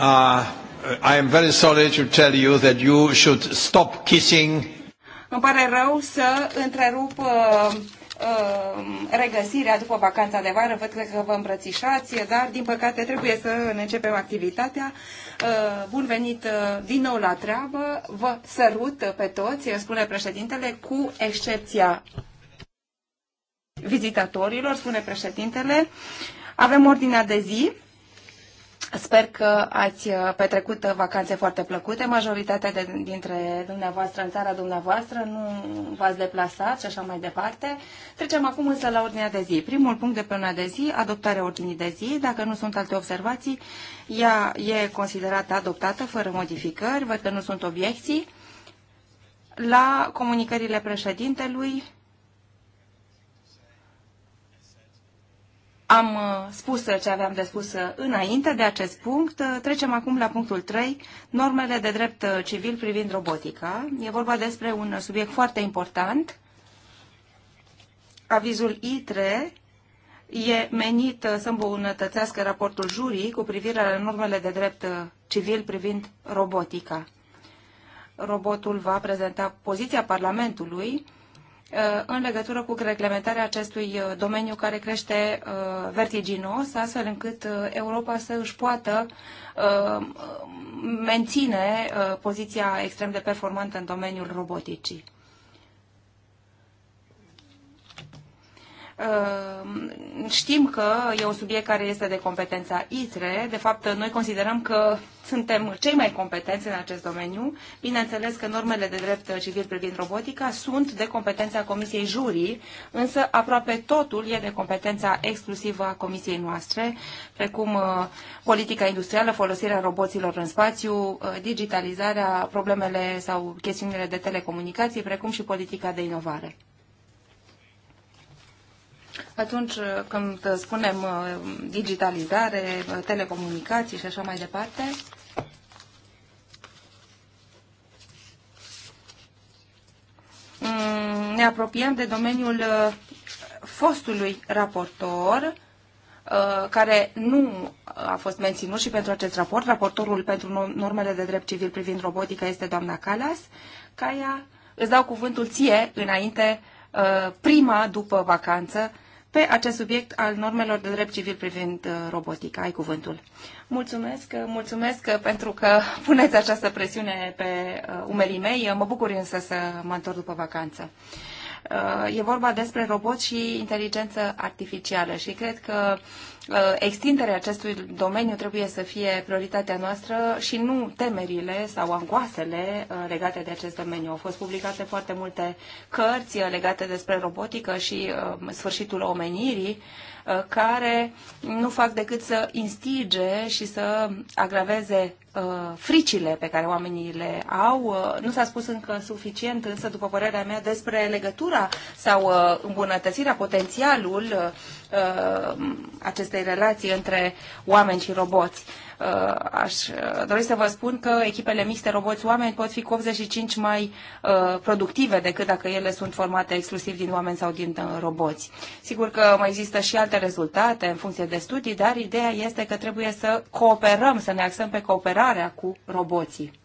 Uh, I am very sorry to tell you that you should stop kissing. Îmi pare rău să întrerup uh, uh, regăsirea după vacanța de vară. Văd că vă îmbrățișați, dar din păcate trebuie să ne începem activitatea. Uh, bun venit uh, din nou la treabă. Vă sărut pe toți, spune președintele, cu excepția vizitatorilor, spune președintele. Avem ordinea de zi. Sper că ați uh, petrecut vacanțe foarte plăcute. Majoritatea de, dintre dumneavoastră în țara dumneavoastră nu v-ați deplasat și așa mai departe. Trecem acum însă la ordinea de zi. Primul punct de pe ordinea de zi, adoptarea ordinii de zi. Dacă nu sunt alte observații, ea e considerată adoptată fără modificări. Văd că nu sunt obiecții. La comunicările președintelui, Am uh, spus ce aveam de spus uh, înainte de acest punct. Uh, trecem acum la punctul 3, normele de drept civil privind robotica. E vorba despre un subiect foarte important. Avizul ITRE e menit să îmbunătățească raportul jurii cu privire la normele de drept civil privind robotica. Robotul va prezenta poziția Parlamentului Uh, în legătură cu reglementarea acestui uh, domeniu care crește uh, vertiginos, astfel încât Europa să își poată menține poziția extrem de performantă în domeniul roboticii. Uh, știm că e un subiect care este de competența ITRE. De fapt, noi considerăm că suntem cei mai competenți în acest domeniu. Bineînțeles că normele de drept civil privind robotica sunt de competența Comisiei Jurii, însă aproape totul e de competența exclusivă a Comisiei noastre, precum uh, politica industrială, folosirea roboților în spațiu, uh, digitalizarea, problemele sau chestiunile de telecomunicații, precum și politica de inovare. Atunci uh, când uh, spunem uh, digitalizare, telecomunicații și așa mai departe, mm, ne apropiem de domeniul fostului raportor, care nu a fost menținut și pentru acest raport. Raportorul pentru normele de drept civil privind robotica este doamna Calas. Caia, îți dau cuvântul ție înainte, prima după vacanță, pe acest subiect al normelor de drept civil privind uh, robotica. Ai cuvântul. Mulțumesc, uh, mulțumesc uh, pentru că puneți această presiune pe umerii mei. Mă bucur însă să mă întorc după vacanță. E vorba despre robot și inteligență artificială și cred că Uh, extinderea acestui domeniu trebuie să fie prioritatea noastră și nu temerile sau angoasele uh, legate de acest domeniu. Au fost publicate foarte multe cărți uh, legate despre robotică și sfârșitul omenirii care nu fac decât să instige și să agraveze fricile pe care oamenii le au. Nu s-a spus încă suficient, însă, după părerea mea, despre legătura sau îmbunătățirea potențialul Uh, acestei relații între oameni și roboți. Uh, aș uh, dori să vă spun că echipele mixte roboți-oameni pot fi cu 85 mai productive decât dacă ele sunt formate exclusiv din oameni sau din roboți. Sigur că mai există și alte rezultate în funcție de studii, dar ideea este că trebuie să cooperăm, să ne axăm pe cooperarea cu roboții.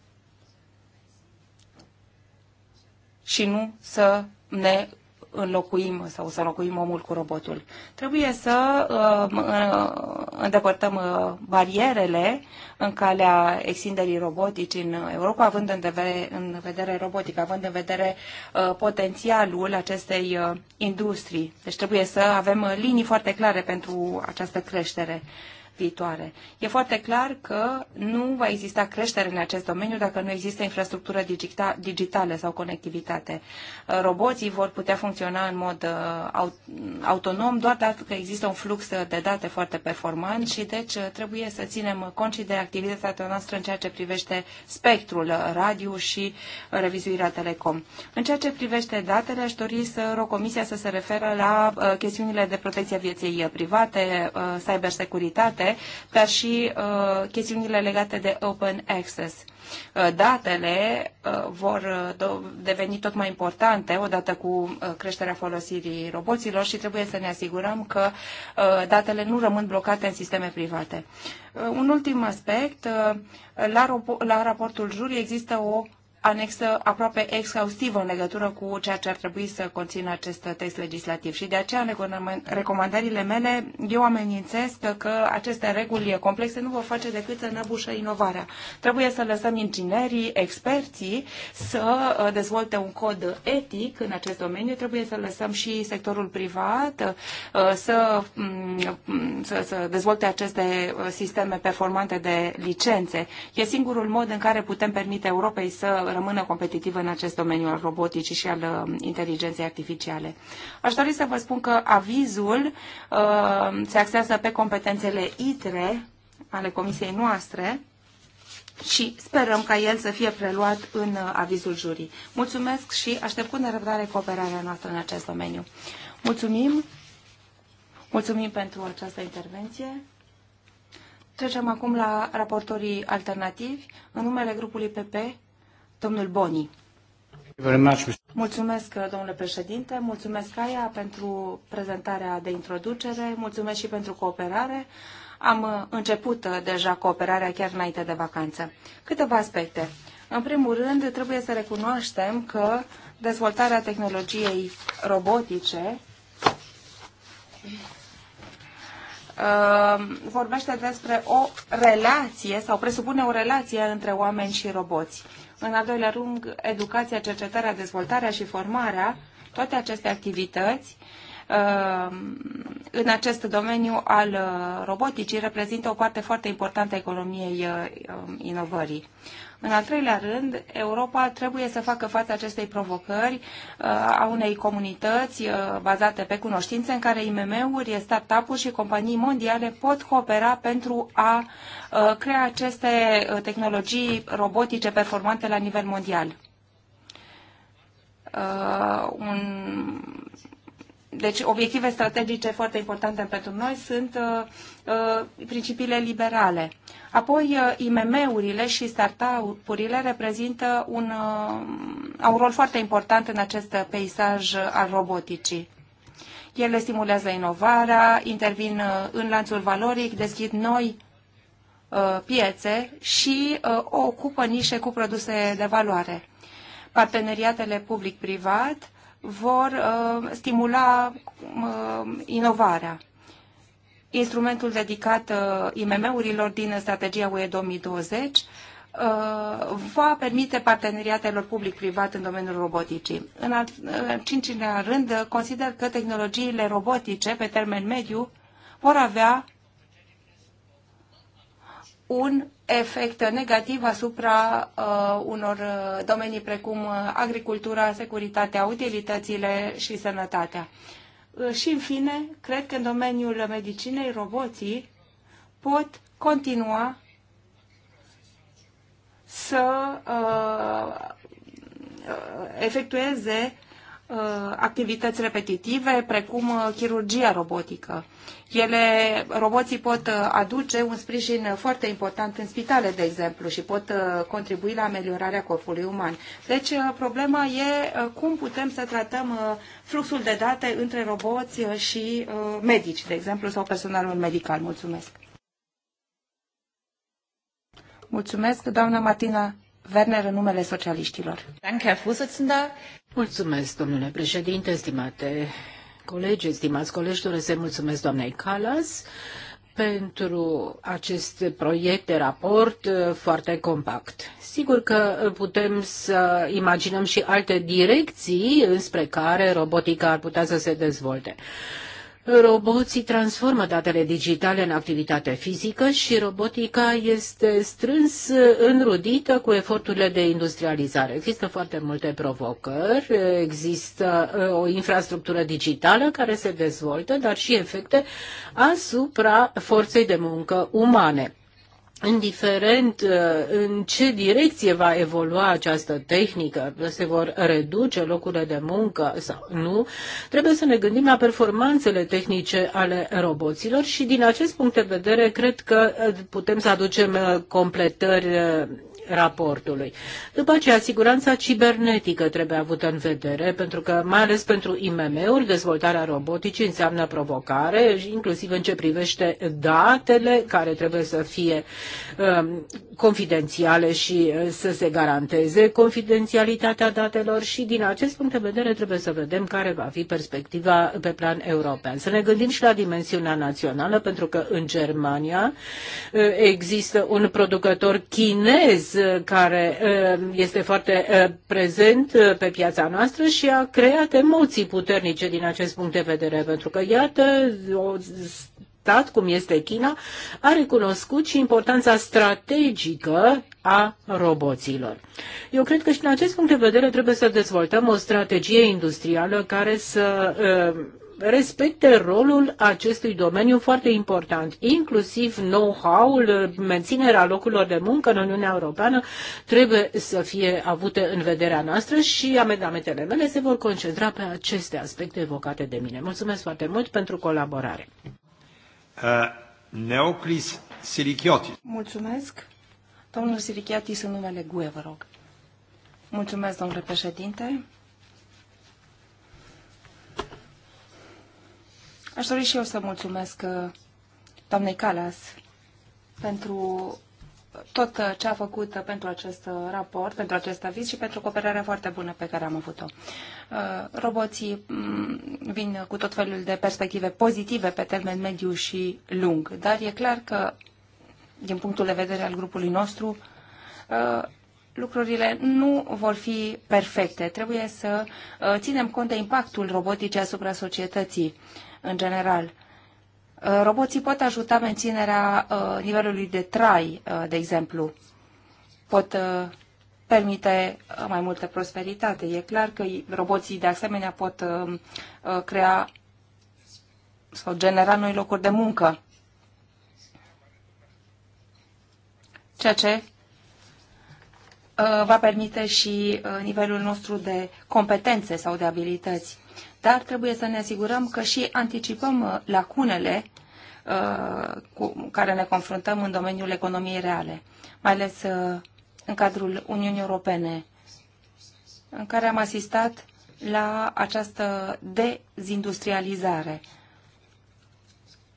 și nu să ne înlocuim sau să înlocuim omul cu robotul. Trebuie să uh, uh, îndepărtăm uh, barierele în calea extinderii robotici în Europa, având în, deve, în vedere robotică, având în vedere potențialul acestei industrii. Deci trebuie să avem linii foarte clare pentru această creștere viitoare. E foarte clar că nu va exista creștere în acest domeniu dacă nu există infrastructură digita- digitală sau conectivitate. Uh, roboții vor putea funcționa în mod uh, autonom doar dacă există un flux de date foarte performant și deci uh, trebuie să ținem cont și de activitatea noastră în ceea ce privește spectrul radio și revizuirea telecom. În ceea ce privește datele, aș dori să rog Comisia să se referă la chestiunile de protecție vieții private, cybersecuritate, date, dar și uh, chestiunile legate de open access. Uh, datele uh, vor uh, deveni tot mai importante odată cu uh, creșterea folosirii roboților și trebuie să ne asigurăm că uh, datele nu rămân blocate în sisteme private. Un ultim aspect, la, la raportul jurii există o anexă aproape exhaustivă în legătură cu ceea ce ar trebui să conțină acest text legislativ. Și de aceea, în recomandările mele, eu amenințesc că aceste reguli complexe nu vor face decât să năbușă inovarea. Trebuie să lăsăm inginerii, experții să uh, dezvolte un cod etic în acest domeniu, trebuie să lăsăm și sectorul privat uh, să, mm, să, să dezvolte aceste uh, sisteme performante de licențe. E singurul mod în care putem permite Europei să rămână competitivă în acest domeniu al roboticii și al uh, inteligenței artificiale. Aș dori să vă spun că avizul uh, se axează pe competențele ITRE ale comisiei noastre și sperăm ca el să fie preluat în uh, avizul jurii. Mulțumesc și aștept cu nerăbdare cooperarea noastră în acest domeniu. Mulțumim! Mulțumim pentru această intervenție. Trecem acum la raportorii alternativi. În numele grupului PP Domnul Boni. Mulțumesc, domnule președinte, mulțumesc, Aia, pentru prezentarea de introducere, mulțumesc și pentru cooperare. Am uh, început uh, deja cooperarea chiar înainte de vacanță. Câteva aspecte. În primul rând, trebuie să recunoaștem că dezvoltarea tehnologiei robotice uh, vorbește despre o relație sau presupune o relație între oameni și roboți. În al doilea rând, educația, cercetarea, dezvoltarea și formarea, toate aceste activități uh, în acest domeniu al uh, roboticii reprezintă o parte foarte importantă a economiei uh, inovării. În al treilea rând, Europa trebuie să facă față acestei provocări uh, a unei comunități uh, bazate pe cunoștințe în care IMM-uri, start-up-uri și companii mondiale pot coopera pentru a uh, crea aceste tehnologii robotice performante la nivel mondial. Uh, un deci, obiective strategice foarte importante pentru noi sunt uh, uh, principiile liberale. Apoi, uh, IMM-urile și startup-urile reprezintă un, au un rol foarte important în acest peisaj al roboticii. Ele stimulează inovarea, intervin în lanțul valoric, deschid noi piețe și ocupă nișe cu produse de valoare. Parteneriatele public-privat vor uh, stimula uh, inovarea. Instrumentul dedicat uh, IMM-urilor din strategia UE 2020 uh, va permite parteneriatelor public-privat în domeniul roboticii. În al cincilea rând, consider că tehnologiile robotice pe termen mediu vor avea un efect negativ asupra uh, unor uh, domenii precum uh, agricultura, securitatea, utilitățile și sănătatea. Uh, și, în fine, cred că în domeniul medicinei roboții pot continua să uh, efectueze Uh, activități repetitive, precum uh, chirurgia robotică. Ele, roboții pot uh, aduce un sprijin foarte important în spitale, de exemplu, și pot contribui la ameliorarea corpului uman. Deci, problema e cum putem să tratăm fluxul de date între roboți și medici, de exemplu, sau personalul medical. Mulțumesc! Mulțumesc, doamna Martina Werner, în numele socialiștilor. Danke, Herr Mulțumesc, domnule președinte, stimate colegi, stimați colegi, doresc să mulțumesc doamnei Calas pentru acest proiect de raport uh, foarte compact. Sigur că uh, putem să imaginăm și alte direcții înspre care robotica ar putea să se dezvolte. Roboții transformă datele digitale în activitate fizică și robotica este strâns înrudită cu eforturile de industrializare. Există foarte multe provocări, există uh, o infrastructură digitală care se dezvoltă, dar și efecte asupra forței de muncă umane indiferent uh, în ce direcție va evolua această tehnică, se vor reduce locurile de muncă sau nu, trebuie să ne gândim la performanțele tehnice ale roboților și din acest punct de vedere cred că uh, putem să aducem uh, completări raportului. După aceea, siguranța cibernetică trebuie avută în vedere, pentru că, mai ales pentru IMM-uri, dezvoltarea roboticii înseamnă provocare, inclusiv în ce privește datele care trebuie să fie um, confidențiale și uh, să se garanteze confidențialitatea datelor și din acest punct de vedere trebuie să vedem care va fi perspectiva pe plan european. Să ne gândim și la dimensiunea națională, pentru că în Germania uh, există un producător chinez care uh, este foarte uh, prezent uh, pe piața noastră și a creat emoții puternice din acest punct de vedere, pentru că, iată, o stat cum este China a recunoscut și importanța strategică a roboților. Eu cred că și în acest punct de vedere trebuie să dezvoltăm o strategie industrială care să uh, respecte rolul acestui domeniu foarte important, inclusiv know-how-ul, menținerea locurilor de muncă în Uniunea Europeană trebuie să fie avute în vederea noastră și amendamentele mele se vor concentra pe aceste aspecte evocate de mine. Mulțumesc foarte mult pentru colaborare. Uh, Neoclis Silichiotis. Mulțumesc. Domnul Silichiotis în numele GUE, vă rog. Mulțumesc, domnule președinte. Aș dori și eu să mulțumesc uh, doamnei Calas pentru tot uh, ce a făcut uh, pentru acest raport, pentru acest aviz și pentru cooperarea foarte bună pe care am avut-o. Roboții mm, vin cu tot felul de perspective pozitive pe termen mediu și lung, dar e clar că, din punctul de vedere al grupului nostru, lucrurile nu vor fi perfecte. Trebuie să uh, ținem cont de impactul roboticii asupra societății în general. Uh, roboții pot ajuta menținerea uh, nivelului de trai, de exemplu. Pot permite mai multă prosperitate. E clar că roboții de asemenea pot crea sau genera noi locuri de muncă. Ceea ce Uh, va permite și uh, nivelul nostru de competențe sau de abilități. Dar trebuie să ne asigurăm că și anticipăm uh, lacunele cu care ne confruntăm în domeniul economiei reale, mai ales în cadrul Uniunii Europene, în care am asistat la această dezindustrializare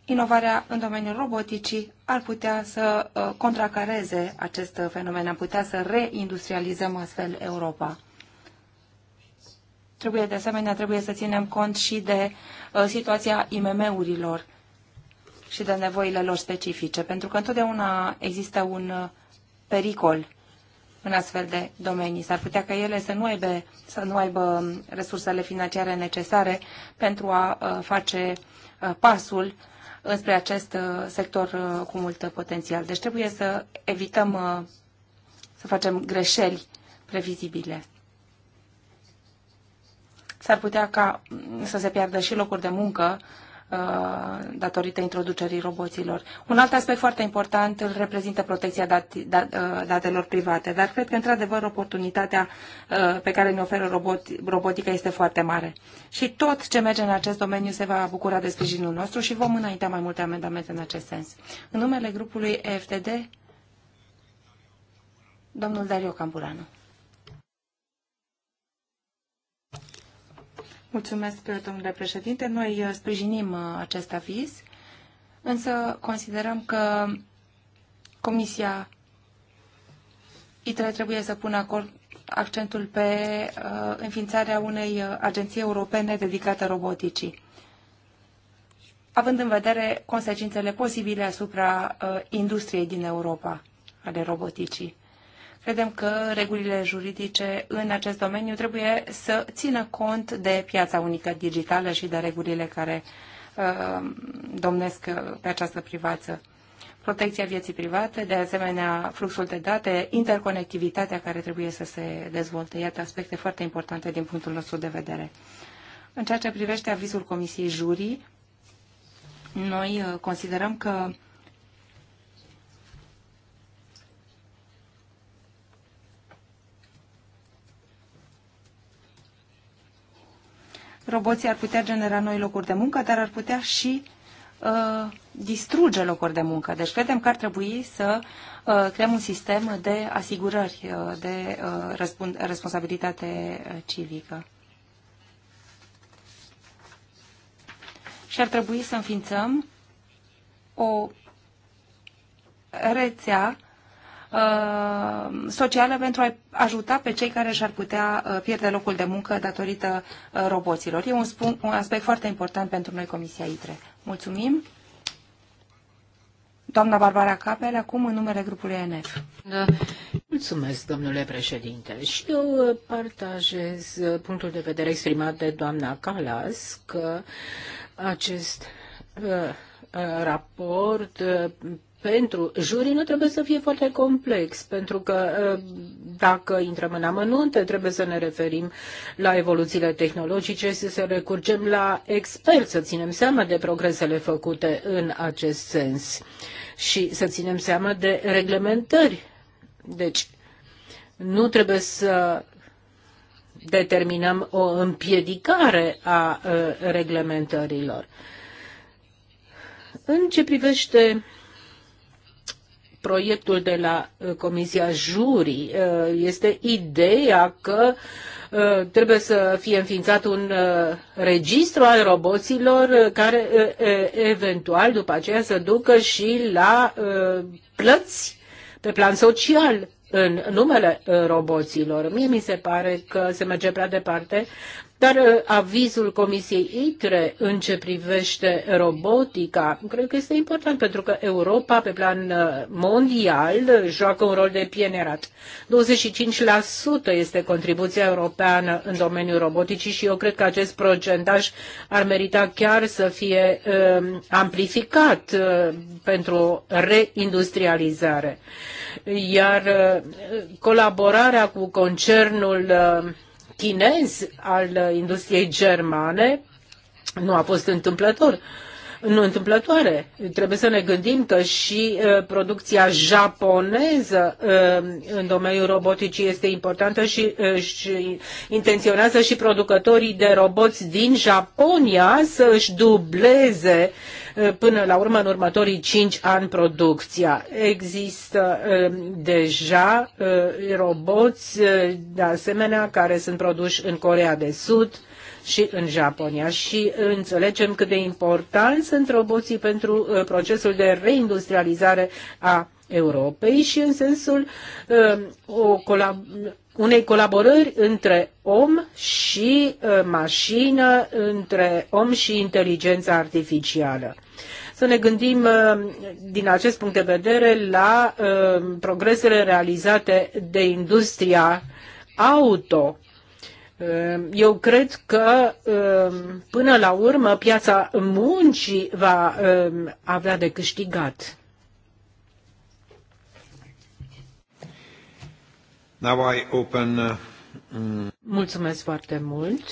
inovarea în domeniul roboticii ar putea să uh, contracareze acest fenomen, am putea să reindustrializăm astfel Europa. Trebuie de asemenea, trebuie să ținem cont și de uh, situația IMM-urilor și de nevoile lor specifice, pentru că întotdeauna există un uh, pericol în astfel de domenii. S-ar putea ca ele să nu aibă, să nu aibă um, resursele financiare necesare pentru a face pasul înspre acest uh, sector uh, cu mult potențial. Deci trebuie să evităm uh, să facem greșeli previzibile. S-ar putea ca să se piardă și locuri de muncă Uh, datorită introducerii roboților. Un alt aspect foarte important îl reprezintă protecția uh, datelor private, dar cred că, într-adevăr, oportunitatea uh, pe care ne oferă robot, robotica este foarte mare. Și tot ce merge în acest domeniu se va bucura de sprijinul nostru și vom înainta mai multe amendamente în acest sens. În numele grupului EFTD, domnul Dario Campuranu. Mulțumesc, domnule președinte. Noi uh, sprijinim uh, acest aviz, însă considerăm că Comisia ITRE trebuie să pună accentul pe uh, înființarea unei agenții europene dedicate roboticii, având în vedere consecințele posibile asupra industriei din Europa ale roboticii. Credem că regulile juridice în acest domeniu trebuie să țină cont de piața unică digitală și de regulile care uh, domnesc uh, pe această privață. Protecția vieții private, de asemenea fluxul de date, interconectivitatea care trebuie să se dezvolte. Iată aspecte foarte importante din punctul nostru de vedere. În ceea ce privește avizul Comisiei Jurii, noi uh, considerăm că roboții ar putea genera noi locuri de muncă, dar ar putea și uh, distruge locuri de muncă. Deci credem că ar trebui să uh, creăm un sistem de asigurări, uh, de uh, responsabilitate uh, civică. Și ar trebui să înființăm o rețea Uh, socială pentru a ajuta pe cei care și-ar putea uh, pierde locul de muncă datorită uh, roboților. E un, spun, un aspect foarte important pentru noi, Comisia ITRE. Mulțumim! Doamna Barbara Capel, acum în numele grupului ENF. Da. Mulțumesc, domnule președinte. Și eu partajez punctul de vedere exprimat de doamna Calas că acest uh, raport pentru juri nu trebuie să fie foarte complex, pentru că ă, dacă intrăm în amănunte, trebuie să ne referim la evoluțiile tehnologice, să, să recurgem la experți, să ținem seama de progresele făcute în acest sens și să ținem seama de reglementări. Deci, nu trebuie să determinăm o împiedicare a ă, reglementărilor. În ce privește proiectul de la uh, Comisia Juri uh, este ideea că uh, trebuie să fie înființat un registru al roboților care eventual după aceea să ducă și la plăți pe plan social în numele roboților. Mie mi se pare că se merge prea departe dar uh, avizul Comisiei ITRE în ce privește robotica, cred că este important pentru că Europa pe plan uh, mondial uh, joacă un rol de pionerat. 25% este contribuția europeană în domeniul roboticii și eu cred că acest procentaj ar merita chiar să fie um, amplificat pentru reindustrializare. Iar colaborarea cu concernul chinez al industriei germane nu a fost întâmplător. Nu întâmplătoare. Trebuie să ne gândim că și uh, producția japoneză uh, în domeniul roboticii este importantă și, uh, și intenționează și producătorii de roboți din Japonia să își dubleze uh, Eh, până la urmă în următorii 5 ani producția. Există eh, deja eh, roboți de asemenea care sunt produși în Corea de Sud și în Japonia și înțelegem cât de important sunt roboții pentru procesul de reindustrializare a Europei și în sensul o colaborare unei colaborări între om și uh, mașină, între om și inteligența artificială. Să ne gândim uh, din acest punct de vedere la uh, progresele realizate de industria auto. Eu cred că până la urmă piața muncii va avea de câștigat Now I open, uh, um... Mulțumesc foarte mult.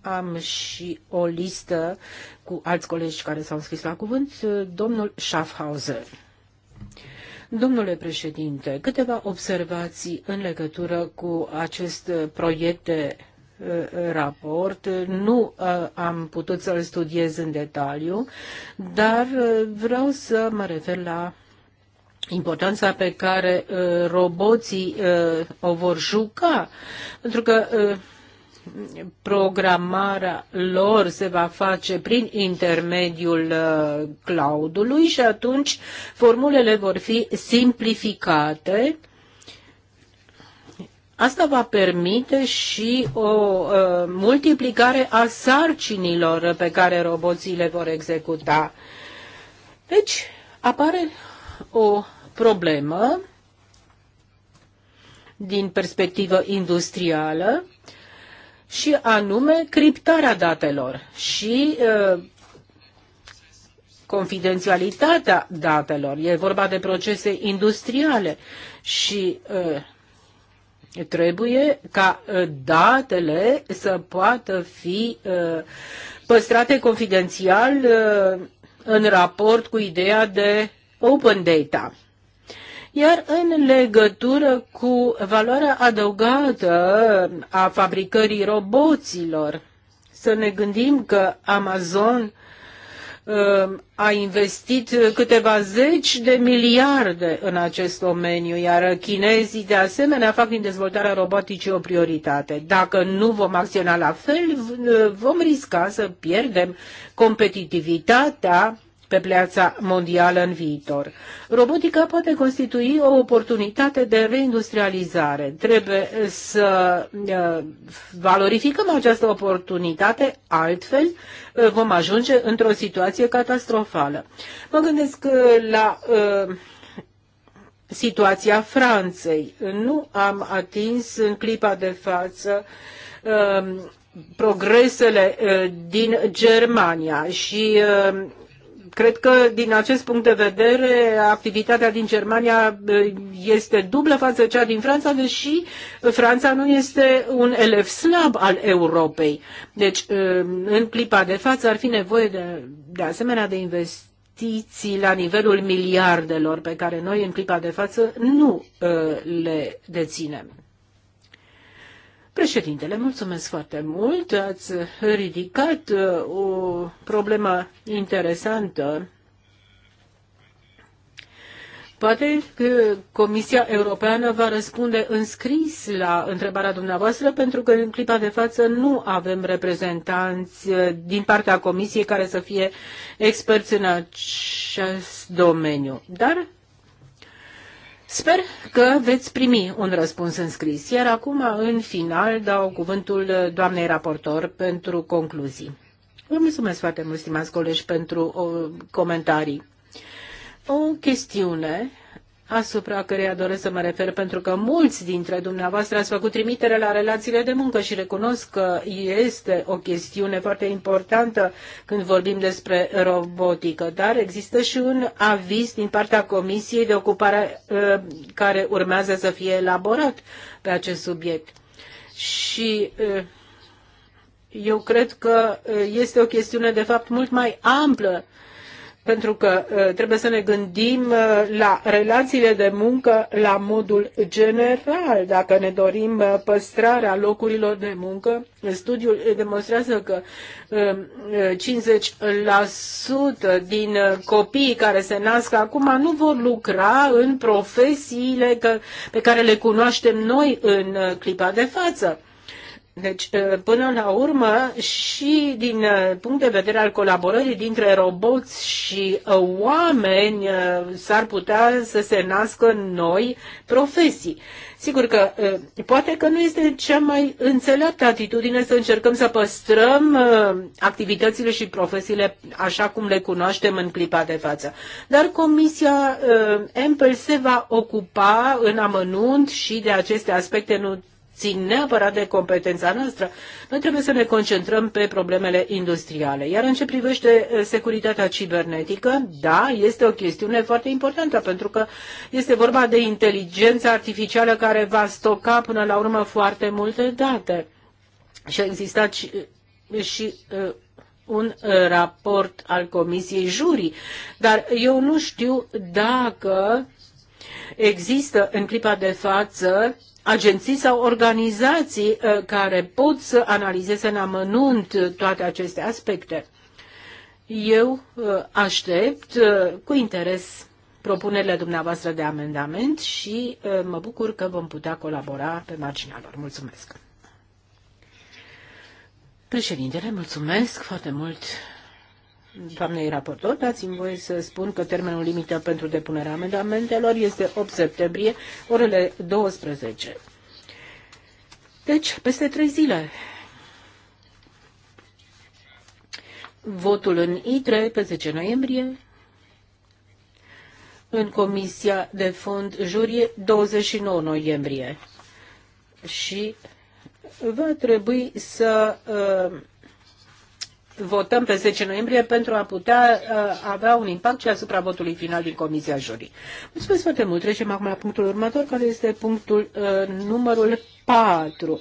Am și o listă cu alți colegi care s-au scris la cuvânt. Domnul Schaffhauser. Domnule președinte, câteva observații în legătură cu acest proiect de uh, raport. Nu uh, am putut să-l studiez în detaliu, dar uh, vreau să mă refer la importanța pe care uh, roboții uh, o vor juca, pentru că uh, programarea lor se va face prin intermediul uh, cloudului și atunci formulele vor fi simplificate. Asta va permite și o uh, multiplicare a sarcinilor pe care roboții le vor executa. Deci apare o problemă din perspectivă industrială și anume criptarea datelor și uh, confidențialitatea datelor. E vorba de procese industriale și uh, trebuie ca uh, datele să poată fi păstrate confidențial în raport cu ideea de open data. Iar în legătură cu valoarea adăugată a fabricării roboților, să ne gândim că Amazon um, a investit câteva zeci de miliarde în acest domeniu, iar chinezii de asemenea fac din dezvoltarea roboticii o prioritate. Dacă nu vom acționa la fel, vom risca să pierdem competitivitatea pe piața mondială în viitor. Robotica poate constitui o oportunitate de reindustrializare. Trebuie să uh, valorificăm această oportunitate, altfel uh, vom ajunge într-o situație catastrofală. Mă gândesc uh, la situația Franței. Nu am atins în clipa de față progresele din Germania și Cred că, din acest punct de vedere, activitatea din Germania eh, este dublă față de cea din Franța, deși Franța nu este un elev slab al Europei. Deci, eh, în clipa de față, ar fi nevoie de, de asemenea de investiții la nivelul miliardelor pe care noi, în clipa de față, nu eh, le deținem. Președintele, mulțumesc foarte mult. Ați ridicat uh, o problemă interesantă. Poate că Comisia Europeană va răspunde în scris la întrebarea dumneavoastră, pentru că în clipa de față nu avem reprezentanți uh, din partea Comisiei care să fie experți în acest domeniu. Dar Sper că veți primi un răspuns în scris, iar acum, în final, dau cuvântul doamnei raportor pentru concluzii. Vă mulțumesc foarte mult, stimați colegi, pentru uh, comentarii. O chestiune asupra căreia doresc să mă refer, pentru că mulți dintre dumneavoastră ați făcut trimitere la relațiile de muncă și recunosc că este o chestiune foarte importantă când vorbim despre robotică, dar există și un aviz din partea Comisiei de Ocupare uh, care urmează să fie elaborat pe acest subiect. Și uh, eu cred că uh, este o chestiune, de fapt, mult mai amplă pentru că uh, trebuie să ne gândim uh, la relațiile de muncă la modul general. Dacă ne dorim uh, păstrarea locurilor de muncă, studiul demonstrează că 50% um, din copiii care se nasc acum nu vor lucra în profesiile pe care le cunoaștem noi în clipa de față. Deci, uh, până la urmă, și din uh, punct de vedere al colaborării dintre roboți și uh, oameni, s-ar putea să se nască noi profesii. Sigur că poate că nu este cea mai înțeleaptă atitudine să încercăm să păstrăm activitățile și profesiile așa cum le cunoaștem în clipa de față. Dar Comisia Empel se va ocupa în amănunt și de aceste aspecte nu țin neapărat de competența noastră. Noi trebuie să ne concentrăm pe problemele industriale. Iar în ce privește eh, securitatea cibernetică, da, este o chestiune foarte importantă, pentru că este vorba de inteligența artificială care va stoca până la urmă foarte multe date. Și a existat și, eh, și eh, un raport al Comisiei Jurii. Dar eu nu știu dacă există în clipa de față agenții sau organizații uh, care pot să analizeze în amănunt toate aceste aspecte. Eu uh, aștept uh, cu interes propunerile dumneavoastră de amendament și mă bucur că vom putea colabora pe marginea lor. Mulțumesc! Președintele, mulțumesc foarte mult doamnei raportor, dați-mi voie să spun că termenul limită pentru depunerea amendamentelor este 8 septembrie, orele 12. Deci, peste trei zile. Votul în ITRE pe 10 noiembrie, în Comisia de Fond Jurie 29 noiembrie. Și va trebui să uh, votăm pe 10 noiembrie pentru a putea uh, avea un impact și asupra votului final din Comisia Jurii. Mulțumesc foarte mult. Trecem acum la punctul următor, care este punctul uh, numărul 4.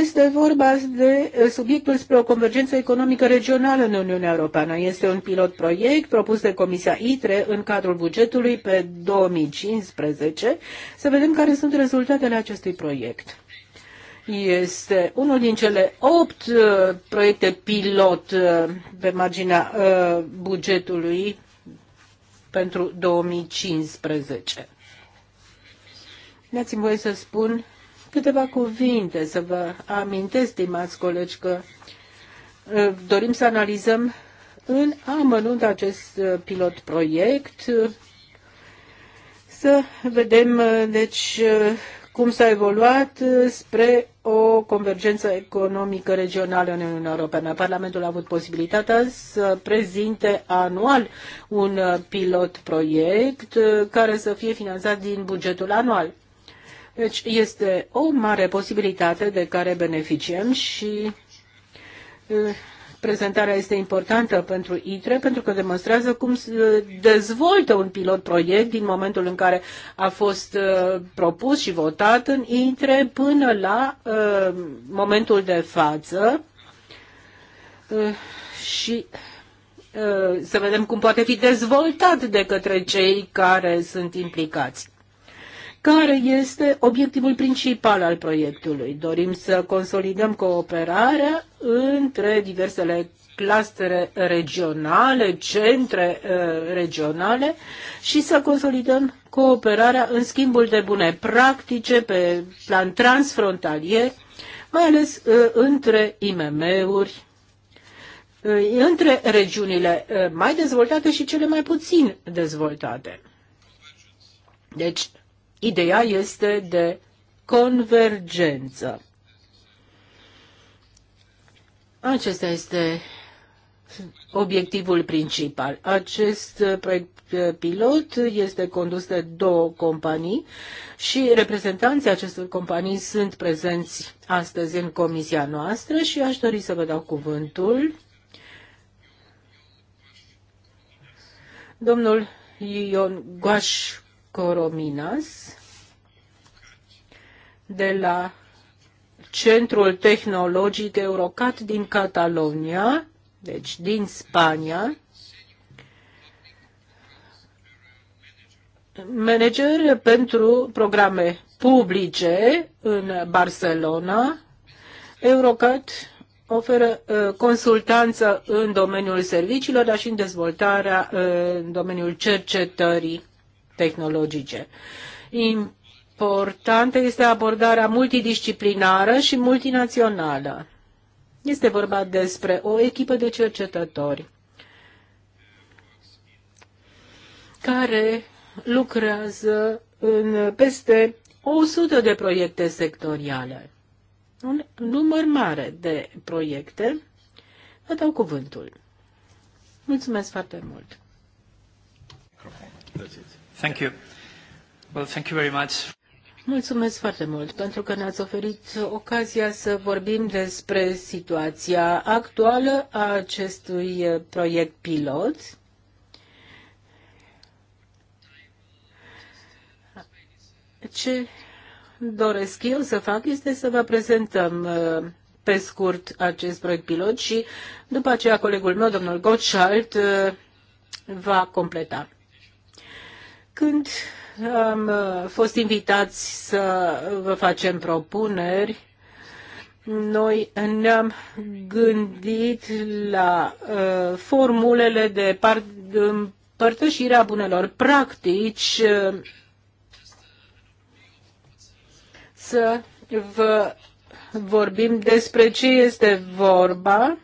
Este vorba de uh, subiectul spre o convergență economică regională în Uniunea Europeană. Este un pilot proiect propus de Comisia ITRE în cadrul bugetului pe 2015. Să vedem care sunt rezultatele acestui proiect este unul din cele opt uh, proiecte pilot uh, pe marginea uh, bugetului pentru 2015. Dați-mi voie să spun câteva cuvinte, să vă amintesc, stimați colegi, că dorim să analizăm în amănunt acest pilot proiect, să vedem, deci, cum s-a evoluat spre o convergență economică regională în Uniunea Europeană. Parlamentul a avut posibilitatea să prezinte anual un uh, pilot proiect uh, care să fie finanțat din bugetul anual. Deci este o mare posibilitate de care beneficiem și uh, Prezentarea este importantă pentru ITRE pentru că demonstrează cum se dezvoltă un pilot proiect din momentul în care a fost uh, propus și votat în ITRE până la uh, momentul de față. Uh, și să vedem cum poate fi dezvoltat de către cei care sunt implicați care este obiectivul principal al proiectului. Dorim să consolidăm cooperarea între diversele clastere regionale, centre uh, regionale și să consolidăm cooperarea în schimbul de bune practice pe plan transfrontalier, mai ales uh, între IMM-uri, uh, între regiunile uh, mai dezvoltate și cele mai puțin dezvoltate. Deci, Ideea este de convergență. Acesta este obiectivul principal. Acest proiect eh, pilot este condus de două companii și reprezentanții acestor companii sunt prezenți astăzi în comisia noastră și aș dori să vă dau cuvântul. Domnul Ion Guaș Corominas de la Centrul Tehnologic Eurocat din Catalonia, deci din Spania, manager pentru programe publice în Barcelona. Eurocat oferă uh, consultanță în domeniul serviciilor, dar și în dezvoltarea uh, în domeniul cercetării tehnologice. Importantă este abordarea multidisciplinară și multinațională. Este vorba despre o echipă de cercetători care lucrează în peste 100 de proiecte sectoriale. Un număr mare de proiecte. Vă dau cuvântul. Mulțumesc foarte mult. That's Thank you. Well, thank you very much. Mulțumesc foarte mult pentru că ne-ați oferit ocazia să vorbim despre situația actuală a acestui proiect pilot. Ce doresc eu să fac este să vă prezentăm pe scurt acest proiect pilot și după aceea colegul meu, domnul Gottschalt, va completa. Când am uh, fost invitați să vă facem propuneri, noi ne-am gândit la uh, formulele de împărtășire a bunelor practici uh, să vă vorbim despre ce este vorba.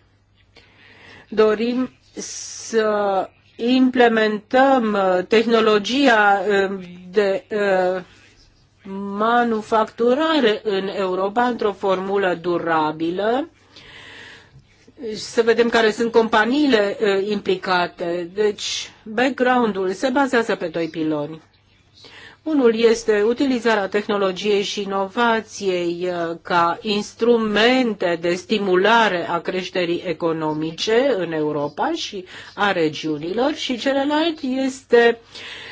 Dorim să implementăm uh, tehnologia um, de uh, manufacturare în Europa într-o formulă durabilă să vedem care sunt companiile uh, implicate. Deci, background-ul se bazează pe doi piloni. Unul este utilizarea tehnologiei și inovației uh, ca instrumente de stimulare a creșterii economice în Europa și a regiunilor și celălalt este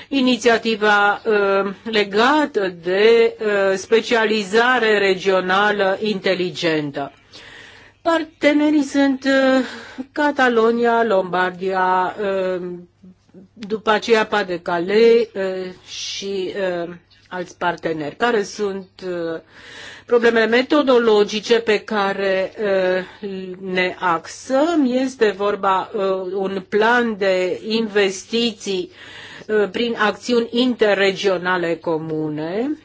inițiativa uh, legată de uh, specializare regională inteligentă. Partenerii sunt uh, Catalonia, Lombardia, uh, după aceea Pas de Calais uh, și uh, alți parteneri. Care sunt uh, problemele metodologice pe care ne axăm? Este vorba un plan de investiții prin acțiuni interregionale comune,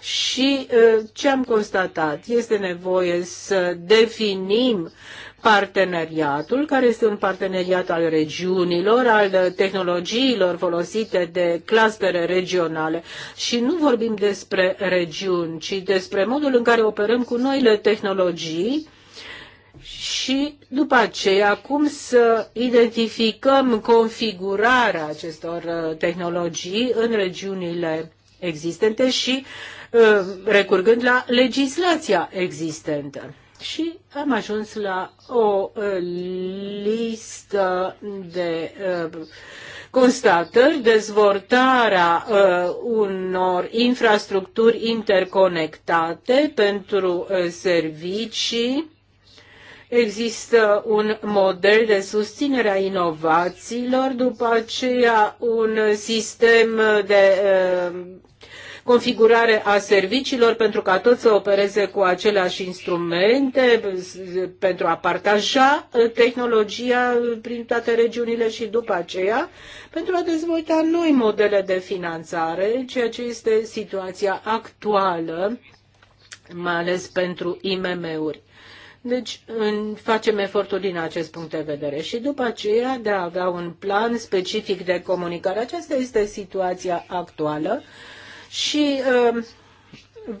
și ce am constatat? Este nevoie să definim parteneriatul, care este un parteneriat al regiunilor, al tehnologiilor folosite de clustere regionale. Și nu vorbim despre regiuni, ci despre modul în care operăm cu noile tehnologii și după aceea cum să identificăm configurarea acestor uh, tehnologii în regiunile existente și uh, recurgând la legislația existentă și am ajuns la o listă de constatări, dezvoltarea unor infrastructuri interconectate pentru servicii, Există un model de susținere a inovațiilor, după aceea un sistem de configurare a serviciilor pentru ca toți să opereze cu aceleași instrumente, pentru a partaja uh, tehnologia uh, prin toate regiunile și după aceea pentru a dezvolta noi modele de finanțare, ceea ce este situația actuală, mai ales pentru IMM-uri. Deci facem eforturi din acest punct de vedere și după aceea de a avea un plan specific de comunicare. Aceasta este situația actuală și um,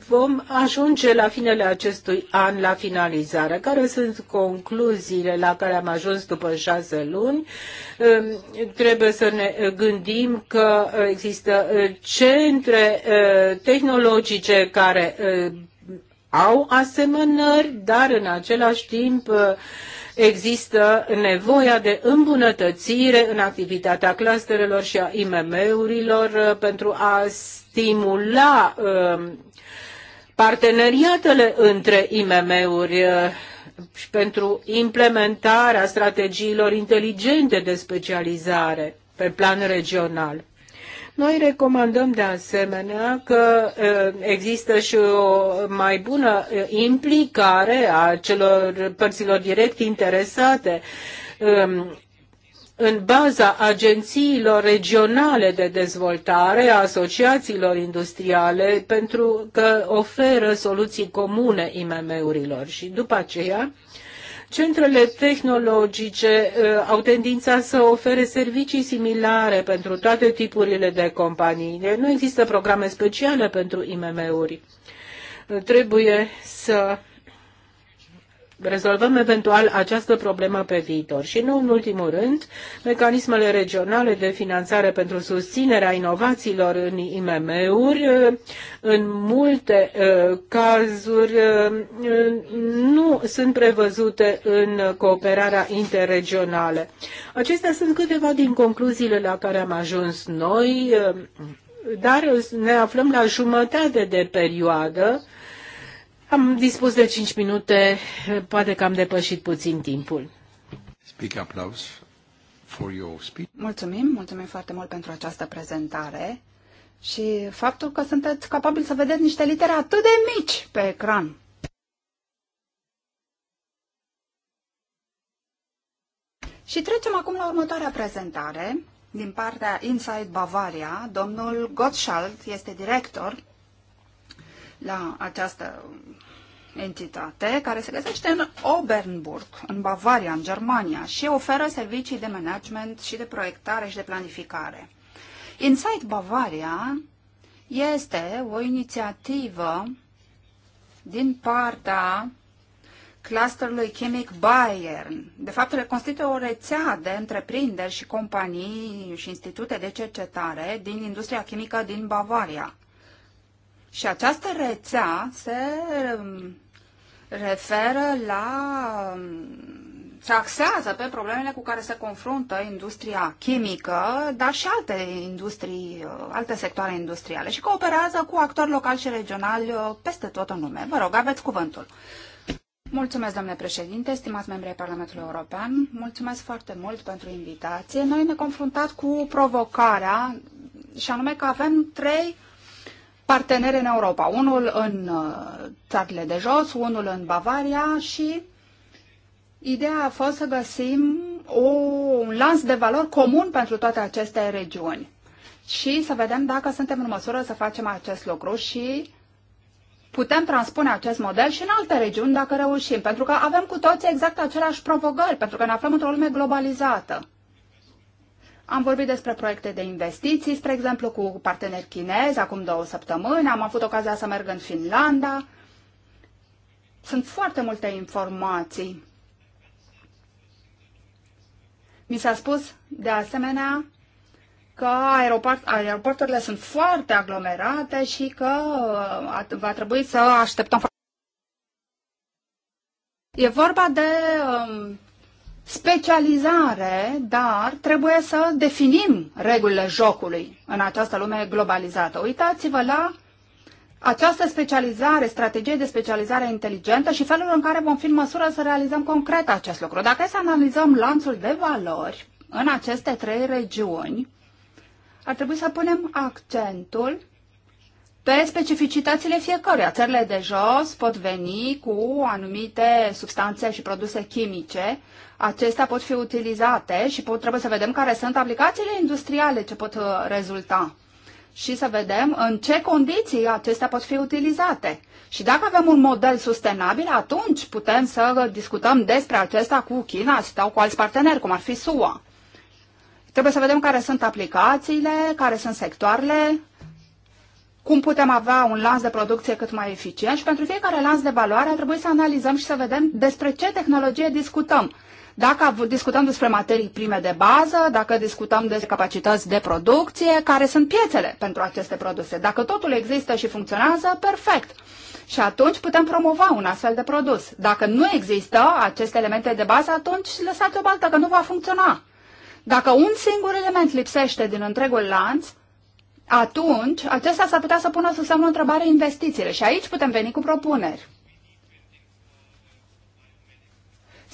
vom ajunge la finele acestui an la finalizare. Care sunt concluziile la care am ajuns după șase luni? Um, trebuie să ne gândim că există uh, centre uh, tehnologice care uh, au asemănări, dar în același timp există nevoia de îmbunătățire în activitatea clusterelor și a IMM-urilor uh, pentru a stimula um, parteneriatele între IMM-uri uh, și pentru implementarea strategiilor inteligente de specializare pe plan regional. Noi recomandăm de asemenea că eh, există și o mai bună eh, implicare a celor părților direct interesate eh, în baza agențiilor regionale de dezvoltare, a asociațiilor industriale, pentru că oferă soluții comune IMM-urilor. Și după aceea, Centrele tehnologice uh, au tendința să ofere servicii similare pentru toate tipurile de companii. Deci nu există programe speciale pentru IMM-uri. Trebuie să rezolvăm eventual această problemă pe viitor. Și nu în ultimul rând, mecanismele regionale de finanțare pentru susținerea inovațiilor în IMM-uri, în multe uh, cazuri uh, nu sunt prevăzute în cooperarea interregională. Acestea sunt câteva din concluziile la care am ajuns noi, uh, dar ne aflăm la jumătate de perioadă am dispus de 5 minute, poate că am depășit puțin timpul. Speak applause for your speech. Mulțumim, mulțumim foarte mult pentru această prezentare și faptul că sunteți capabili să vedeți niște litere atât de mici pe ecran. Și trecem acum la următoarea prezentare din partea Inside Bavaria. Domnul Gottschalk este director la această entitate care se găsește în Obernburg, în Bavaria, în Germania și oferă servicii de management și de proiectare și de planificare. Insight Bavaria este o inițiativă din partea clusterului chimic Bayern. De fapt, reconstituie o rețea de întreprinderi și companii și institute de cercetare din industria chimică din Bavaria. Și această rețea se um, referă la um, se axează pe problemele cu care se confruntă industria chimică, dar și alte industrii, uh, alte sectoare industriale și cooperează cu actori locali și regionali uh, peste tot în lume. Vă rog, aveți cuvântul. Mulțumesc, domnule președinte, stimați membri ai Parlamentului European, mulțumesc foarte mult pentru invitație. Noi ne confruntat cu provocarea și anume că avem trei parteneri în Europa, unul în uh, țările de jos, unul în Bavaria și ideea a fost să găsim o, un lans de valori comun pentru toate aceste regiuni și să vedem dacă suntem în măsură să facem acest lucru și putem transpune acest model și în alte regiuni dacă reușim, pentru că avem cu toții exact aceleași provocări, pentru că ne aflăm într-o lume globalizată. Am vorbit despre proiecte de investiții, spre exemplu cu parteneri chinezi, acum două săptămâni. Am avut ocazia să merg în Finlanda. Sunt foarte multe informații. Mi s-a spus, de asemenea, că aeroport, aeroporturile sunt foarte aglomerate și că uh, va trebui să așteptăm. E vorba de um, specializare, dar trebuie să definim regulile jocului în această lume globalizată. Uitați-vă la această specializare, strategie de specializare inteligentă și felul în care vom fi în măsură să realizăm concret acest lucru. Dacă să analizăm lanțul de valori în aceste trei regiuni, ar trebui să punem accentul pe specificitățile fiecăruia. Țările de jos pot veni cu anumite substanțe și produse chimice acestea pot fi utilizate și pot, trebuie să vedem care sunt aplicațiile industriale ce pot uh, rezulta și să vedem în ce condiții acestea pot fi utilizate. Și dacă avem un model sustenabil, atunci putem să uh, discutăm despre acesta cu China sau cu alți parteneri, cum ar fi SUA. Trebuie să vedem care sunt aplicațiile, care sunt sectoarele, cum putem avea un lanț de producție cât mai eficient și pentru fiecare lanț de valoare trebuie să analizăm și să vedem despre ce tehnologie discutăm. Dacă discutăm despre materii prime de bază, dacă discutăm despre capacități de producție, care sunt piețele pentru aceste produse. Dacă totul există și funcționează, perfect. Și atunci putem promova un astfel de produs. Dacă nu există aceste elemente de bază, atunci lăsați o baltă că nu va funcționa. Dacă un singur element lipsește din întregul lanț, atunci acesta s-ar putea să pună sub semnul întrebare investițiile. Și aici putem veni cu propuneri.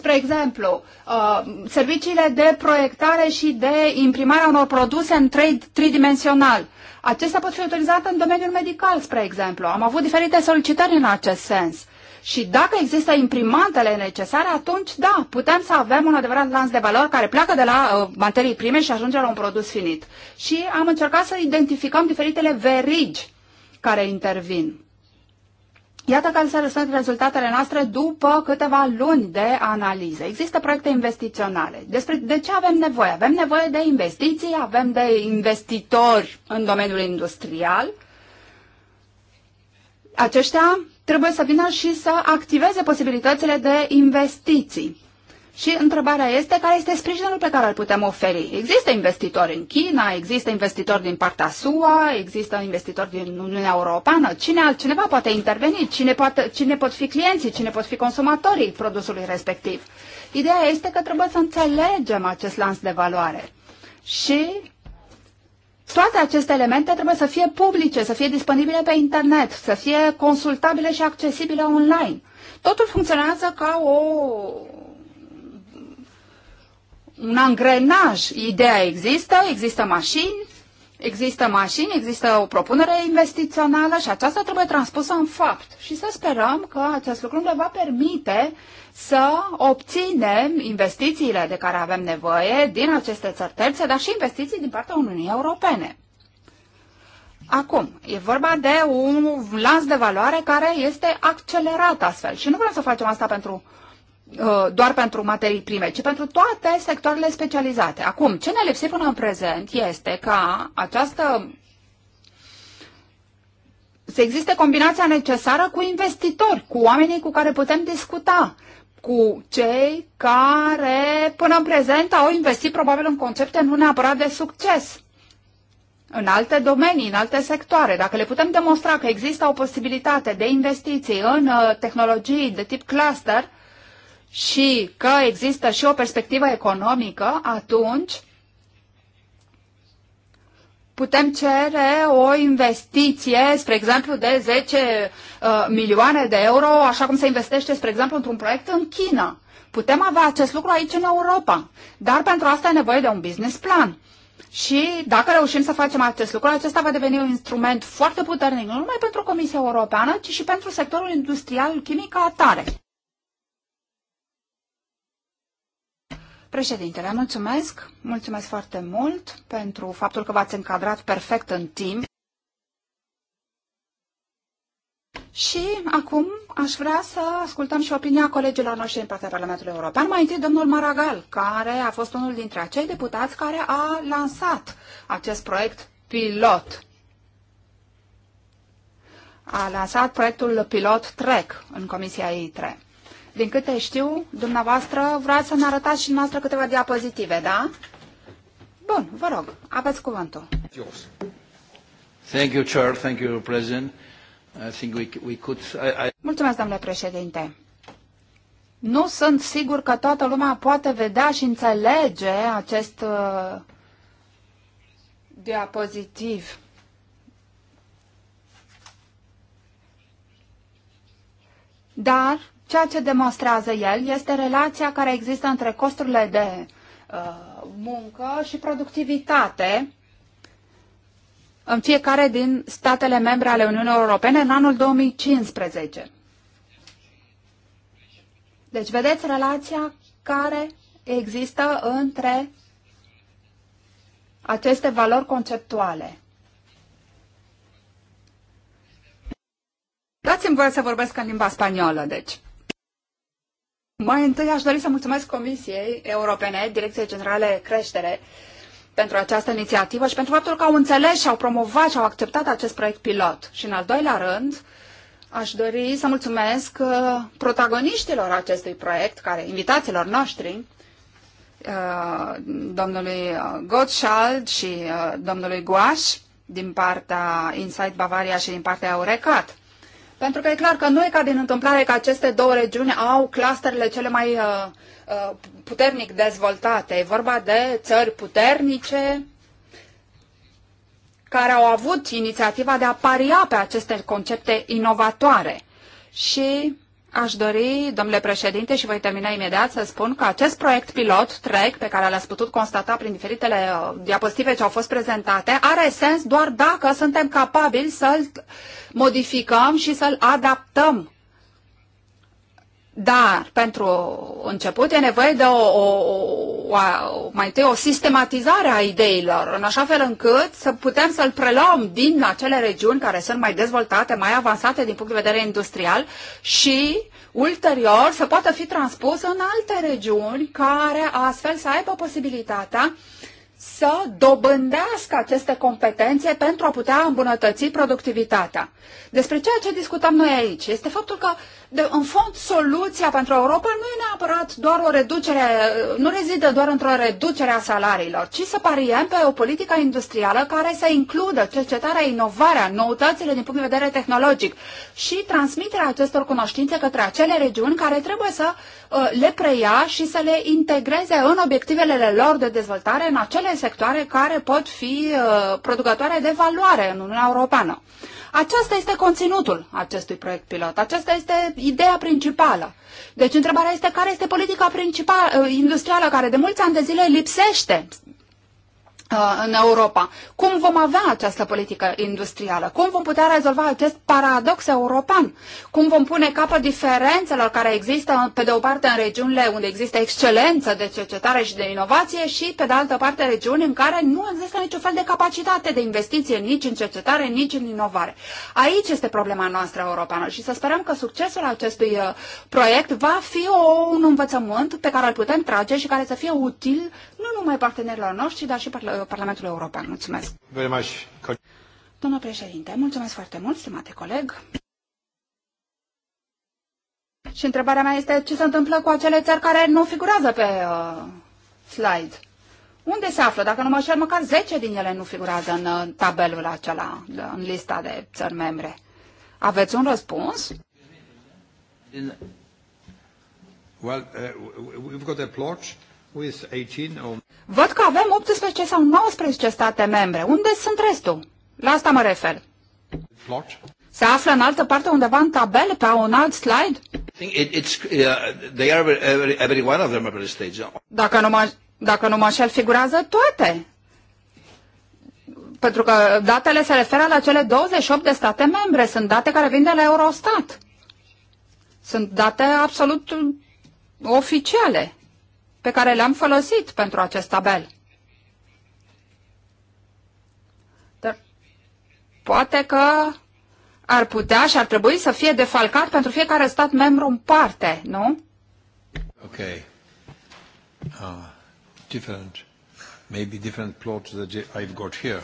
spre exemplu, uh, serviciile de proiectare și de imprimare a unor produse în tridimensional. Acestea pot fi utilizate în domeniul medical, spre exemplu. Am avut diferite solicitări în acest sens. Și dacă există imprimantele necesare, atunci da, putem să avem un adevărat lanț de valori care pleacă de la uh, materii prime și ajunge la un produs finit. Și am încercat să identificăm diferitele verigi care intervin. Iată care sunt rezultatele noastre după câteva luni de analiză. Există proiecte investiționale. Despre de ce avem nevoie? Avem nevoie de investiții, avem de investitori în domeniul industrial. Aceștia trebuie să vină și să activeze posibilitățile de investiții. Și întrebarea este care este sprijinul pe care îl putem oferi. Există investitori în China, există investitori din partea SUA, există investitori din Uniunea Europeană. Cine altcineva poate interveni? Cine, poate, cine pot fi clienții? Cine pot fi consumatorii produsului respectiv? Ideea este că trebuie să înțelegem acest lans de valoare. Și toate aceste elemente trebuie să fie publice, să fie disponibile pe internet, să fie consultabile și accesibile online. Totul funcționează ca o, un angrenaj. Ideea există, există mașini, există mașini, există o propunere investițională și aceasta trebuie transpusă în fapt. Și să sperăm că acest lucru ne va permite să obținem investițiile de care avem nevoie din aceste țări terțe, dar și investiții din partea Uniunii Europene. Acum, e vorba de un lans de valoare care este accelerat astfel și nu vrem să facem asta pentru Uh, doar pentru materii prime, ci pentru toate sectoarele specializate. Acum, ce ne lipsește până în prezent este ca această să existe combinația necesară cu investitori, cu oamenii cu care putem discuta, cu cei care până în prezent au investit probabil în concepte nu neapărat de succes în alte domenii, în alte sectoare. Dacă le putem demonstra că există o posibilitate de investiții în uh, tehnologii de tip cluster, și că există și o perspectivă economică, atunci putem cere o investiție, spre exemplu, de 10 uh, milioane de euro, așa cum se investește, spre exemplu, într-un proiect în China. Putem avea acest lucru aici în Europa, dar pentru asta e nevoie de un business plan. Și dacă reușim să facem acest lucru, acesta va deveni un instrument foarte puternic, nu numai pentru Comisia Europeană, ci și pentru sectorul industrial chimic atare. Președintele, mulțumesc, mulțumesc foarte mult pentru faptul că v-ați încadrat perfect în timp. Și acum aș vrea să ascultăm și opinia colegilor noștri în partea Parlamentului European. Mai întâi domnul Maragal, care a fost unul dintre acei deputați care a lansat acest proiect pilot. A lansat proiectul pilot TREC în Comisia E3. Din câte știu, dumneavoastră vreau să ne arătați și noastră câteva diapozitive, da? Bun, vă rog, aveți cuvântul. Thank you, Chair. Thank you, President. I think we, we could, I, I... Mulțumesc, domnule președinte. Nu sunt sigur că toată lumea poate vedea și înțelege acest uh, diapozitiv. Dar Ceea ce demonstrează el este relația care există între costurile de uh, muncă și productivitate în fiecare din statele membre ale Uniunii Europene în anul 2015. Deci vedeți relația care există între aceste valori conceptuale. Dați-mi voie să vorbesc în limba spaniolă, deci. Mai întâi aș dori să mulțumesc Comisiei Europene, Direcției Generale Creștere, pentru această inițiativă și pentru faptul că au înțeles și au promovat și au acceptat acest proiect pilot. Și în al doilea rând, aș dori să mulțumesc uh, protagoniștilor acestui proiect, care invitațiilor noștri, uh, domnului uh, Gottschalk și domnului Guaș din partea Inside Bavaria și din partea Eurecat. Pentru că e clar că nu e ca din întâmplare că aceste două regiuni au clusterele cele mai uh, uh, puternic dezvoltate. E vorba de țări puternice care au avut inițiativa de a paria pe aceste concepte inovatoare. Și Aș dori, domnule președinte, și voi termina imediat să spun că acest proiect pilot TREC, pe care l-ați putut constata prin diferitele uh, diapozitive ce au fost prezentate, are sens doar dacă suntem capabili să-l modificăm și să-l adaptăm dar, pentru început, e nevoie de o, o, o, o, mai întâi o sistematizare a ideilor, în așa fel încât să putem să-l preluăm din acele regiuni care sunt mai dezvoltate, mai avansate din punct de vedere industrial și, ulterior, să poată fi transpus în alte regiuni care astfel să aibă posibilitatea să dobândească aceste competențe pentru a putea îmbunătăți productivitatea. Despre ceea ce discutăm noi aici este faptul că de, în fond, soluția pentru Europa nu e neapărat doar o reducere, nu rezidă doar într-o reducere a salariilor, ci să pariem pe o politică industrială care să includă cercetarea, inovarea, noutățile din punct de vedere tehnologic și transmiterea acestor cunoștințe către acele regiuni care trebuie să uh, le preia și să le integreze în obiectivele lor de dezvoltare în acele sectoare care pot fi uh, producătoare de valoare în Uniunea Europeană. Acesta este conținutul acestui proiect pilot. Aceasta este ideea principală. Deci întrebarea este care este politica principală, industrială care de mulți ani de zile lipsește Uh, în Europa. Cum vom avea această politică industrială? Cum vom putea rezolva acest paradox european? Cum vom pune capăt diferențelor care există, pe de o parte, în regiunile unde există excelență de cercetare și de inovație și, pe de altă parte, regiuni în care nu există niciun fel de capacitate de investiție nici în cercetare, nici în inovare? Aici este problema noastră europeană și să sperăm că succesul acestui uh, proiect va fi o, un învățământ pe care îl putem trage și care să fie util nu numai partenerilor noștri, dar și partenerilor Uh, Parlamentului European. Mulțumesc! Domnul președinte, mulțumesc foarte mult, stimate coleg. Și întrebarea mea este ce se întâmplă cu acele țări care nu figurează pe uh, slide. Unde se află? Dacă nu mă șer, măcar 10 din ele nu figurează în uh, tabelul acela, uh, în lista de țări membre. Aveți un răspuns? Well, uh, we've got a plot Văd că avem 18 sau 19 state membre. Unde sunt restul? La asta mă refer. Se află în altă parte undeva în tabel, pe un alt slide? Dacă nu mă, dacă nu mă așel, figurează toate. Pentru că datele se referă la cele 28 de state membre. Sunt date care vin de la Eurostat. Sunt date absolut oficiale pe care le-am folosit pentru acest tabel. Dar poate că ar putea și ar trebui să fie defalcat pentru fiecare stat membru în parte, nu? Ok. Uh, different. Maybe different plot that I've got here.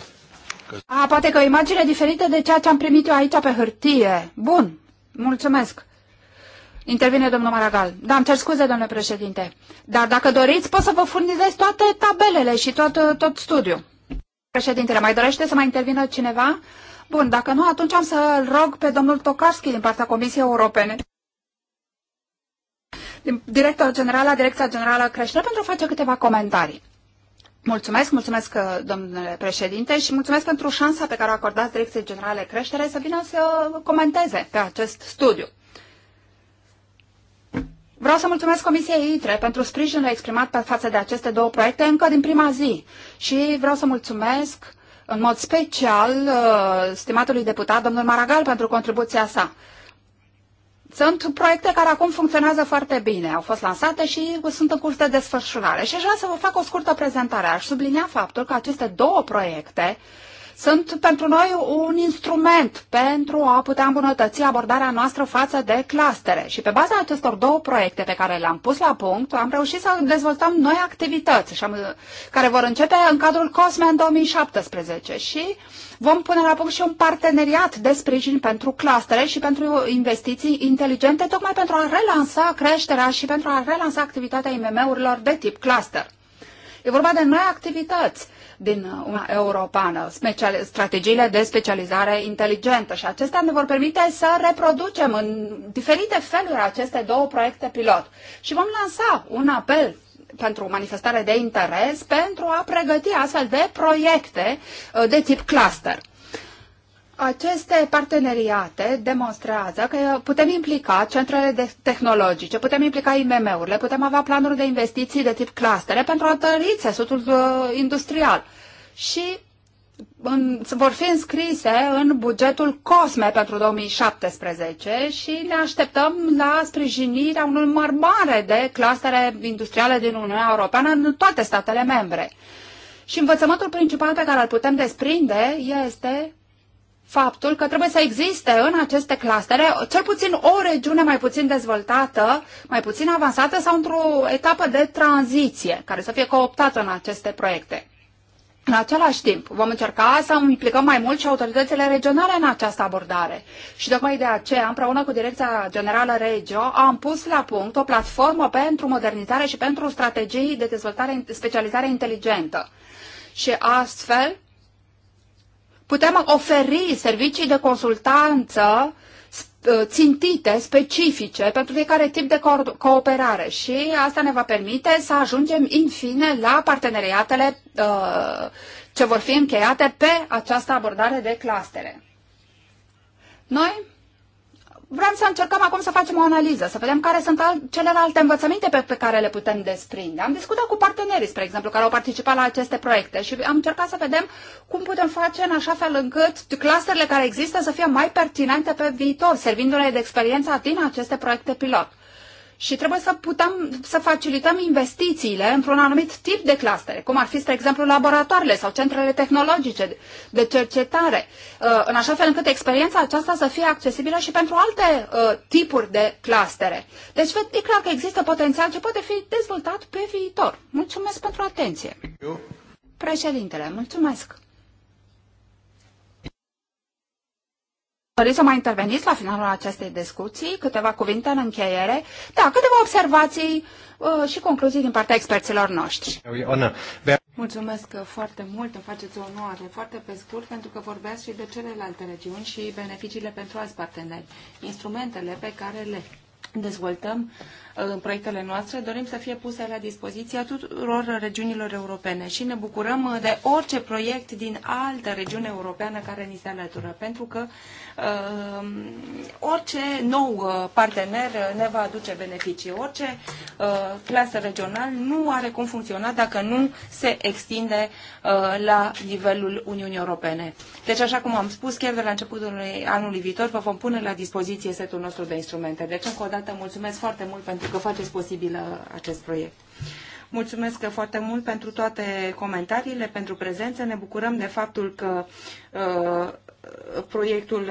A, poate că o imagine diferită de ceea ce am primit eu aici pe hârtie. Bun, mulțumesc. Intervine domnul Maragal. Da, îmi cer scuze, domnule președinte. Dar dacă doriți, pot să vă furnizez toate tabelele și tot, tot studiul. Președintele, mai dorește să mai intervină cineva? Bun, dacă nu, atunci am să rog pe domnul Tokarski din partea Comisiei Europene. Director general la Direcția Generală Creștere pentru a face câteva comentarii. Mulțumesc, mulțumesc, domnule președinte, și mulțumesc pentru șansa pe care o acordați Direcției Generale Creștere să vină să comenteze pe acest studiu. Vreau să mulțumesc Comisiei ITRE pentru sprijinul exprimat pe față de aceste două proiecte încă din prima zi și vreau să mulțumesc în mod special uh, stimatului deputat domnul Maragal pentru contribuția sa. Sunt proiecte care acum funcționează foarte bine, au fost lansate și sunt în curs de desfășurare. Și aș vrea să vă fac o scurtă prezentare. Aș sublinia faptul că aceste două proiecte uh, sunt pentru noi un instrument pentru a putea îmbunătăți abordarea noastră față de clastere. Și pe baza acestor două proiecte pe care le-am pus la punct, am reușit să dezvoltăm noi activități și am, care vor începe în cadrul COSME în 2017 și vom pune la punct și un parteneriat de sprijin pentru clastere și pentru investiții inteligente, tocmai pentru a relansa creșterea și pentru a relansa activitatea IMM-urilor de tip cluster. E vorba de noi activități din Uniunea Europeană, strategiile de specializare inteligentă și acestea ne vor permite să reproducem în diferite feluri aceste două proiecte pilot. Și vom lansa un apel pentru manifestare de interes pentru a pregăti astfel de proiecte uh, de tip cluster aceste parteneriate demonstrează că putem implica centrele de tehnologice, putem implica IMM-urile, putem avea planuri de investiții de tip clustere pentru a tări țesutul uh, industrial. Și în, vor fi înscrise în bugetul COSME pentru 2017 și ne așteptăm la sprijinirea unui număr mare de clustere industriale din Uniunea Europeană în toate statele membre. Și învățământul principal pe care îl putem desprinde este faptul că trebuie să existe în aceste clastere cel puțin o regiune mai puțin dezvoltată, mai puțin avansată sau într-o etapă de tranziție care să fie cooptată în aceste proiecte. În același timp, vom încerca să implicăm mai mult și autoritățile regionale în această abordare. Și tocmai de aceea, împreună cu Direcția Generală Regio, am pus la punct o platformă pentru modernizare și pentru strategii de dezvoltare, specializare inteligentă. Și astfel, putem oferi servicii de consultanță uh, țintite, specifice, pentru fiecare tip de co- cooperare și asta ne va permite să ajungem, în fine, la parteneriatele uh, ce vor fi încheiate pe această abordare de clastere. Noi vrem să încercăm acum să facem o analiză, să vedem care sunt al- celelalte învățăminte pe, pe care le putem desprinde. Am discutat cu partenerii, spre exemplu, care au participat la aceste proiecte și am încercat să vedem cum putem face în așa fel încât clusterele care există să fie mai pertinente pe viitor, servindu-le de experiența din aceste proiecte pilot și trebuie să putem să facilităm investițiile într-un anumit tip de clustere, cum ar fi, spre exemplu, laboratoarele sau centrele tehnologice de cercetare, uh, în așa fel încât experiența aceasta să fie accesibilă și pentru alte uh, tipuri de clustere. Deci e clar că există potențial ce poate fi dezvoltat pe viitor. Mulțumesc pentru atenție. Președintele, mulțumesc. Doriți să mai interveniți la finalul acestei discuții? Câteva cuvinte în încheiere? Da, câteva observații uh, și concluzii din partea experților noștri. Mulțumesc foarte mult, îmi faceți o onoare. Foarte pe scurt, pentru că vorbeați și de celelalte regiuni și beneficiile pentru alți parteneri. Instrumentele pe care le dezvoltăm uh, în proiectele noastre, dorim să fie puse la dispoziția tuturor regiunilor europene și ne bucurăm uh, de orice proiect din altă regiune europeană care ni se alătură, pentru că Ehm, orice nou uh, partener uh, ne va aduce beneficii, orice uh, clasă regională nu are cum funcționa dacă nu se extinde la nivelul Uniunii Europene. Deci, așa cum am spus, chiar de la începutul anului viitor vă vom pune la dispoziție setul nostru de instrumente. Deci, încă o dată, mulțumesc foarte mult pentru că faceți posibil acest proiect. Mulțumesc foarte mult pentru toate comentariile, pentru prezență. Ne bucurăm de faptul că uh, proiectul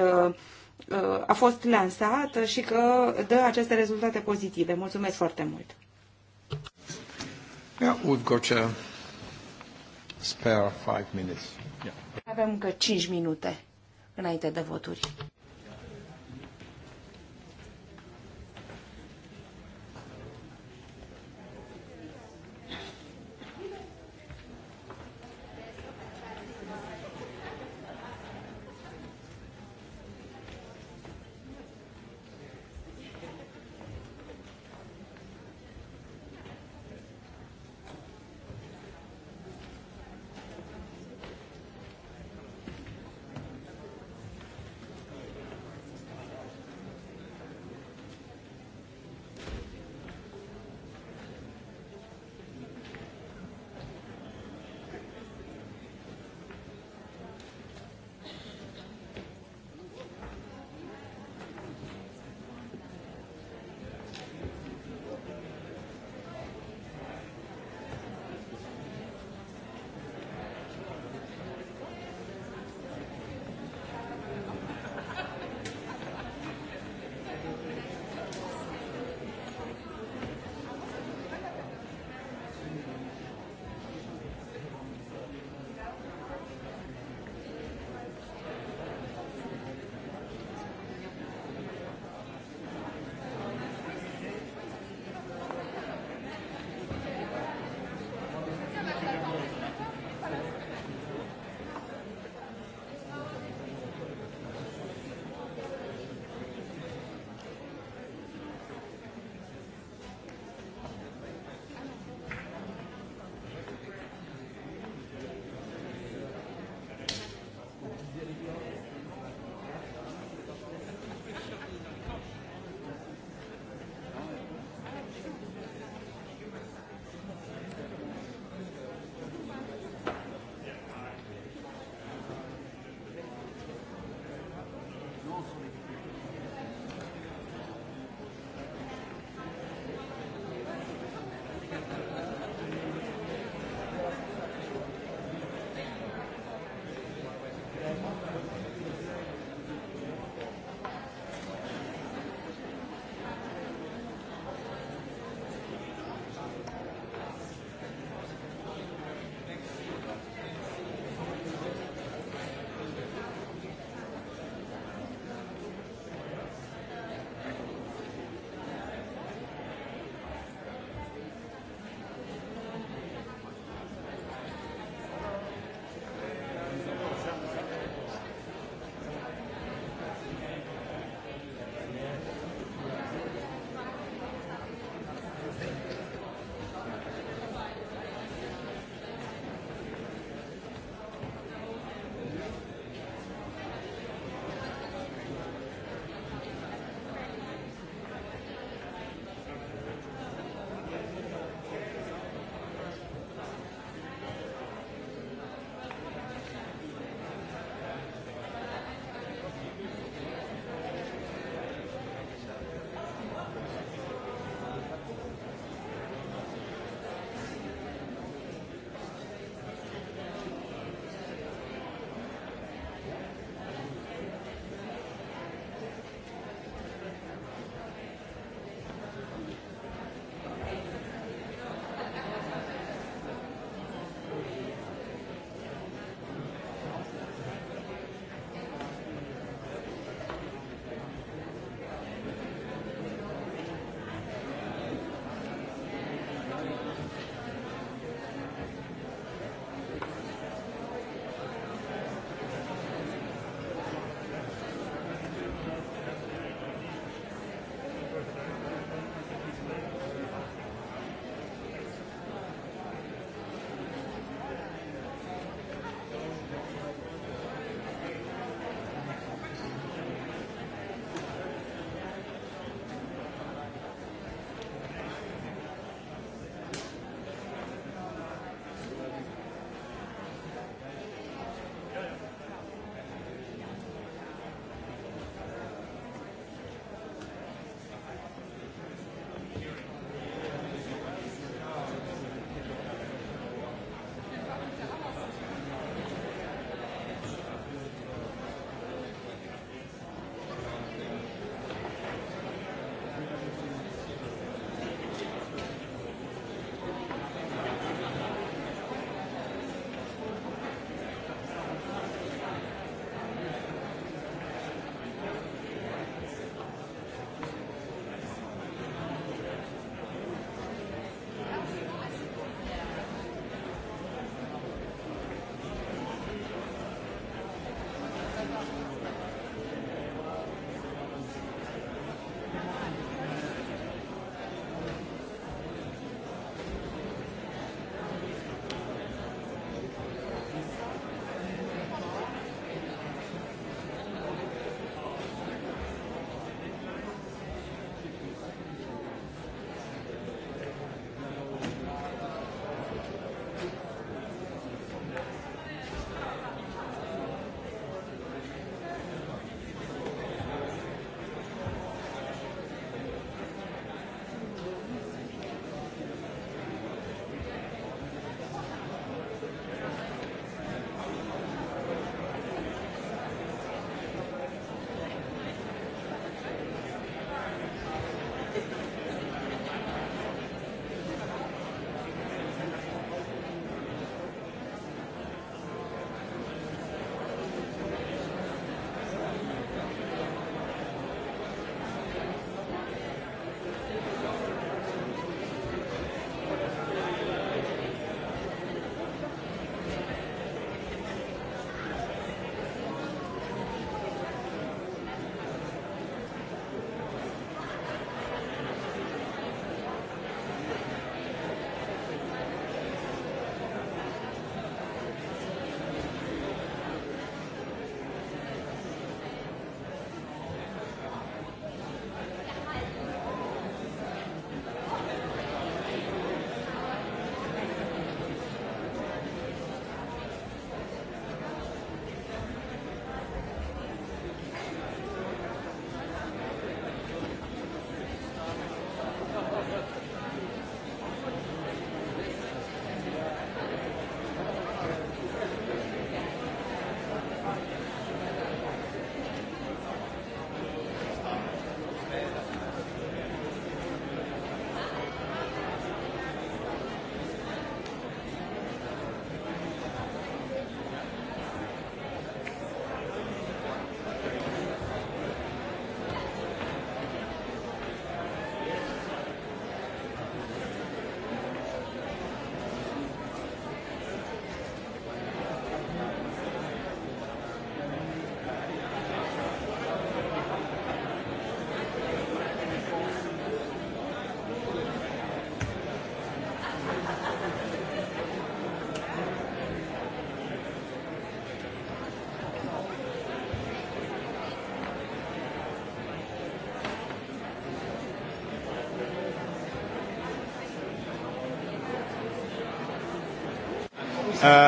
uh, uh, a fost lansat și că dă aceste rezultate pozitive. Mulțumesc foarte mult! Yeah, we've got a spare five minutes. Yeah. Avem încă 5 minute înainte de voturi.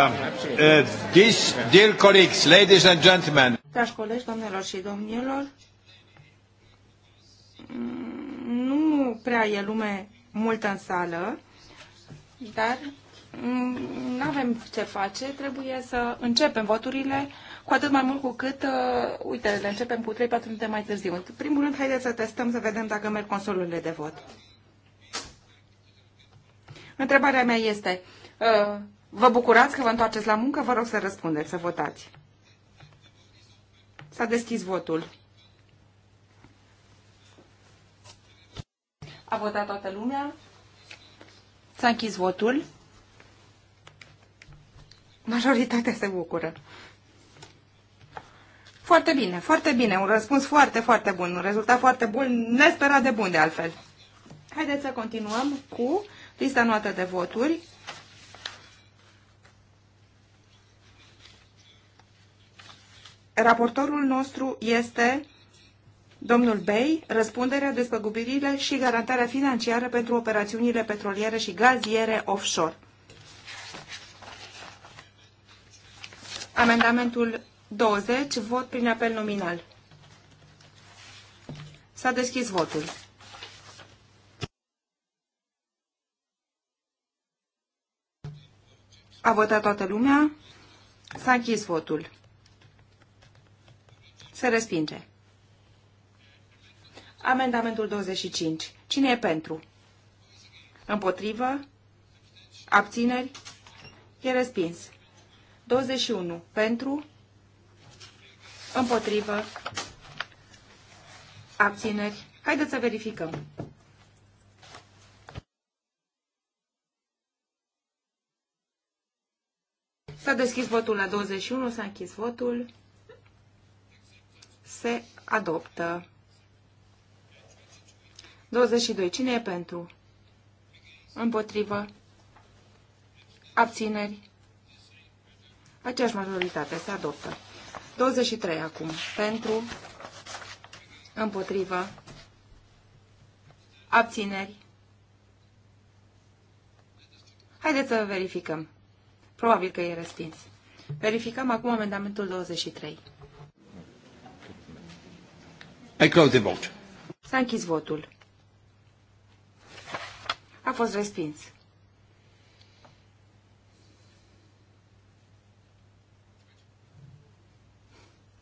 uh, this, dear colleagues, ladies and gentlemen. Dragi colegi, domnilor și domnilor, mm, nu prea e lume multă în sală, dar mm, nu avem ce face, trebuie să începem voturile, cu atât mai mult cu cât, uh, uite, le începem cu 3-4 minute mai târziu. În primul rând, haideți să testăm să vedem dacă merg consolurile de vot. Întrebarea mea este, uh, Vă bucurați că vă întoarceți la muncă? Vă rog să răspundeți, să votați. S-a deschis votul. A votat toată lumea. S-a închis votul. Majoritatea se bucură. Foarte bine, foarte bine. Un răspuns foarte, foarte bun. Un rezultat foarte bun, nesperat de bun de altfel. Haideți să continuăm cu lista noastră de voturi. Raportorul nostru este domnul Bey, răspunderea, despăgubirile și garantarea financiară pentru operațiunile petroliere și gaziere offshore. Amendamentul 20, vot prin apel nominal. S-a deschis votul. A votat toată lumea. S-a închis votul. Se respinge. Amendamentul 25. Cine e pentru? Împotrivă? Abțineri? E respins. 21. Pentru? Împotrivă? Abțineri? Haideți să verificăm. S-a deschis votul la 21, s-a închis votul se adoptă. 22. Cine e pentru? Împotrivă. Abțineri. Aceeași majoritate se adoptă. 23 acum. Pentru. Împotrivă. Abțineri. Haideți să verificăm. Probabil că e respins. Verificăm acum amendamentul 23. I close the vote. S-a închis votul. A fost respins.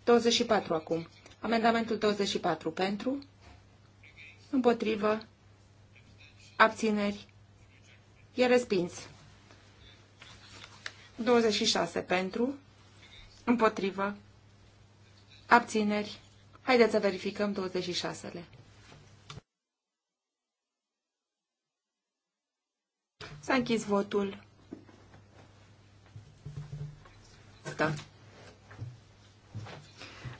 Douăzeci patru acum. Amendamentul 24 pentru, împotrivă, abțineri, e respins. 26 pentru, împotrivă, abțineri, Haideți să verificăm 26-le. S-a închis votul. Da.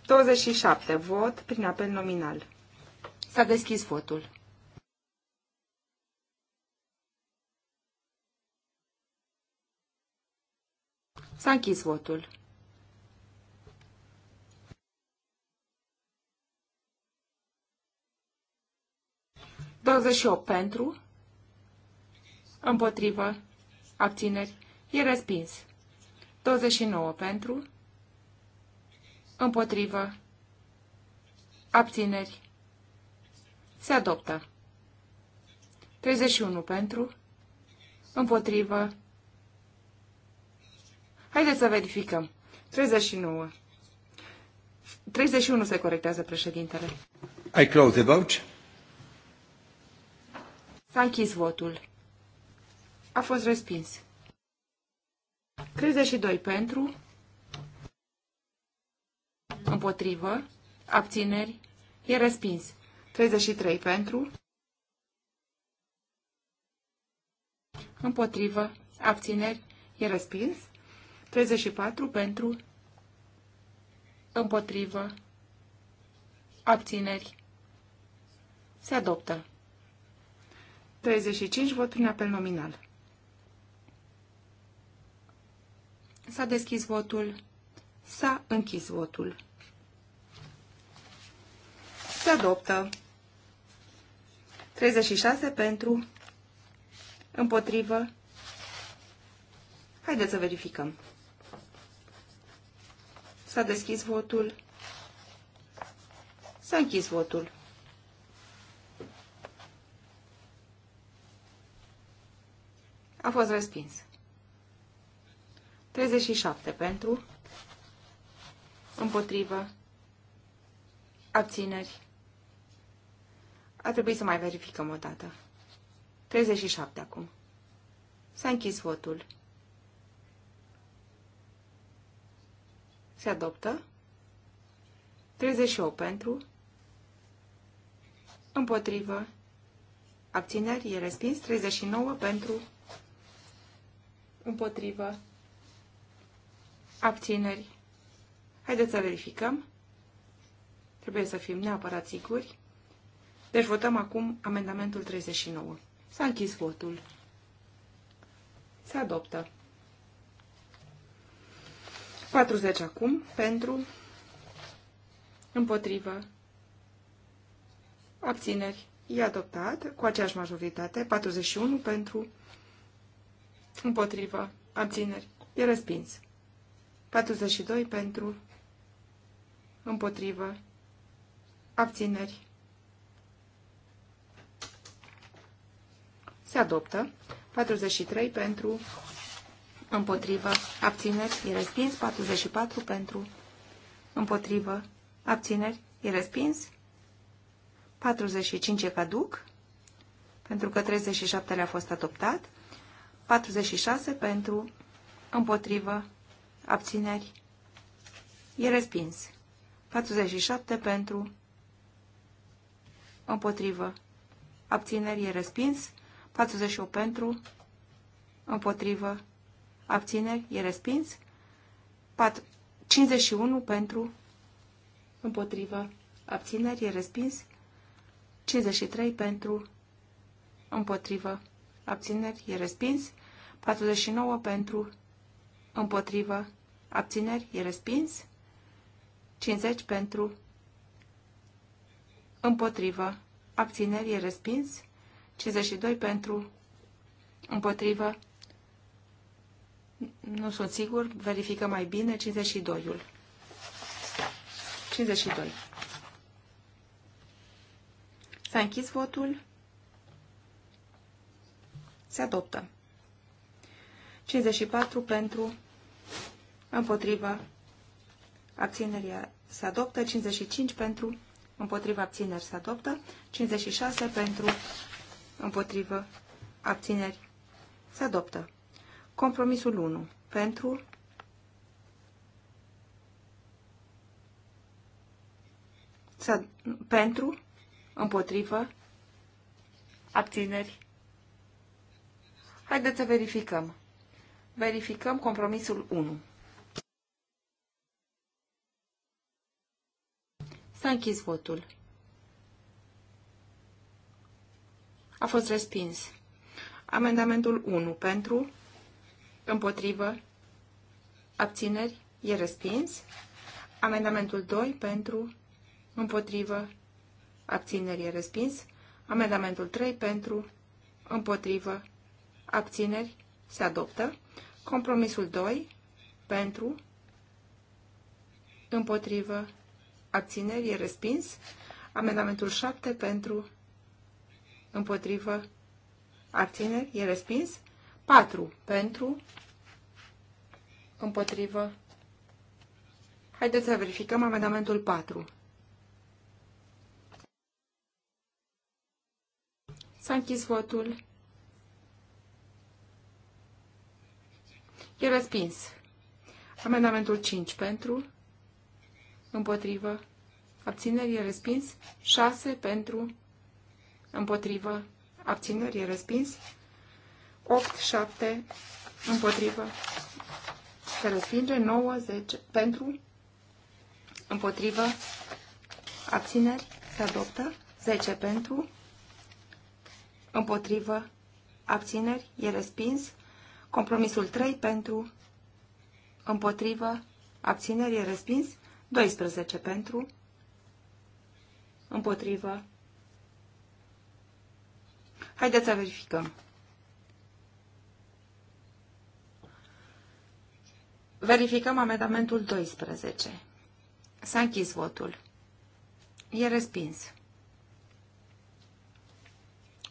27. Vot prin apel nominal. S-a deschis votul. S-a închis votul. 28 pentru, împotrivă, abțineri, e respins. 29 pentru, împotrivă, abțineri, se adoptă. 31 pentru, împotrivă, haideți să verificăm. 39. 31 se corectează președintele. I close the vote. S-a închis votul. A fost respins. 32 pentru, împotrivă, abțineri, e respins. 33 pentru, împotrivă, abțineri, e respins. 34 pentru, împotrivă, abțineri, se adoptă. 35, vot prin apel nominal. S-a deschis votul. S-a închis votul. Se adoptă. 36 pentru. Împotrivă. Haideți să verificăm. S-a deschis votul. S-a închis votul. A fost respins. 37 pentru, împotrivă, abțineri. A trebuit să mai verificăm o dată. 37 acum. S-a închis votul. Se adoptă. 38 pentru. Împotrivă. Abțineri. E respins. 39 pentru. Împotrivă. Abțineri. Haideți să verificăm. Trebuie să fim neapărat siguri. Deci votăm acum amendamentul 39. S-a închis votul. Se adoptă. 40 acum pentru, împotrivă, abțineri. E adoptat cu aceeași majoritate. 41 pentru, Împotrivă. Abțineri. E respins. 42 pentru. Împotrivă. Abțineri. Se adoptă. 43 pentru. Împotrivă. Abțineri. E respins. 44 pentru. Împotrivă. Abțineri. E respins. 45 e caduc. Pentru că 37 le-a fost adoptat. 46 pentru, împotrivă, abțineri, e respins. 47 pentru, împotrivă, abțineri, e respins. 48 pentru, împotrivă, abțineri, e respins. 51 pentru, împotrivă, abțineri, e respins. 53 pentru, împotrivă, abțineri, e respins. 49 pentru, împotrivă, abțineri, e respins. 50 pentru, împotrivă, abțineri, e respins. 52 pentru, împotrivă, nu sunt sigur, verifică mai bine, 52-ul. 52. S-a închis votul. Se adoptă. 54 pentru, împotriva, abținerea se adoptă, 55 pentru, împotriva abțineri se adoptă, 56 pentru, împotriva abțineri se adoptă. Compromisul 1 pentru, să, pentru, împotrivă, abțineri. Haideți să verificăm verificăm compromisul 1. S-a închis votul. A fost respins. Amendamentul 1 pentru, împotrivă, abțineri, e respins. Amendamentul 2 pentru, împotrivă, abțineri, e respins. Amendamentul 3 pentru, împotrivă, abțineri, se adoptă. Compromisul 2 pentru, împotrivă, abțineri e respins. Amendamentul 7 pentru, împotrivă, abțineri e respins. 4 pentru, împotrivă. Haideți să verificăm amendamentul 4. S-a închis votul. E respins. Amendamentul 5 pentru, împotrivă, abțineri e respins. 6 pentru, împotrivă, abțineri e respins. 8, 7, împotrivă, se respinge. 9, 10, pentru, împotrivă, abțineri, se adoptă. 10 pentru, împotrivă, abțineri, e respins. Compromisul 3 pentru, împotrivă, abțineri respins. 12 pentru, împotrivă. Haideți să verificăm. Verificăm amendamentul 12. S-a închis votul. E respins.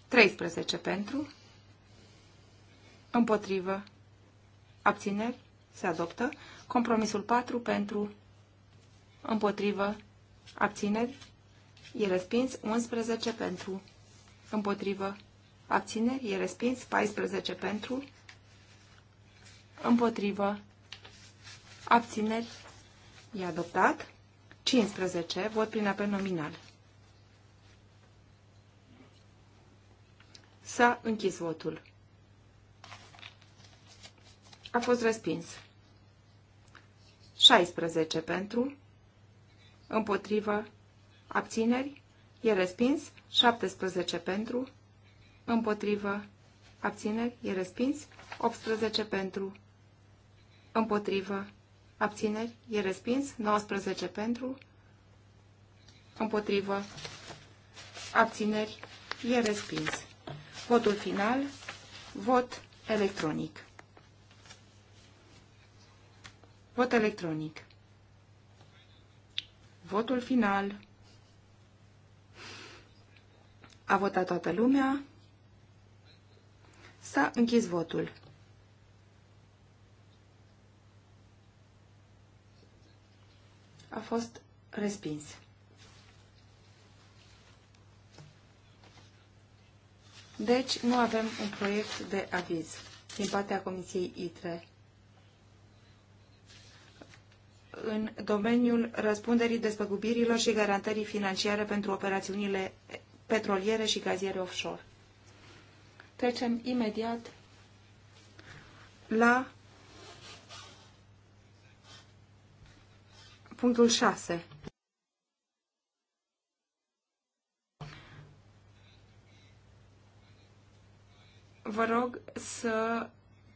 13 pentru, împotrivă, abțineri, se adoptă. Compromisul 4 pentru, împotrivă, abțineri, e respins. 11 pentru, împotrivă, abțineri, e respins. 14 pentru, împotrivă, abțineri, e adoptat. 15, vot prin apel nominal. S-a închis votul. A fost respins. 16 pentru, împotrivă, abțineri, e respins. 17 pentru, împotrivă, abțineri, e respins. 18 pentru, împotrivă, abțineri, e respins. 19 pentru, împotrivă, abțineri, e respins. Votul final, vot electronic. Vot electronic. Votul final. A votat toată lumea. S-a închis votul. A fost respins. Deci, nu avem un proiect de aviz din partea Comisiei ITRE în domeniul răspunderii despăgubirilor și garantării financiare pentru operațiunile petroliere și gaziere offshore. Trecem imediat la punctul 6. Vă rog să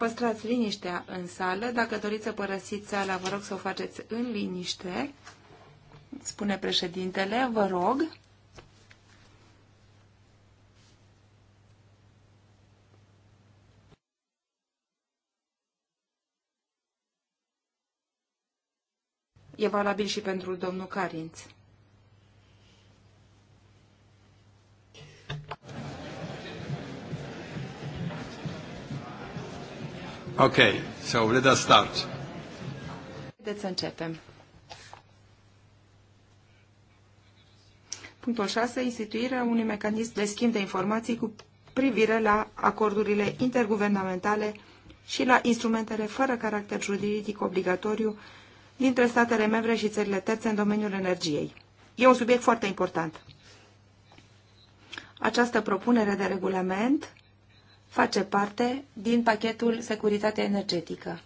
Păstrați liniștea în sală. Dacă doriți să părăsiți sala, vă rog să o faceți în liniște. Spune președintele, vă rog. E valabil și pentru domnul Carinț. Ok, so let us start. Haideți să începem. Punctul 6. Instituirea unui mecanism de schimb de informații cu privire la acordurile interguvernamentale și la instrumentele fără caracter juridic obligatoriu dintre statele membre și țările terțe în domeniul energiei. E un subiect foarte important. Această propunere de regulament face parte din pachetul securitate energetică.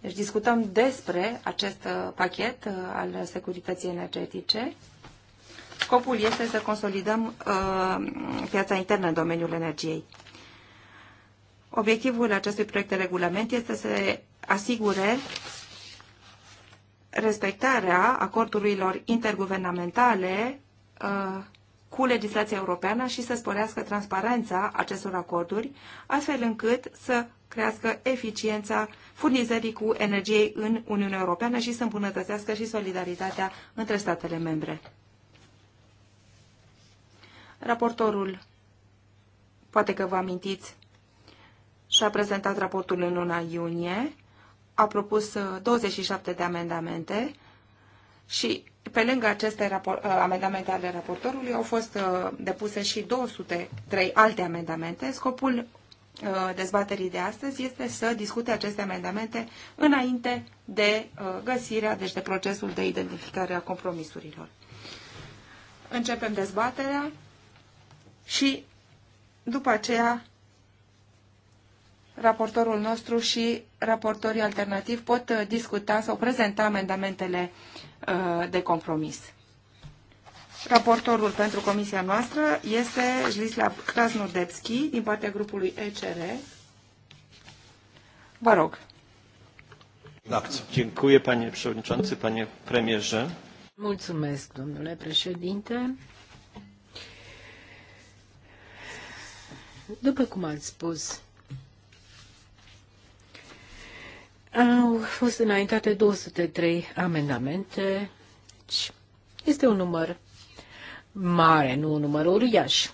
Deci discutăm despre acest uh, pachet uh, al securității energetice. Scopul este să consolidăm uh, piața internă în domeniul energiei. Obiectivul acestui proiect de regulament este să asigure respectarea acordurilor interguvernamentale uh, cu legislația europeană și să sporească transparența acestor acorduri, astfel încât să crească eficiența furnizării cu energie în Uniunea Europeană și să îmbunătățească și solidaritatea între statele membre. Raportorul, poate că vă amintiți, și-a prezentat raportul în luna iunie, a propus 27 uh, de amendamente și pe lângă aceste uh, amendamente ale raportorului au fost uh, depuse și 203 alte amendamente. Scopul uh, dezbaterii de astăzi este să discute aceste amendamente înainte de găsirea, deci de procesul de identificare a compromisurilor. Începem dezbaterea și după aceea raportorul nostru și raportorii alternativi pot uh, discuta sau prezenta amendamentele uh, de compromis. Raportorul pentru comisia noastră este Zlislav Krasnodebski din partea grupului ECR. Vă rog. Mulțumesc, domnule președinte. După cum ați spus, Au fost înaintate 203 amendamente. Este un număr mare, nu un număr uriaș.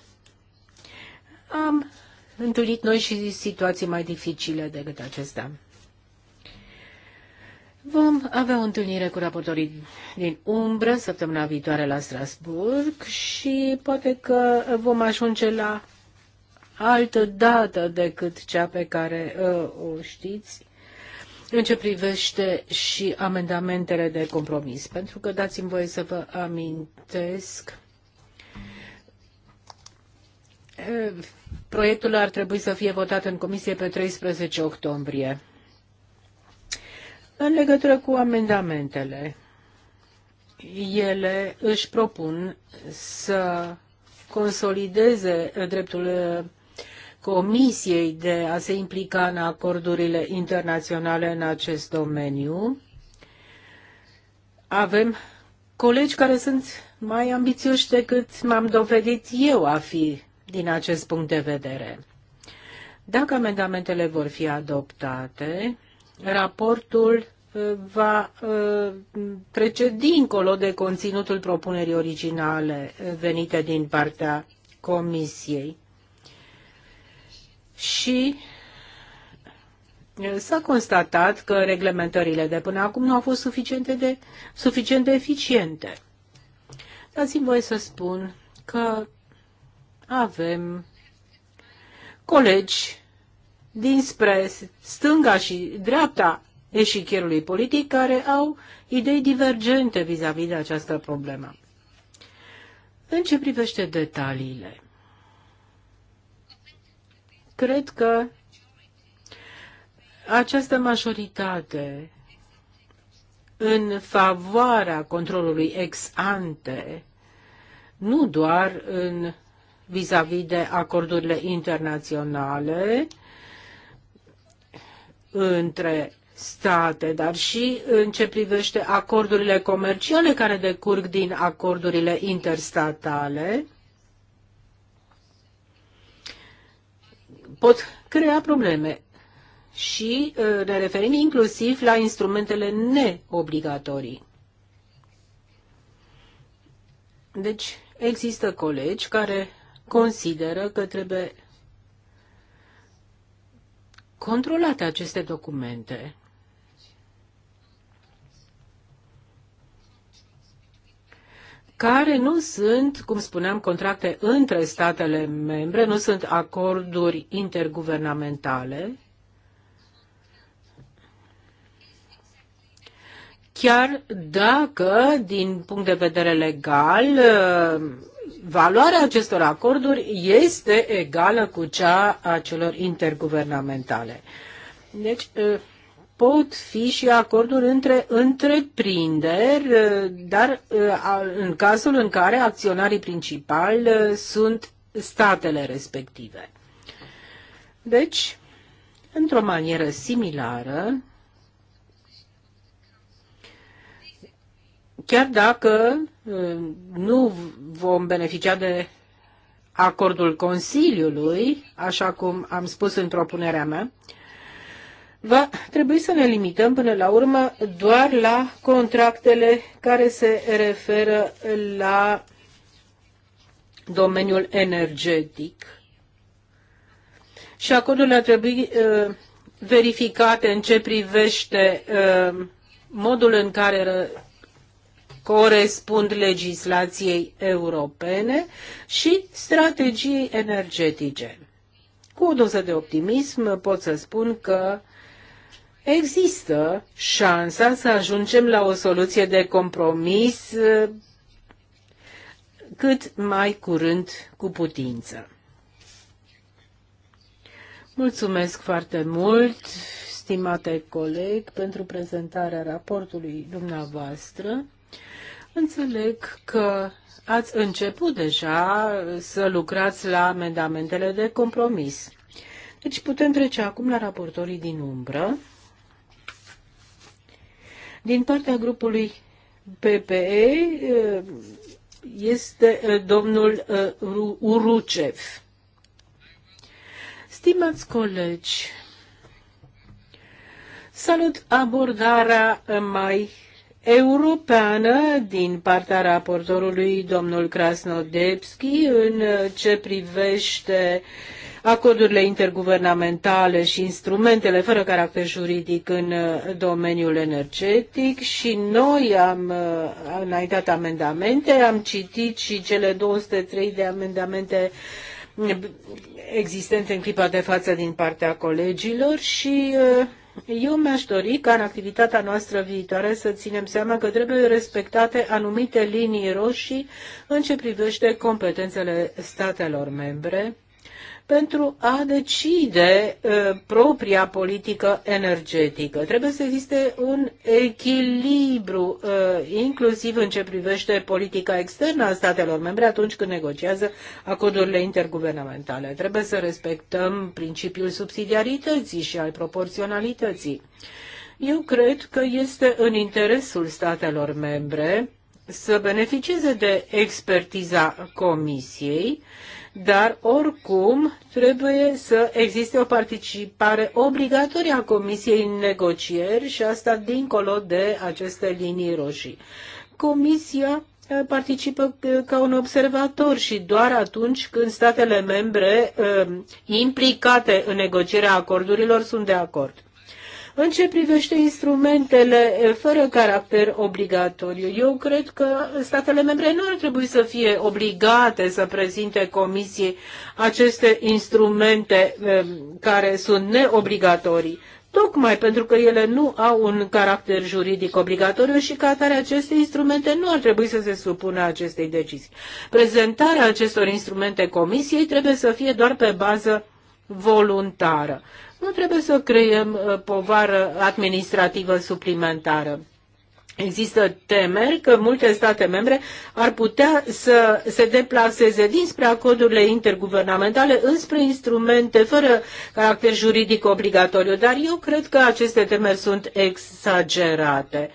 Am întâlnit noi și situații mai dificile decât acestea. Vom avea o întâlnire cu raportorii din umbră săptămâna viitoare la Strasburg și poate că vom ajunge la altă dată decât cea pe care uh, o știți în ce privește și amendamentele de compromis, pentru că dați-mi voie să vă amintesc Proiectul ar trebui să fie votat în comisie pe 13 octombrie. În legătură cu amendamentele, ele își propun să consolideze dreptul Comisiei de a se implica în acordurile internaționale în acest domeniu. Avem colegi care sunt mai ambițioși decât m-am dovedit eu a fi din acest punct de vedere. Dacă amendamentele vor fi adoptate, raportul uh, va uh, trece dincolo de conținutul propunerii originale uh, venite din partea Comisiei și s-a constatat că reglementările de până acum nu au fost suficiente de, suficient de eficiente. Dați-mi voi să spun că avem colegi dinspre stânga și dreapta eșichierului politic care au idei divergente vis-a-vis -vis de această problemă. În ce privește detaliile, Cred că această majoritate în favoarea controlului ex ante, nu doar în vis-a-vis -vis de acordurile internaționale între state, dar și în ce privește acordurile comerciale care decurg din acordurile interstatale, pot crea probleme și uh, ne referim inclusiv la instrumentele neobligatorii. Deci există colegi care consideră că trebuie controlate aceste documente. care nu sunt, cum spuneam, contracte între statele membre, nu sunt acorduri interguvernamentale, chiar dacă, din punct de vedere legal, valoarea acestor acorduri este egală cu cea a celor interguvernamentale. Deci, pot fi și acorduri între întreprinderi, dar uh, în cazul în care acționarii principali uh, sunt statele respective. Deci, într-o manieră similară, chiar dacă uh, nu vom beneficia de acordul Consiliului, așa cum am spus în propunerea mea, va trebui să ne limităm până la urmă doar la contractele care se referă la domeniul energetic. Și acordurile ar trebui uh, verificate în ce privește uh, modul în care corespund legislației europene și strategiei energetice. Cu o doză de optimism pot să spun că există șansa să ajungem la o soluție de compromis eh, cât mai curând cu putință. Mulțumesc foarte mult, stimate coleg, pentru prezentarea raportului dumneavoastră. Înțeleg că ați început deja să lucrați la amendamentele de compromis. Deci putem trece acum la raportorii din umbră. Din partea grupului PPE eh, este eh, domnul eh, Urucev. Stimați colegi, salut abordarea mai europeană din partea raportorului domnul Krasnodebski în ce privește uh, acordurile interguvernamentale și instrumentele fără caracter juridic în uh, domeniul energetic și noi am uh, înaintat amendamente, am citit și cele 203 de amendamente existente în clipa de față din partea colegilor și uh, eu mi-aș dori ca în activitatea noastră viitoare să ținem seama că trebuie respectate anumite linii roșii în ce privește competențele statelor membre pentru a decide uh, propria politică energetică. Trebuie să existe un echilibru, uh, inclusiv în ce privește politica externă a statelor membre atunci când negociază acordurile interguvernamentale. Trebuie să respectăm principiul subsidiarității și al proporționalității. Eu cred că este în interesul statelor membre să beneficieze de expertiza Comisiei dar oricum trebuie să existe o participare obligatorie a Comisiei în negocieri și asta dincolo de aceste linii roșii. Comisia eh, participă eh, ca un observator și doar atunci când statele membre eh, implicate în negocierea acordurilor sunt de acord. În ce privește instrumentele fără caracter obligatoriu, eu cred că statele membre nu ar trebui să fie obligate să prezinte comisiei aceste instrumente care sunt neobligatorii tocmai pentru că ele nu au un caracter juridic obligatoriu și ca atare aceste instrumente nu ar trebui să se supună acestei decizii. Prezentarea acestor instrumente comisiei trebuie să fie doar pe bază voluntară. Nu trebuie să creăm uh, povară administrativă suplimentară. Există temeri că multe state membre ar putea să se deplaseze dinspre acordurile interguvernamentale înspre instrumente fără caracter juridic obligatoriu, dar eu cred că aceste temeri sunt exagerate.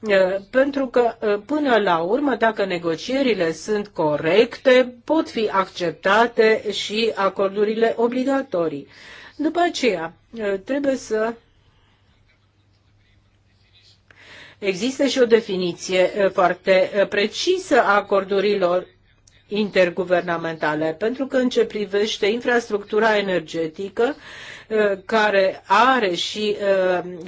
Uh, pentru că, uh, până la urmă, dacă negocierile sunt corecte, pot fi acceptate și acordurile obligatorii. După aceea, uh, trebuie să Există și o definiție uh, foarte uh, precisă a acordurilor interguvernamentale, pentru că în ce privește infrastructura energetică, care are și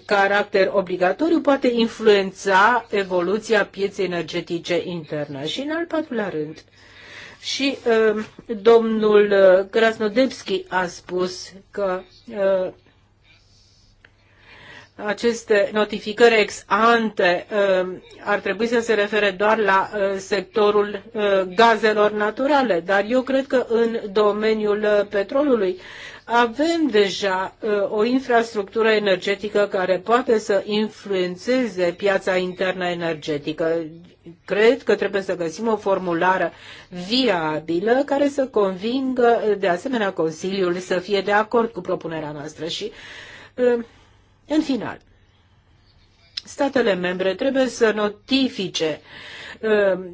caracter obligatoriu, poate influența evoluția pieței energetice interne. Și în al patrulea rând, și um, uh, domnul Krasnodebski a spus că uh, aceste notificări ex ante um, ar trebui să se refere doar la uh, sectorul uh, gazelor naturale, dar eu cred că în domeniul uh, petrolului avem deja uh, o infrastructură energetică care poate să influențeze piața internă energetică. Cred că trebuie să găsim o formulară viabilă care să convingă uh, de asemenea Consiliul să fie de acord cu propunerea noastră și uh, în final statele membre trebuie să notifice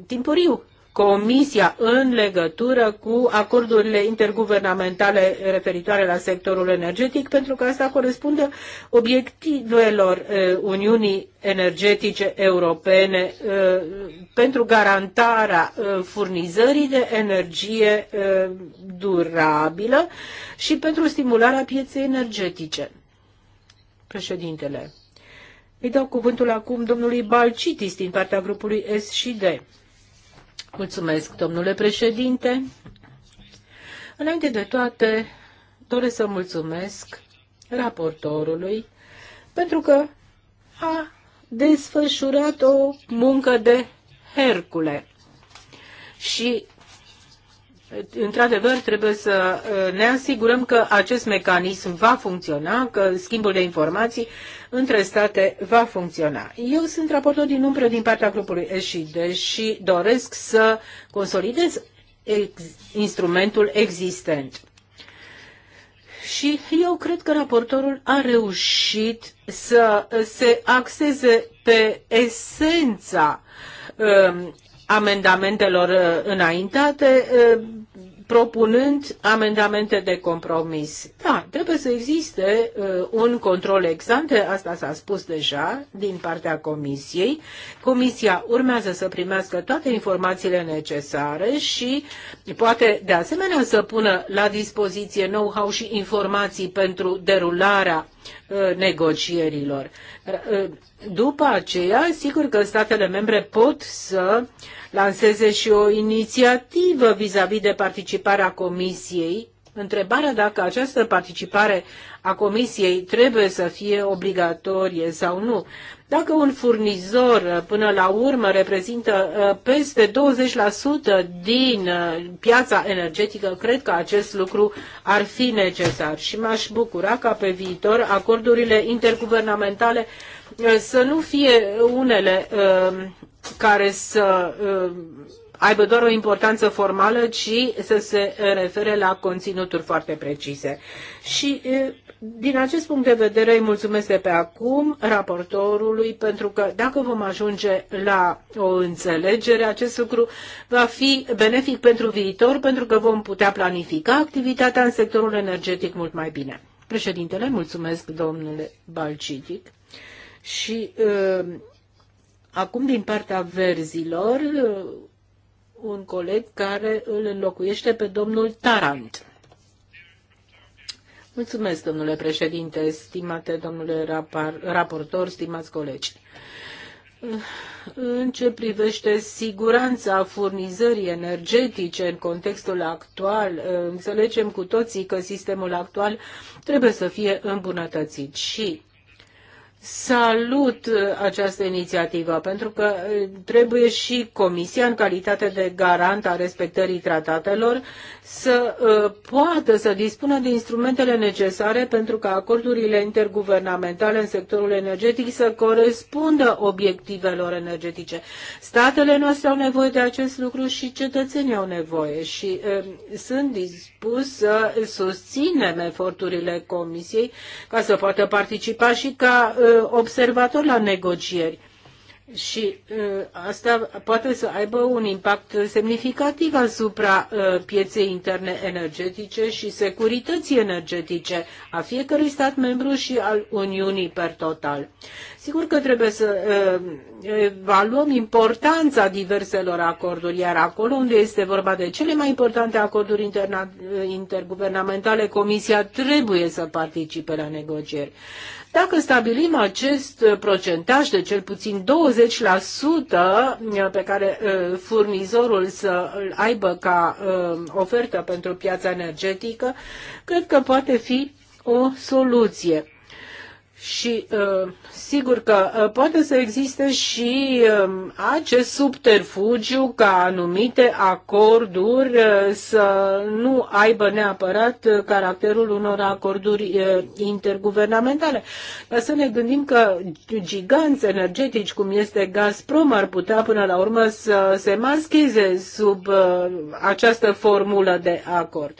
timpuriu Comisia în legătură cu acordurile interguvernamentale referitoare la sectorul energetic, pentru că asta corespunde obiectivelor eh, Uniunii Energetice Europene eh, pentru garantarea eh, furnizării de energie durabilă și pentru stimularea pieței energetice. Președintele, îi dau cuvântul acum domnului Balcitis din partea grupului S și D. Mulțumesc, domnule președinte. Înainte de toate, doresc să mulțumesc raportorului pentru că a desfășurat o muncă de Hercule. Și Într-adevăr, trebuie să uh, ne asigurăm că acest mecanism va funcționa, că schimbul de informații între state va funcționa. Eu sunt raportor din umbră din partea grupului ESHID și doresc să consolidez ex instrumentul existent. Și eu cred că raportorul a reușit să se axeze pe esența um, amendamentelor uh, înaintate uh, propunând amendamente de compromis. Da, trebuie să existe uh, un control exante, asta s-a spus deja din partea comisiei. Comisia urmează să primească toate informațiile necesare și poate de asemenea să pună la dispoziție know-how și informații pentru derularea Uh, negocierilor. Uh, după aceea, sigur că statele membre pot să lanseze și o inițiativă vis-a-vis -vis de participarea Comisiei Întrebarea dacă această participare a comisiei trebuie să fie obligatorie sau nu. Dacă un furnizor uh, până la urmă reprezintă uh, peste 20% din uh, piața energetică, cred că acest lucru ar fi necesar și m-aș bucura ca pe viitor acordurile interguvernamentale să nu fie unele care să aibă doar o importanță formală, ci să se refere la conținuturi foarte precise. Și din acest punct de vedere îi mulțumesc de pe acum raportorului pentru că dacă vom ajunge la o înțelegere, acest lucru va fi benefic pentru viitor pentru că vom putea planifica activitatea în sectorul energetic mult mai bine. Președintele, mulțumesc domnule Balcidic. și uh, acum din partea verzilor uh, un coleg care îl înlocuiește pe domnul Tarant. Mulțumesc, domnule președinte, stimate domnule raportor, stimați colegi. În ce privește siguranța furnizării energetice în contextul actual, înțelegem cu toții că sistemul actual trebuie să fie îmbunătățit și salut uh, această inițiativă, pentru că uh, trebuie și Comisia, în calitate de garant a respectării tratatelor, să uh, poată să dispună de instrumentele necesare pentru ca acordurile interguvernamentale în sectorul energetic să corespundă obiectivelor energetice. Statele noastre au nevoie de acest lucru și cetățenii au nevoie și sunt dispus să susținem eforturile Comisiei ca să poată participa și ca observator la negocieri. Și uh, asta poate să aibă un impact semnificativ asupra uh, pieței interne energetice și securității energetice a fiecărui stat membru și al Uniunii per total. Sigur că trebuie să uh, evaluăm importanța diverselor acorduri, iar acolo unde este vorba de cele mai importante acorduri interguvernamentale, Comisia trebuie să participe la negocieri. Dacă stabilim acest uh, procentaj de cel puțin 20% uh, pe care uh, furnizorul să îl aibă ca ofertă pentru piața energetică, cred că poate fi o soluție. Și uh, sigur că uh, poate să existe și um, acest subterfugiu ca anumite acorduri uh, să nu aibă neapărat caracterul unor acorduri interguvernamentale. Dar să ne gândim că giganți energetici cum este Gazprom ar putea până la urmă să se mascheze sub această formulă de acord.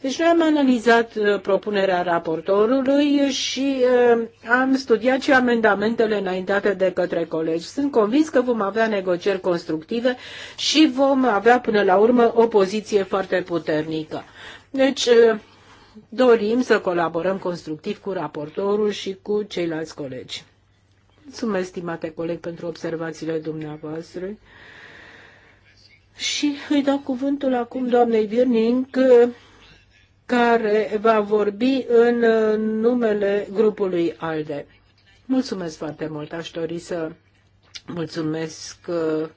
Deci noi am analizat propunerea raportorului și am studiat și amendamentele înaintate de către colegi. Sunt convins că vom avea negocieri constructive și vom avea până la urmă o poziție foarte puternică. Deci, dorim să colaborăm constructiv cu raportorul și cu ceilalți colegi. Mulțumesc, stimate coleg, pentru observațiile dumneavoastră. Și îi dau cuvântul acum doamnei Birning care va vorbi în uh, numele grupului ALDE. Mulțumesc foarte mult. Aș dori să mulțumesc uh,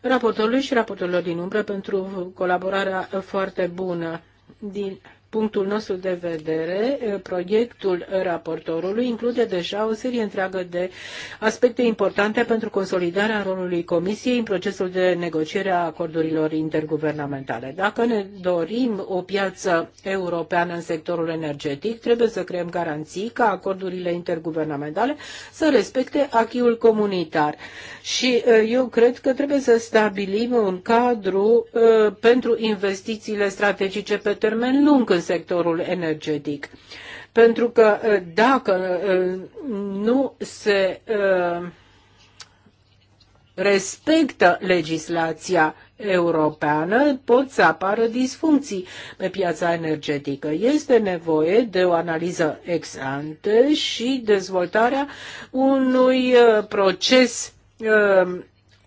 raportorului și raportorilor din umbră pentru colaborarea foarte bună din punctul nostru de vedere, proiectul raportorului include deja o serie întreagă de aspecte importante pentru consolidarea rolului Comisiei în procesul de negociere a acordurilor interguvernamentale. Dacă ne dorim o piață europeană în sectorul energetic, trebuie să creăm garanții ca acordurile interguvernamentale să respecte achiul comunitar. Și eu cred că trebuie să stabilim un cadru pentru investițiile strategice pe termen lung în sectorul energetic. Pentru că uh, dacă uh, nu se uh, respectă legislația europeană, pot să apară disfuncții pe piața energetică. Este nevoie de o analiză ex ante și dezvoltarea unui proces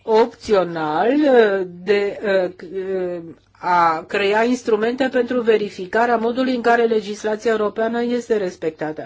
opțional de a crea instrumente pentru verificarea modului în care legislația europeană este respectată.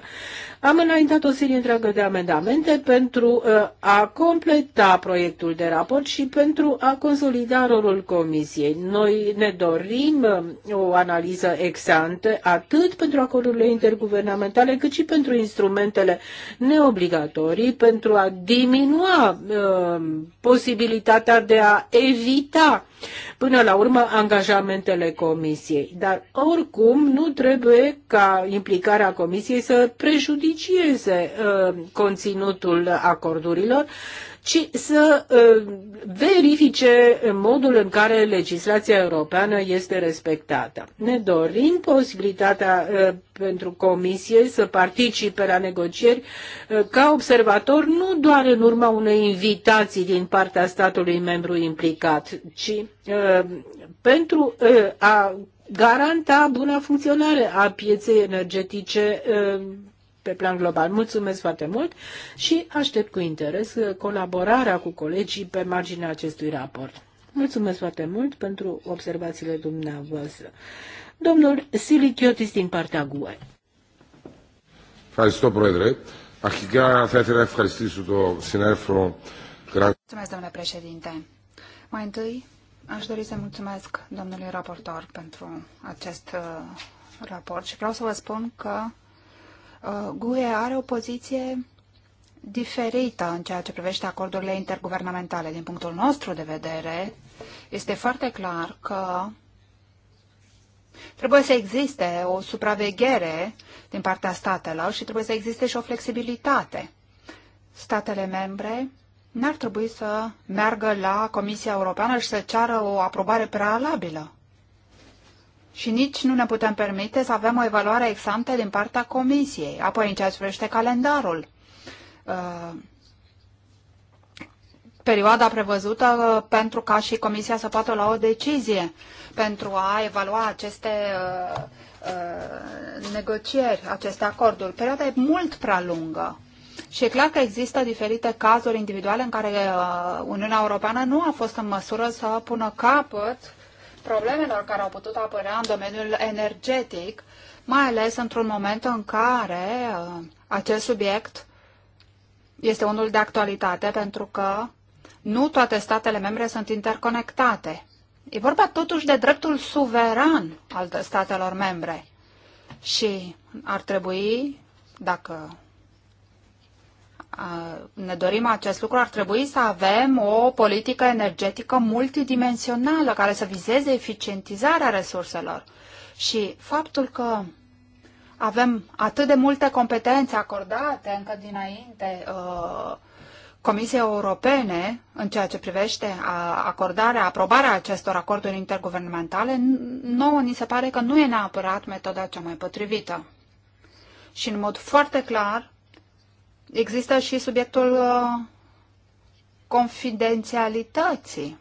Am înaintat o serie întreagă de amendamente pentru uh, a completa proiectul de raport și pentru a consolida rolul Comisiei. Noi ne dorim uh, o analiză exantă atât pentru acordurile interguvernamentale cât și pentru instrumentele neobligatorii pentru a diminua uh, posibilitatea de a evita până la urmă angajamentele comisiei. Dar oricum nu trebuie ca implicarea comisiei să prejudicieze uh, conținutul acordurilor ci să ă, verifice modul în care legislația europeană este respectată. Ne dorim posibilitatea ă, pentru Comisie să participe la negocieri ă, ca observator nu doar în urma unei invitații din partea statului membru implicat, ci pentru a garanta buna funcționare a pieței energetice pe plan global. Mulțumesc foarte mult și aștept cu interes uh, colaborarea cu colegii pe marginea acestui raport. Mulțumesc foarte mult pentru observațiile dumneavoastră. Domnul Silichiotis din partea GUE. Ευχαριστώ, Πρόεδρε. Αρχικά Mulțumesc, domnule președinte. Mai întâi, aș dori să mulțumesc domnului raportor pentru acest uh, raport și vreau să vă spun că Uh, GUE are o poziție diferită în ceea ce privește acordurile interguvernamentale. Din punctul nostru de vedere, este foarte clar că trebuie să existe o supraveghere din partea statelor și trebuie să existe și o flexibilitate. Statele membre n-ar trebui să meargă la Comisia Europeană și să ceară o aprobare prealabilă și nici nu ne putem permite să avem o evaluare ex ante din partea comisiei. Apoi, în ceea ce privește calendarul, uh, perioada prevăzută uh, pentru ca și comisia să poată lua o decizie pentru a evalua aceste uh, uh, negocieri, aceste acorduri. Perioada e mult prea lungă. Și e clar că există diferite cazuri individuale în care uh, Uniunea Europeană nu a fost în măsură să pună capăt problemelor care au putut apărea în domeniul energetic, mai ales într-un moment în care uh, acest subiect este unul de actualitate, pentru că nu toate statele membre sunt interconectate. E vorba totuși de dreptul suveran al statelor membre și ar trebui, dacă ne dorim acest lucru, ar trebui să avem o politică energetică multidimensională care să vizeze eficientizarea resurselor. Și faptul că avem atât de multe competențe acordate încă dinainte uh, Comisiei Europene în ceea ce privește acordarea, aprobarea acestor acorduri interguvernamentale, nouă ni se pare că nu e neapărat metoda cea mai potrivită. Și în mod foarte clar, există și subiectul uh, confidențialității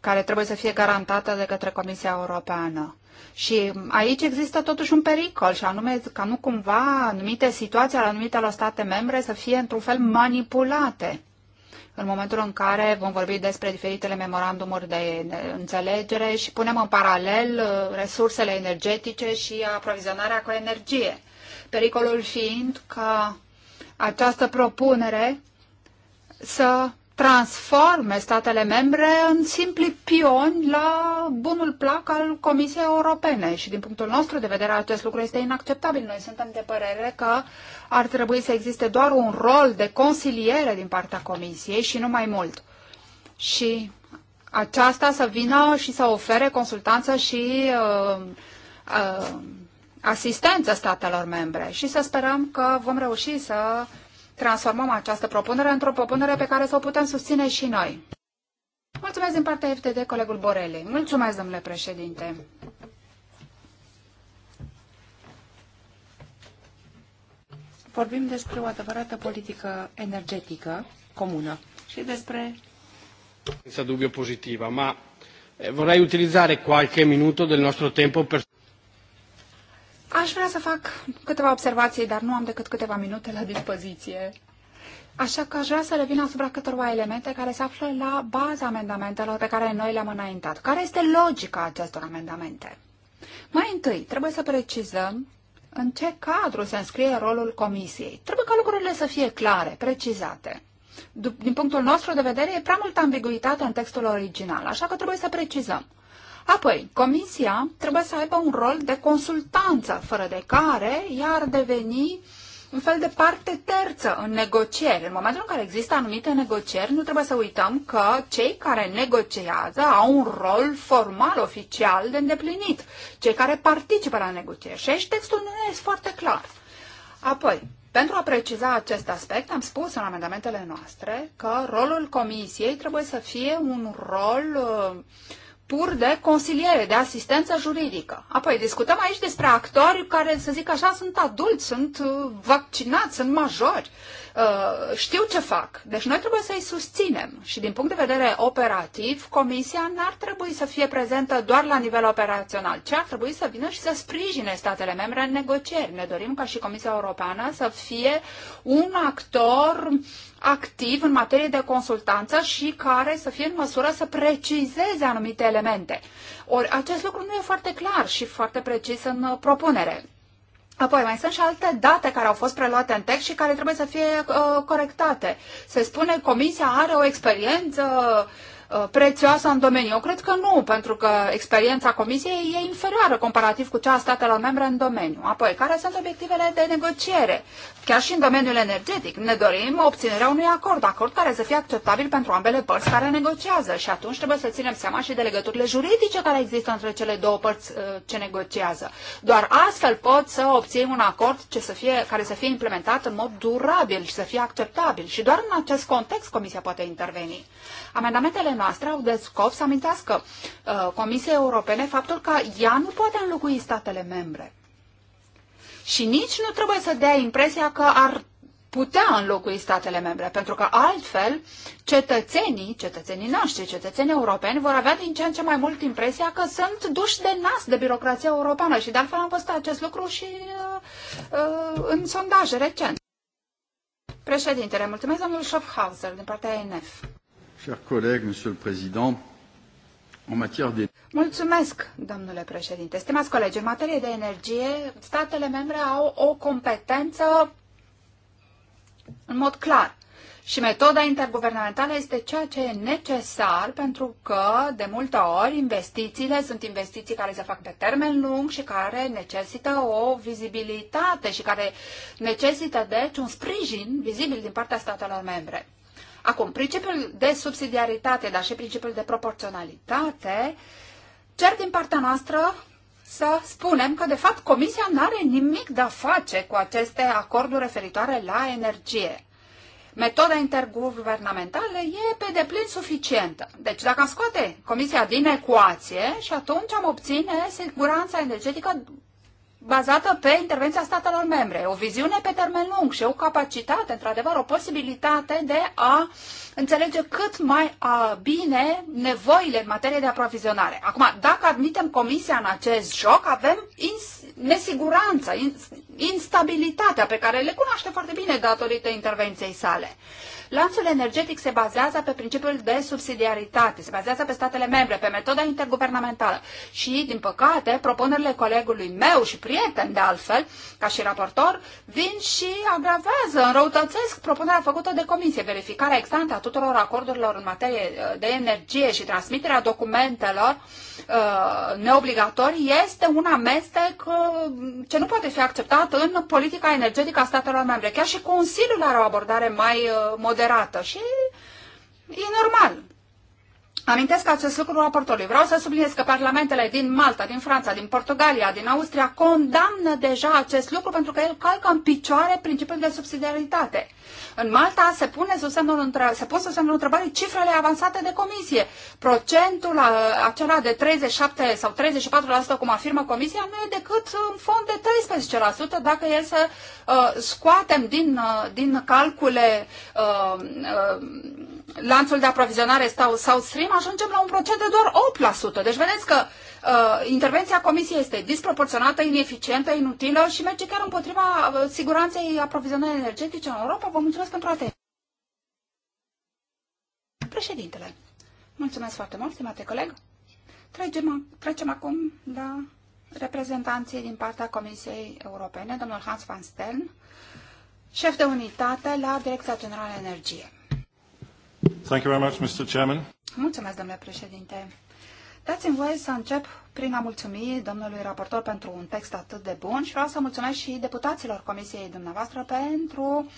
care trebuie să fie garantată de către Comisia Europeană. Și aici există totuși un pericol, și anume ca nu cumva anumite situații ale anumitelor state membre să fie într-un fel manipulate în momentul în care vom vorbi despre diferitele memorandumuri de înțelegere și punem în paralel uh, resursele energetice și aprovizionarea cu energie pericolul fiind ca această propunere să transforme statele membre în simpli pioni la bunul plac al Comisiei Europene și din punctul nostru de vedere acest lucru este inacceptabil. Noi suntem de părere că ar trebui să existe doar un rol de consiliere din partea Comisiei și nu mai mult. Și aceasta să vină și să ofere consultanță și uh, uh, asistență statelor membre și să sperăm că vom reuși să transformăm această propunere într-o propunere pe care să o putem susține și noi. Mulțumesc din partea FTD, colegul Borelli. Mulțumesc, domnule președinte. Vorbim despre o adevărată politică energetică comună și despre... Să dubbio pozitivă, ma eh, vorrei utilizzare qualche minuto del nostro tempo per... Aș vrea să fac câteva observații, dar nu am decât câteva minute la dispoziție. Așa că aș vrea să revin asupra câtorva elemente care se află la baza amendamentelor pe care noi le-am înaintat. Care este logica acestor amendamente? Mai întâi, trebuie să precizăm în ce cadru se înscrie rolul comisiei. Trebuie ca lucrurile să fie clare, precizate. Din punctul nostru de vedere, e prea multă ambiguitate în textul original, așa că trebuie să precizăm. Apoi, comisia trebuie să aibă un rol de consultanță, fără de care ea ar deveni un fel de parte terță în negocieri. În momentul în care există anumite negocieri, nu trebuie să uităm că cei care negociază au un rol formal, oficial de îndeplinit. Cei care participă la negocieri. Și aici textul nu este foarte clar. Apoi, pentru a preciza acest aspect, am spus în amendamentele noastre că rolul comisiei trebuie să fie un rol uh, pur de consiliere, de asistență juridică. Apoi discutăm aici despre actori care, să zic așa, sunt adulți, sunt uh, vaccinați, sunt majori, uh, știu ce fac. Deci noi trebuie să-i susținem și din punct de vedere operativ, comisia n-ar trebui să fie prezentă doar la nivel operațional, ci ar trebui să vină și să sprijine statele membre în negocieri. Ne dorim ca și Comisia Europeană să fie un actor activ în materie de consultanță și care să fie în măsură să precizeze anumite elemente. Ori acest lucru nu e foarte clar și foarte precis în uh, propunere. Apoi mai sunt și alte date care au fost preluate în text și care trebuie să fie uh, corectate. Se spune că comisia are o experiență uh, Uh, prețioasă în domeniu? Eu cred că nu, pentru că experiența Comisiei e inferioară comparativ cu cea a statelor membre în domeniu. Apoi, care sunt obiectivele de negociere? Chiar și în domeniul energetic ne dorim obținerea unui acord, acord care să fie acceptabil pentru ambele părți care negociază și atunci trebuie să ținem seama și de legăturile juridice care există între cele două părți uh, ce negociază. Doar astfel pot să obții un acord ce să fie, care să fie implementat în mod durabil și să fie acceptabil și doar în acest context Comisia poate interveni. Amendamentele noastre au de scop să amintească uh, Comisiei Europene faptul că ea nu poate înlocui statele membre. Și nici nu trebuie să dea impresia că ar putea înlocui statele membre, pentru că altfel cetățenii, cetățenii noștri, cetățenii europeni vor avea din ce în ce mai mult impresia că sunt duși de nas de birocrația europeană și de altfel am văzut acest lucru și uh, uh, în sondaje recent. Președintele, mulțumesc domnul Schaffhauser din partea ENF. Mulțumesc, domnule președinte. Stimați colegi, în materie de energie, statele membre au o competență în mod clar. Și metoda interguvernamentală este ceea ce e necesar pentru că, de multe ori, investițiile sunt investiții care se fac pe termen lung și care necesită o vizibilitate și care necesită, deci, un sprijin vizibil din partea statelor membre. Acum, principiul de subsidiaritate, dar și principiul de proporționalitate, cer din partea noastră să spunem că, de fapt, Comisia nu are nimic de a face cu aceste acorduri referitoare la energie. Metoda interguvernamentală e pe deplin suficientă. Deci, dacă scoate Comisia din ecuație și atunci am obține siguranța energetică bazată pe intervenția statelor membre, o viziune pe termen lung și o capacitate, într-adevăr, o posibilitate de a înțelege cât mai a, bine nevoile în materie de aprovizionare. Acum, dacă admitem Comisia în acest joc, avem ins- nesiguranța, ins- instabilitatea pe care le cunoaște foarte bine datorită intervenției sale. Lanțul energetic se bazează pe principiul de subsidiaritate, se bazează pe statele membre, pe metoda interguvernamentală. Și, din păcate, propunerile colegului meu și prieten, de altfel, ca și raportor, vin și agravează, înrăutățesc propunerea făcută de comisie, verificarea extantă a tuturor acordurilor în materie uh, de energie și transmiterea documentelor uh, neobligatorii este un amestec uh, ce nu poate fi acceptat în politica energetică a statelor membre. Chiar și Consiliul are o abordare mai uh, moderată și e normal. Amintesc acest lucru raportorului. Vreau să subliniez că parlamentele din Malta, din Franța, din Portugalia, din Austria condamnă deja acest lucru pentru că el calcă în picioare principiul de subsidiaritate. În Malta se, pune sub semnul se pun sub semnul întrebării cifrele avansate de comisie. Procentul uh, acela de 37 sau 34% cum afirmă comisia nu e decât în fond de 13% dacă e să uh, scoatem din, uh, din calcule uh, uh, lanțul de aprovizionare sau, sau stream ajungem la un procent de doar 8%. Deci vedeți că uh, intervenția Comisiei este disproporționată, ineficientă, inutilă și merge chiar împotriva uh, siguranței aprovizionării energetice în Europa. Vă mulțumesc pentru atenție. Președintele, mulțumesc foarte mult, stimate coleg. Trecem, trecem acum la reprezentanții din partea Comisiei Europene, domnul Hans van Stern, șef de unitate la Direcția Generală Energie. Thank you very much, Mr. Chairman. Mulțumesc, domnule președinte. Dați-mi voie să încep prin a mulțumi domnului raportor pentru un text atât de bun și vreau să mulțumesc și deputaților comisiei dumneavoastră pentru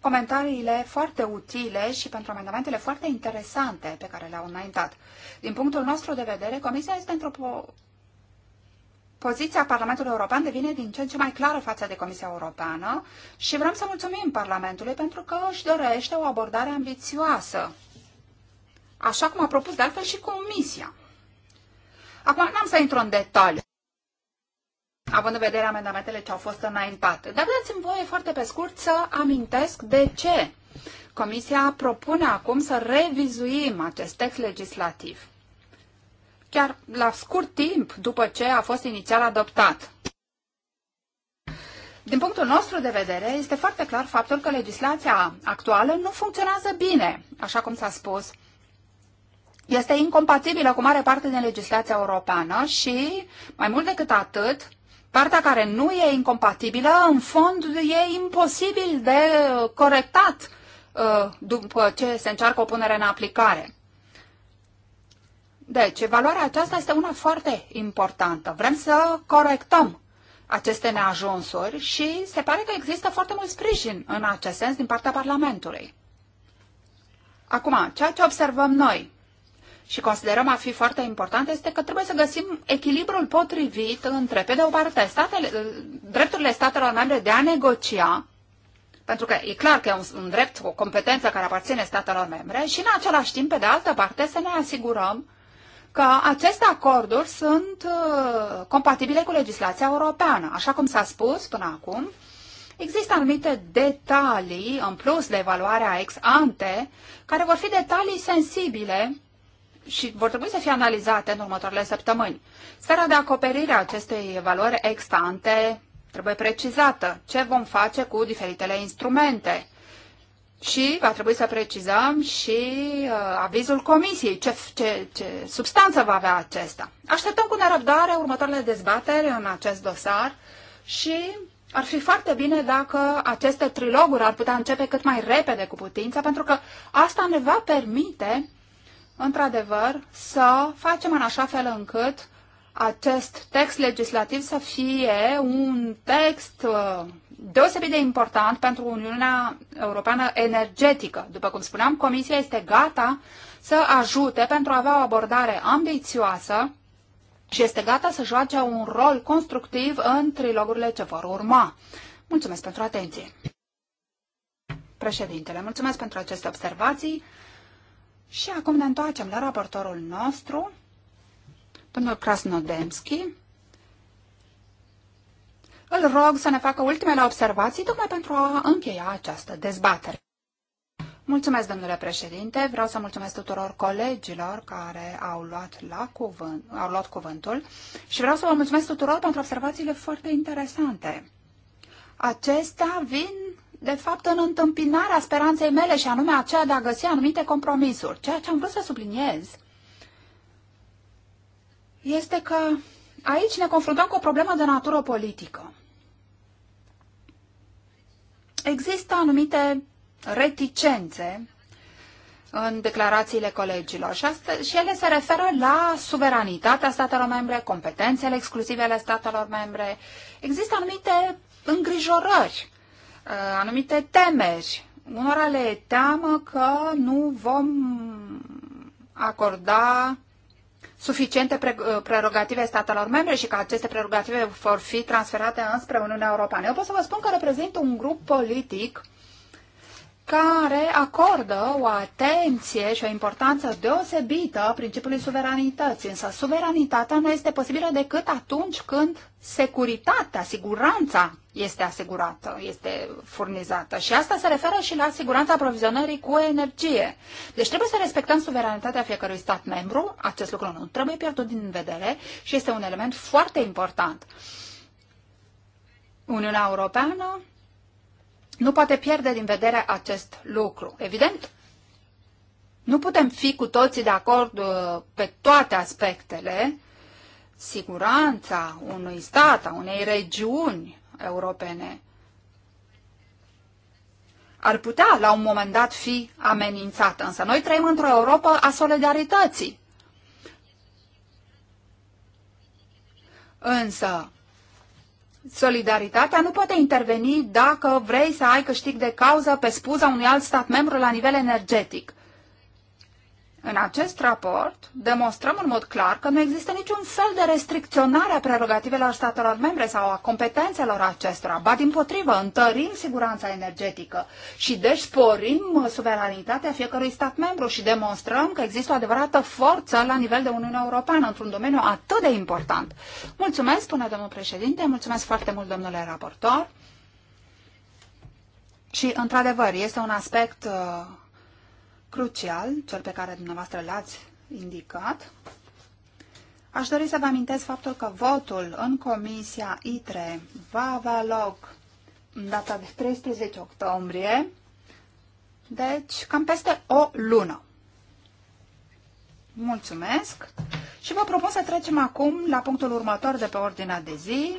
comentariile foarte utile și pentru amendamentele foarte interesante pe care le-au înaintat. Din punctul nostru de vedere, comisia este într-o poziția Parlamentului European devine din ce în ce mai clară față de Comisia Europeană și vrem să mulțumim Parlamentului pentru că își dorește o abordare ambițioasă, așa cum a propus de altfel și Comisia. Acum n-am să intru în detaliu, având în vedere amendamentele ce au fost înaintate, dar dați-mi voie foarte pe scurt să amintesc de ce Comisia propune acum să revizuim acest text legislativ chiar la scurt timp după ce a fost inițial adoptat. Din punctul nostru de vedere, este foarte clar faptul că legislația actuală nu funcționează bine, așa cum s-a spus. Este incompatibilă cu mare parte din legislația europeană și, mai mult decât atât, partea care nu e incompatibilă, în fond, e imposibil de corectat uh, după ce se încearcă o punere în aplicare. Deci, valoarea aceasta este una foarte importantă. Vrem să corectăm aceste neajunsuri și se pare că există foarte mult sprijin în acest sens din partea Parlamentului. Acum, ceea ce observăm noi și considerăm a fi foarte important este că trebuie să găsim echilibrul potrivit între, pe de o parte, statele, drepturile statelor membre de a negocia, pentru că e clar că e un, un drept, o competență care aparține statelor membre, și în același timp, pe de altă parte, să ne asigurăm că aceste acorduri sunt uh, compatibile cu legislația europeană. Așa cum s-a spus până acum, Există anumite detalii, în plus de evaluarea ex ante, care vor fi detalii sensibile și vor trebui să fie analizate în următoarele săptămâni. Sfera de acoperire a acestei evaluări ex ante trebuie precizată. Ce vom face cu diferitele instrumente? și va trebui să precizăm și uh, avizul comisiei, ce, ce, ce substanță va avea acesta. Așteptăm cu nerăbdare următoarele dezbateri în acest dosar și ar fi foarte bine dacă aceste triloguri ar putea începe cât mai repede cu putință, pentru că asta ne va permite, într-adevăr, să facem în așa fel încât acest text legislativ să fie un text uh, deosebit de important pentru Uniunea Europeană energetică. După cum spuneam, Comisia este gata să ajute pentru a avea o abordare ambițioasă și este gata să joace un rol constructiv în trilogurile ce vor urma. Mulțumesc pentru atenție. Președintele, mulțumesc pentru aceste observații și acum ne întoarcem la raportorul nostru, domnul Krasnodemski îl rog să ne facă ultimele observații tocmai pentru a încheia această dezbatere. Mulțumesc, domnule președinte. Vreau să mulțumesc tuturor colegilor care au luat, la cuvânt, au luat cuvântul și vreau să vă mulțumesc tuturor pentru observațiile foarte interesante. Acestea vin, de fapt, în întâmpinarea speranței mele și anume aceea de a găsi anumite compromisuri. Ceea ce am vrut să subliniez este că aici ne confruntăm cu o problemă de natură politică. Există anumite reticențe în declarațiile colegilor și, asta, și ele se referă la suveranitatea statelor membre, competențele exclusive ale statelor membre. Există anumite îngrijorări, uh, anumite temeri. Unora le teamă că nu vom acorda suficiente uh, prerogative statelor membre și că aceste prerogative vor fi transferate înspre Uniunea Europeană. Eu pot să vă spun că reprezint un grup politic uh, care acordă o atenție și o importanță deosebită principiului suveranității. Însă suveranitatea nu este posibilă decât atunci când securitatea, siguranța este asigurată, este furnizată. Și asta se referă și la siguranța aprovizionării cu energie. Deci trebuie să respectăm suveranitatea fiecărui stat membru. Acest lucru nu trebuie pierdut din vedere și este un element foarte important. Uniunea Europeană nu poate pierde din vedere acest lucru. Evident, nu putem fi cu toții de acord uh, pe toate aspectele. Siguranța unui stat, a unei regiuni europene ar putea la un moment dat fi amenințată. Însă noi trăim într-o Europa a solidarității. Însă Solidaritatea nu poate interveni dacă vrei să ai câștig de cauză pe spuza unui alt stat membru la nivel energetic. În acest raport demonstrăm în mod clar că nu există niciun fel de restricționare a prerogativelor statelor membre sau a competențelor acestora. Ba din potrivă, întărim siguranța energetică și deci sporim suveranitatea fiecărui stat membru și demonstrăm că există o adevărată forță la nivel de Uniunea Europeană într-un domeniu atât de important. Mulțumesc, spune domnul președinte, mulțumesc foarte mult, domnule raportor. Și, într-adevăr, este un aspect uh, crucial, cel pe care dumneavoastră l-ați indicat. Aș dori să vă amintesc faptul că votul în Comisia ITRE va avea loc în data de 13 octombrie, deci cam peste o lună. Mulțumesc și vă propun să trecem acum la punctul următor de pe ordinea de zi.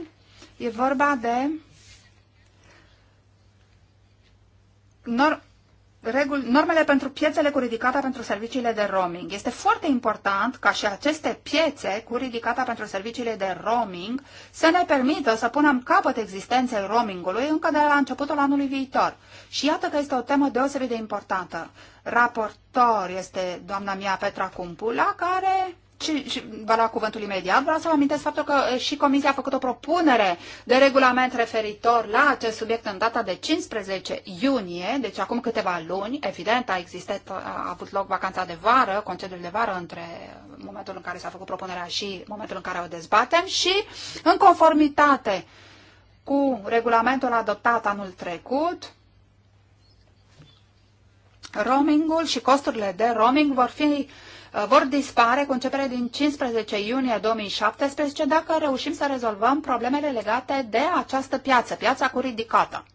E vorba de nor regul, normele pentru piețele cu ridicata pentru serviciile de roaming. Este foarte important ca și aceste piețe cu ridicata pentru serviciile de roaming să ne permită să punem capăt existenței roamingului încă de la începutul anului viitor. Și iată că este o temă deosebit de importantă. Raportor este doamna Mia Petra Cumpula, care și vă lua cuvântul imediat, vreau să vă amintesc faptul că și Comisia a făcut o propunere de regulament referitor la acest subiect în data de 15 iunie, deci acum câteva luni. Evident, a existat, a avut loc vacanța de vară, concediul de vară între momentul în care s-a făcut propunerea și momentul în care o dezbatem și în conformitate cu regulamentul adoptat anul trecut, roamingul și costurile de roaming vor fi Uh, vor dispare cu începere din 15 iunie 2017 dacă reușim să rezolvăm problemele legate de această piață, piața cu ridicată.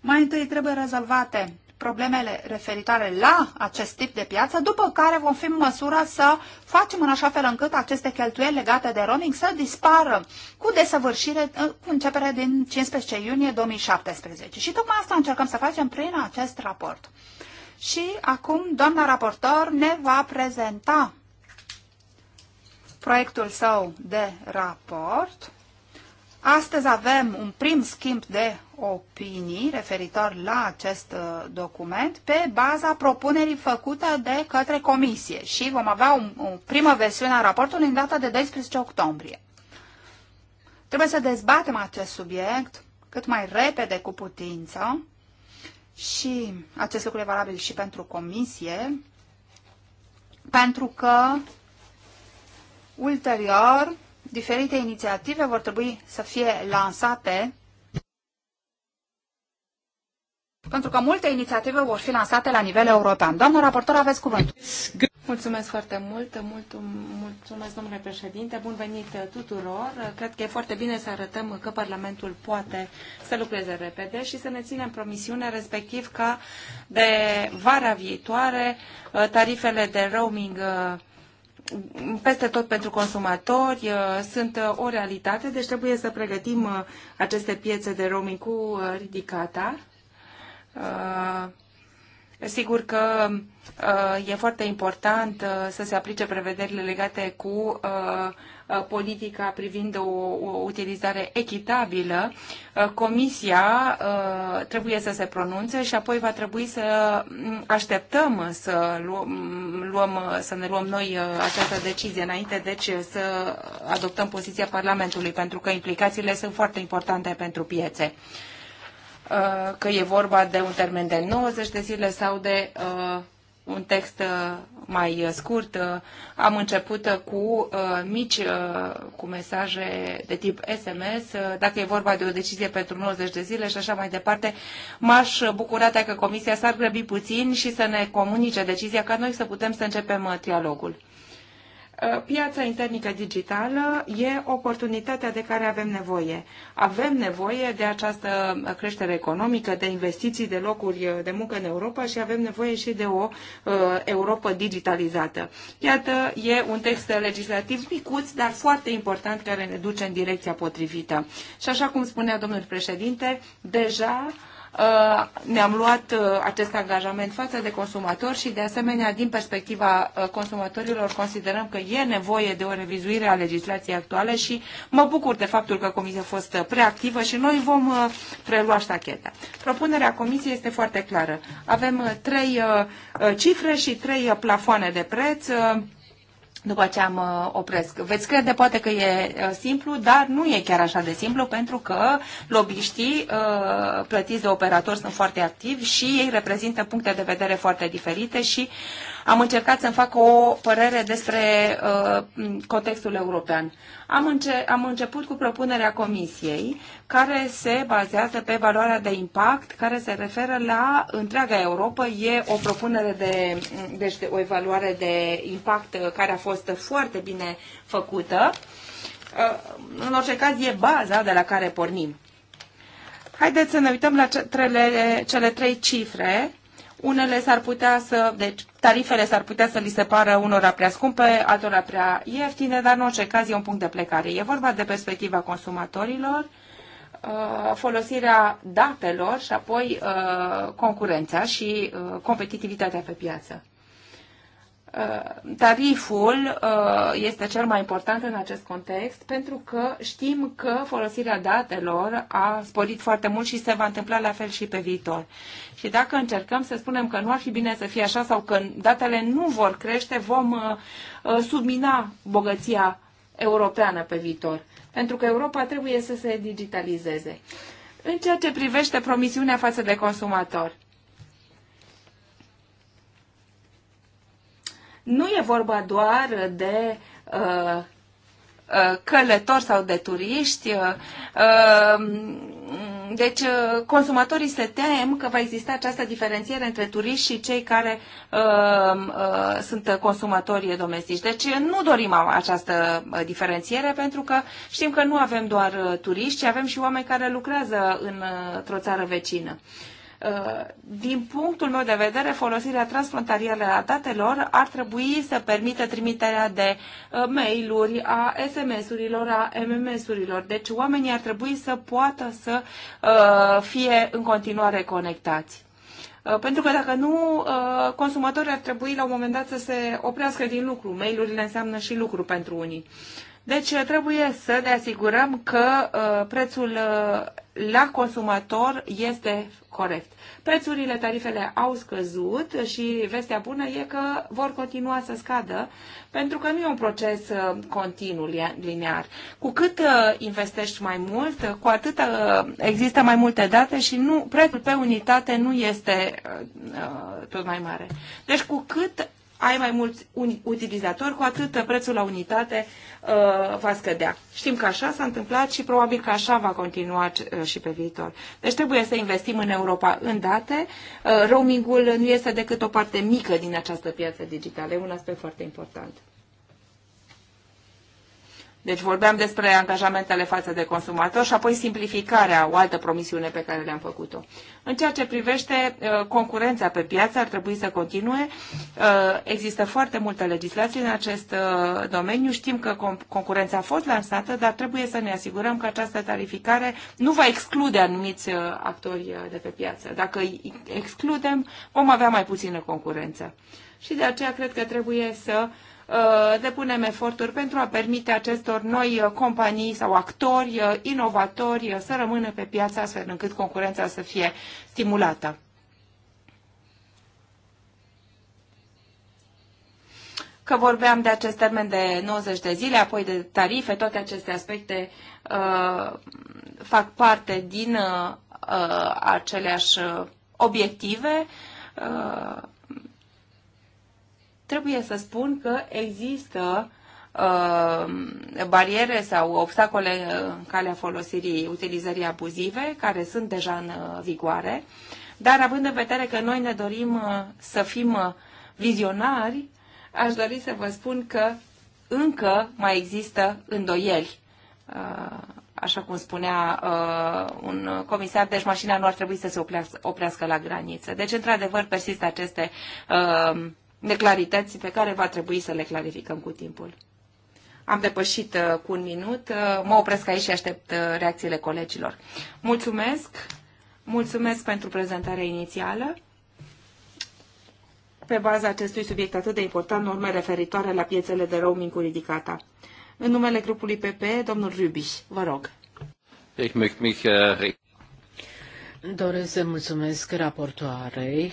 Mai întâi trebuie rezolvate problemele referitoare la acest tip de piață, după care vom fi în măsură să facem în așa fel încât aceste cheltuieli legate de roaming să dispară cu desăvârșire uh, cu începere din 15 iunie 2017. Și tocmai asta încercăm să facem prin acest raport. Și acum doamna raportor ne va prezenta proiectul său de raport. Astăzi avem un prim schimb de opinii referitor la acest uh, document pe baza propunerii făcute de către comisie și vom avea o, o primă versiune a raportului în data de 12 octombrie. Trebuie să dezbatem acest subiect cât mai repede cu putință și acest lucru e valabil și pentru comisie, pentru că ulterior diferite inițiative vor trebui să fie lansate pentru că multe inițiative vor fi lansate la nivel european. Doamnă raportor, aveți cuvântul. Mulțumesc foarte mult, mulțumesc domnule președinte, bun venit tuturor. Cred că e foarte bine să arătăm că Parlamentul poate să lucreze repede și să ne ținem promisiunea respectiv ca de vara viitoare uh, tarifele de roaming uh, peste tot pentru consumatori uh, sunt o realitate, deci trebuie să pregătim aceste piețe de roaming cu ridicata. Sigur că uh, e foarte important uh, să se aplice prevederile legate cu uh, politica privind o, utilizare echitabilă. Comisia trebuie să se pronunțe și apoi va trebui să mm, așteptăm să, luăm, mm, luăm, să ne luăm noi această decizie înainte, deci să adoptăm poziția Parlamentului, pentru că implicațiile sunt foarte importante pentru piețe. Uh, că e vorba de un termen de 90 de zile sau de uh, un text uh, mai scurt. Am început cu mici, cu mesaje de tip SMS, dacă e vorba de o decizie pentru 90 de zile și așa mai departe. M-aș bucura dacă Comisia s-ar grăbi puțin și să ne comunice decizia ca noi să putem să începem trialogul. Uh, piața internică digitală e oportunitatea de care avem nevoie. Avem nevoie de această creștere economică, de investiții, de locuri uh, de muncă în Europa și avem nevoie și de o uh, Europa digitalizată. Iată, e un text legislativ micuț, dar foarte important, care ne duce în direcția potrivită. Și așa cum spunea domnul președinte, deja uh, Uh, ne-am luat uh, acest angajament față de consumatori și, de asemenea, din perspectiva uh, consumatorilor, considerăm că e nevoie de o revizuire a legislației actuale și mă bucur de faptul că Comisia a fost preactivă și noi vom prelua ștacheta. Propunerea Comisiei este foarte clară. Avem trei cifre și trei plafoane de preț după ce am uh, opresc. Veți crede poate că e uh, simplu, dar nu e chiar așa de simplu pentru că lobiștii uh, plătiți de operatori sunt foarte activi și ei reprezintă puncte de vedere foarte diferite și uh, am încercat să-mi fac o părere despre uh, contextul european. Am, înce- am început cu propunerea Comisiei, care se bazează pe valoarea de impact, care se referă la întreaga Europa. E o propunere de, deci de o evaluare de impact uh, care a fost foarte bine făcută. Uh, în orice caz, e baza de la care pornim. Haideți să ne uităm la cele, cele trei cifre unele s-ar putea să, deci tarifele s-ar putea să li se pară unora prea scumpe, altora prea ieftine, dar în orice caz e un punct de plecare. E vorba de perspectiva consumatorilor, uh, folosirea datelor și apoi uh, concurența și uh, competitivitatea pe piață. Uh, tariful uh, este cel mai important în acest context pentru că știm că folosirea datelor a sporit foarte mult și se va întâmpla la fel și pe viitor. Și dacă încercăm să spunem că nu ar fi bine să fie așa sau că datele nu vor crește, vom uh, submina bogăția europeană pe viitor. Pentru că Europa trebuie să se digitalizeze. În ceea ce privește promisiunea față de consumatori, Nu e vorba doar de uh, uh, călători sau de turiști. Uh, um, deci, consumatorii se tem că va exista această diferențiere între turiști și cei care um, sunt consumatori domestici. Deci, nu dorim această diferențiere pentru că știm că nu avem doar turiști, ci avem și oameni care lucrează într-o țară vecină. Uh, din punctul meu de vedere, folosirea transfrontalieră a datelor ar trebui să permită trimiterea de uh, mail-uri, a SMS-urilor, a MMS-urilor. Deci oamenii ar trebui să poată să uh, fie în continuare conectați. Pentru că dacă nu, consumatorii ar trebui la un moment dat să se oprească din lucru. Mail-urile înseamnă și lucru pentru unii. Deci trebuie să ne asigurăm că prețul la consumator este corect. Prețurile, tarifele au scăzut și vestea bună e că vor continua să scadă, pentru că nu e un proces uh, continuu, linear. Cu cât uh, investești mai mult, cu atât uh, există mai multe date și nu, prețul pe unitate nu este tot mai mare. Deci cu cât ai mai mulți utilizatori, cu atât prețul la unitate uh, va scădea. Știm că așa s-a întâmplat și probabil că așa va continua uh, și pe viitor. Deci trebuie să investim în Europa în date. Uh, roamingul nu este decât o parte mică din această piață digitală. E un aspect foarte important. Deci vorbeam despre angajamentele față de consumator și apoi simplificarea, o altă promisiune pe care le-am făcut-o. În ceea ce privește uh, concurența pe piață, ar trebui să continue. Uh, există foarte multă legislație în acest uh, domeniu. Știm că concurența a fost lansată, dar trebuie să ne asigurăm că această tarificare nu va exclude anumiți actori de pe piață. Dacă îi excludem, vom avea mai puțină concurență. Și de aceea cred că trebuie să uh, Uh, depunem eforturi pentru a permite acestor noi uh, companii sau actori uh, inovatori să rămână pe piață astfel încât concurența să fie stimulată. Că vorbeam de acest termen de 90 de zile, apoi de tarife, toate aceste aspecte uh, fac parte din uh, aceleași obiective. Uh, trebuie să spun că există uh, bariere sau obstacole în calea folosirii, utilizării abuzive, care sunt deja în uh, vigoare, dar având în vedere că noi ne dorim uh, să fim vizionari, aș dori să vă spun că încă mai există îndoieli. Așa cum spunea un comisar, deci mașina nu ar trebui să se oprească la graniță. Deci, într-adevăr, persistă aceste neclarități pe care va trebui să le clarificăm cu timpul. Am depășit uh, cu un minut. Uh, mă opresc aici și aștept uh, reacțiile colegilor. Mulțumesc! Mulțumesc pentru prezentarea inițială. Pe baza acestui subiect atât de important, norme referitoare la piețele de roaming cu ridicata. În numele grupului PP, domnul Rubiș, vă rog. Eh, Doresc să mulțumesc raportoarei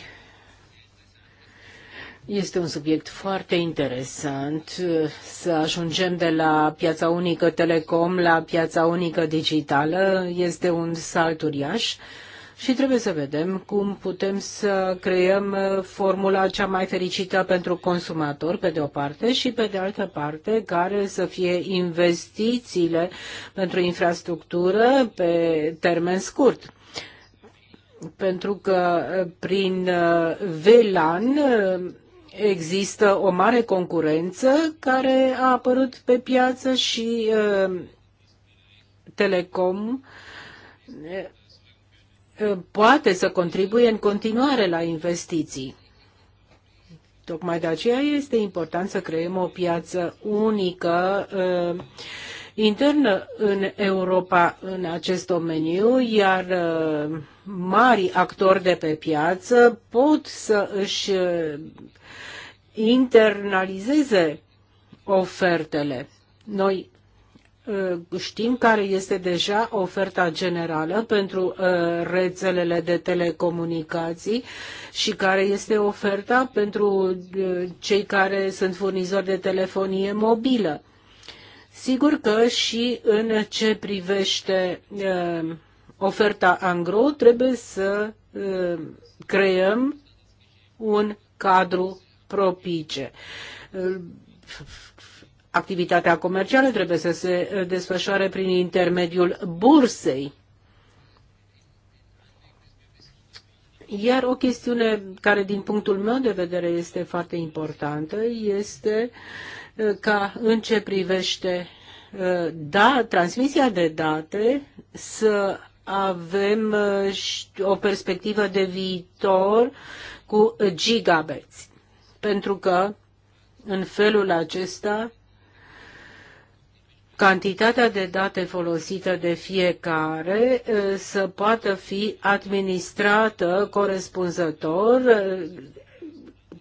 este un subiect foarte interesant uh, să ajungem de la piața unică telecom la piața unică digitală. Este un salt uriaș și trebuie să vedem cum putem să creăm uh, formula cea mai fericită pentru consumator, pe de o parte, și pe de altă parte, care să fie investițiile pentru infrastructură pe termen scurt pentru că uh, prin VLAN există o mare concurență care a apărut pe piață și uh, Telecom uh, poate să contribuie în continuare la investiții. Tocmai de aceea este important să creăm o piață unică uh, internă în Europa în acest domeniu, iar mari actori de pe piață pot să își internalizeze ofertele. Noi uh, știm care este deja oferta generală pentru uh, rețelele de telecomunicații și care este oferta pentru uh, cei care sunt furnizori de telefonie mobilă. Sigur că și în ce privește oferta angro trebuie să creăm un cadru propice. Activitatea comercială trebuie să se desfășoare prin intermediul bursei. Iar o chestiune care, din punctul meu de vedere, este foarte importantă este uh, ca în ce privește uh, da, transmisia de date să avem uh, o perspectivă de viitor cu gigabeți pentru că în felul acesta cantitatea de date folosită de fiecare eh, să poată fi administrată corespunzător eh,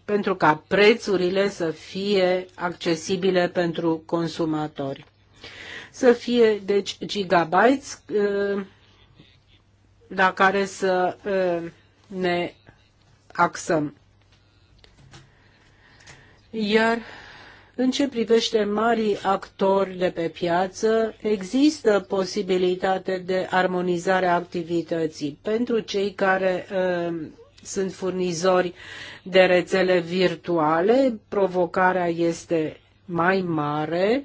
pentru ca prețurile să fie accesibile pentru consumatori. Să fie, deci, gigabytes eh, la care să ne axăm. Iar în ce privește marii actori de pe piață, există posibilitate de armonizare a activității pentru cei care uh, sunt furnizori de rețele virtuale, provocarea este mai mare.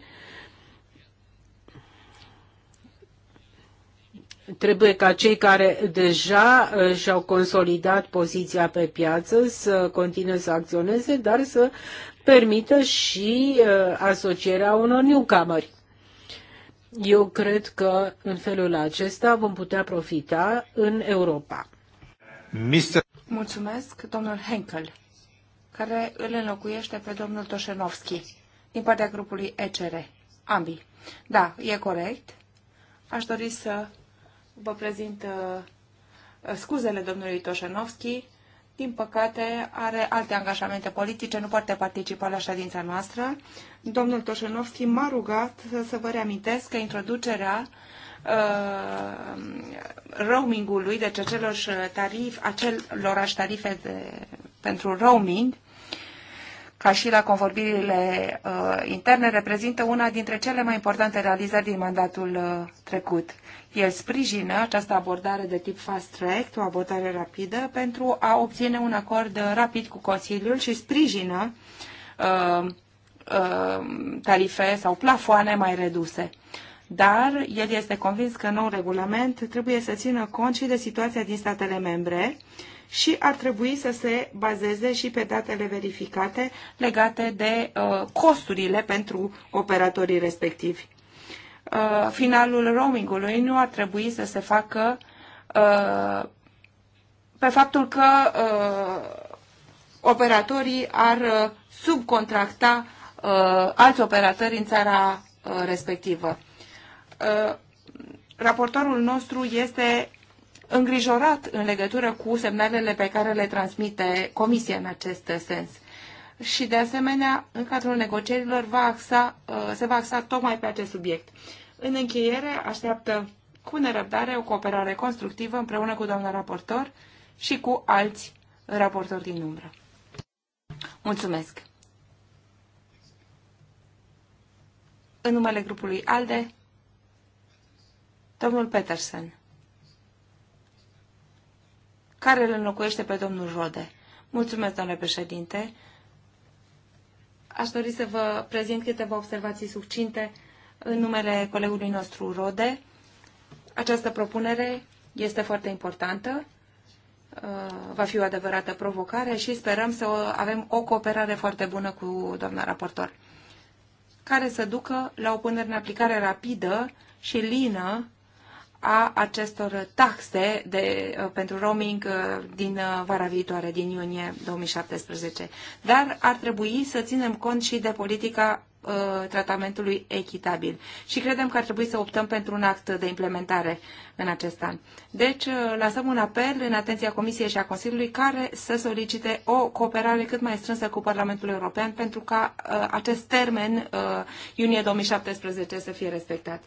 Trebuie ca cei care deja uh, și-au consolidat poziția pe piață să continue să acționeze, dar să permită și uh, asocierea unor newcomeri. Eu cred că în felul acesta vom putea profita în Europa. Mister... Mulțumesc, domnul Henkel, care îl înlocuiește pe domnul Toșenovski din partea grupului ECR. Ambii. Da, e corect. Aș dori să vă prezint uh, scuzele domnului Toșenovski din păcate, are alte angajamente politice, nu poate participa la ședința noastră. Domnul Toșenovski m-a rugat să vă reamintesc că introducerea uh, roamingului, deci acelor tarif, acelorași tarife de, pentru roaming, ca și la convorbirile uh, interne, reprezintă una dintre cele mai importante realizări din mandatul uh, trecut. El sprijină această abordare de tip fast track, o abordare rapidă, pentru a obține un acord uh, rapid cu Consiliul și sprijină uh, uh, tarife sau plafoane mai reduse. Dar el este convins că nou regulament trebuie să țină cont și de situația din statele membre, uh, și ar trebui să se bazeze și pe datele verificate legate de uh, costurile pentru operatorii respectivi. Uh, finalul roamingului nu ar trebui să se facă uh, pe faptul că operatorii ar subcontracta alți operatori în țara respectivă. Raportorul nostru este îngrijorat în legătură cu semnalele pe care le transmite Comisia în acest sens. Și, de asemenea, în cadrul negocierilor va axa, uh, se va axa tocmai pe acest subiect. În încheiere, așteaptă cu nerăbdare o cooperare constructivă împreună cu doamna raportor și cu alți raportori din umbră. Mulțumesc! În numele grupului ALDE, domnul Petersen care îl înlocuiește pe domnul Rode. Mulțumesc, domnule președinte. Aș dori să vă prezint câteva observații succinte în numele colegului nostru Rode. Această propunere este foarte importantă, uh, va fi o adevărată provocare și sperăm să avem o cooperare foarte bună cu doamna raportor, care să ducă la o punere în aplicare rapidă și lină a acestor taxe de, uh, pentru roaming uh, din uh, vara viitoare, din iunie 2017. Dar ar trebui să ținem cont și de politica tratamentului echitabil și credem că ar trebui să optăm pentru un act de implementare în acest an. Deci lăsăm un apel în atenția Comisiei și a Consiliului care să solicite o cooperare cât mai strânsă cu Parlamentul European pentru ca uh, acest termen uh, iunie 2017 să fie respectat.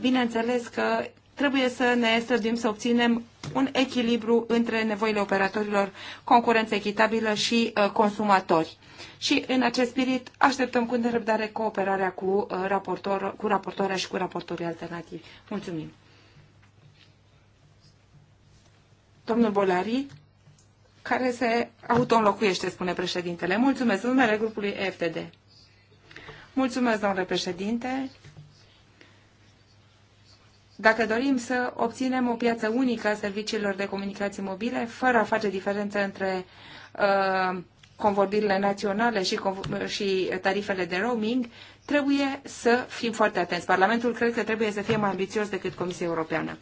Bineînțeles că trebuie să ne străduim să obținem un echilibru între nevoile operatorilor, concurență echitabilă și uh, consumatori. Și în acest spirit așteptăm cu nerăbdare cooperarea cu, uh, raportor, cu raportoarea și cu raportorii alternativi. Mulțumim! Domnul Bolari, care se autoînlocuiește, spune președintele. Mulțumesc, numele grupului FTD. Mulțumesc, domnule președinte. Dacă dorim să obținem o piață unică a serviciilor de comunicații mobile, fără a face diferență între uh, convorbirile naționale și, uh, și tarifele de roaming, trebuie să fim foarte atenți. Parlamentul cred că trebuie să fie mai ambițios decât Comisia Europeană.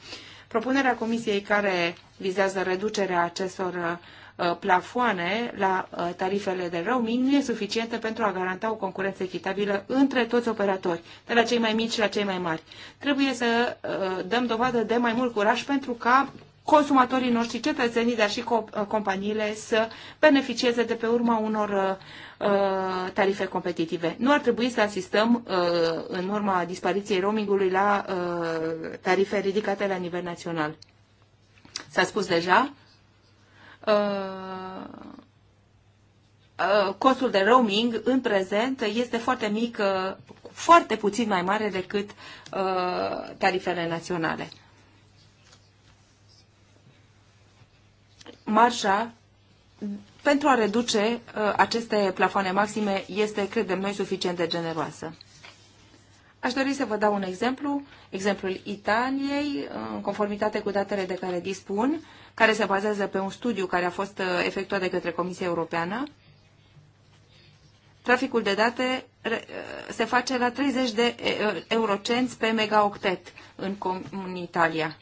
Propunerea Comisiei care vizează reducerea acestor uh, Uh, plafoane la uh, tarifele de roaming nu e suficientă pentru a garanta o concurență echitabilă între toți operatori, de la cei mai mici la cei mai mari. Trebuie să uh, dăm dovadă de mai mult curaj pentru ca consumatorii noștri, cetățenii, dar și companiile să beneficieze de pe urma unor tarife competitive. Nu ar trebui să asistăm în urma dispariției roamingului la tarife ridicate la nivel național. S-a spus deja, Uh, uh, costul de roaming în prezent este foarte mic, uh, foarte puțin mai mare decât tarifele naționale. Marșa pentru a reduce aceste plafoane maxime este, credem noi, suficient de generoasă. Aș dori să vă dau un exemplu, exemplul Italiei, în conformitate cu datele de care dispun, care se bazează pe un studiu care a fost uh, efectuat de către Comisia Europeană. Traficul de date uh, se face la 30 de uh, eurocenți pe megaoctet în, în Italia.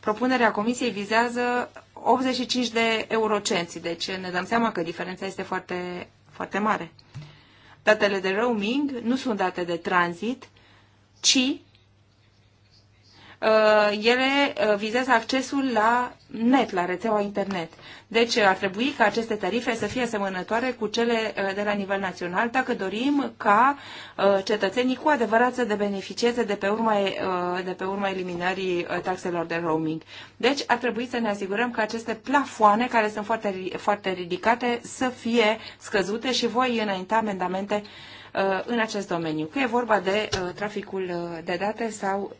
Propunerea Comisiei vizează 85 de eurocenți, deci ne dăm seama că diferența este foarte, foarte mare. Datele de roaming nu sunt date de tranzit, ci uh, ele uh, vizează accesul la net, la rețeaua internet. Deci uh, ar trebui ca aceste tarife să fie asemănătoare cu cele de la nivel național dacă dorim ca cetățenii cu adevărat să de beneficieze de pe urma, de pe urma eliminării taxelor de roaming. Deci ar trebui să ne asigurăm că aceste plafoane, care sunt foarte, foarte ridicate, să fie scăzute și voi înainta amendamente uh, Uh, în acest domeniu, că e vorba de uh, traficul uh, de date sau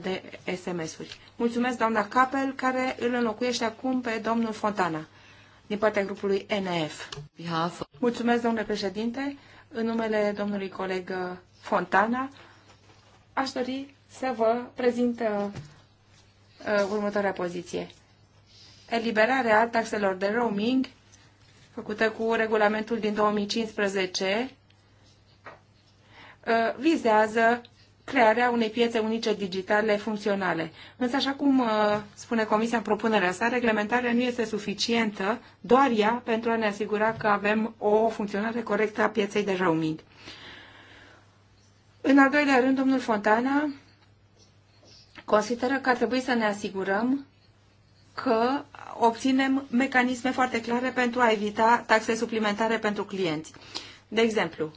de SMS-uri. Mulțumesc, doamna Capel, care îl înlocuiește acum pe domnul Fontana, din partea grupului NF. Mulțumesc, domnule președinte, în numele domnului coleg Fontana, aș dori să vă prezint următoarea poziție. Eliberarea taxelor de roaming făcută cu regulamentul din 2015 Uh, vizează crearea unei piețe unice digitale funcționale. Însă, așa cum uh, spune Comisia în propunerea sa, reglementarea nu este suficientă, doar ea, pentru a ne asigura că avem o funcționare corectă a pieței de roaming. În al doilea rând, domnul Fontana consideră că ar trebui să ne asigurăm că obținem mecanisme foarte clare pentru a evita taxe suplimentare pentru clienți. De exemplu,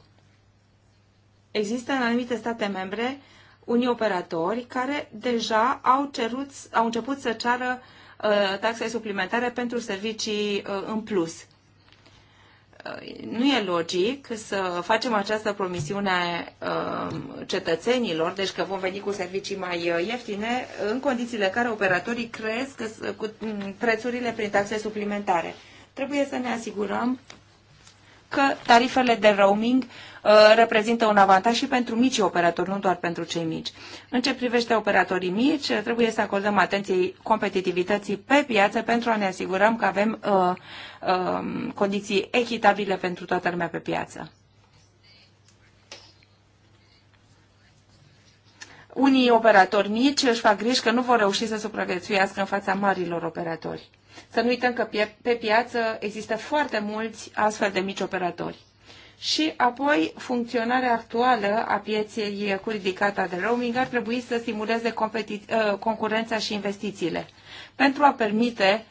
Există în anumite state membre unii operatori care deja au, cerut, au început să ceară uh, taxe suplimentare pentru servicii uh, în plus. Uh, nu e logic să facem această promisiune uh, cetățenilor, deci că vom veni cu servicii mai uh, ieftine, în condițiile în care operatorii cresc cu mm, prețurile prin taxe suplimentare. Trebuie să ne asigurăm că tarifele de roaming uh, Uh, reprezintă un avantaj și pentru micii operatori, nu doar pentru cei mici. În ce privește operatorii mici, trebuie să acordăm atenție competitivității pe piață pentru a ne asigurăm că avem uh, um, condiții echitabile pentru toată lumea pe piață. unii operatori mici își fac griji că nu vor reuși să supraviețuiască în fața marilor operatori. Să nu uităm că pe piață există foarte mulți astfel de mici operatori și apoi funcționarea actuală a pieței cu ridicata de roaming ar trebui să stimuleze uh, concurența și investițiile pentru a permite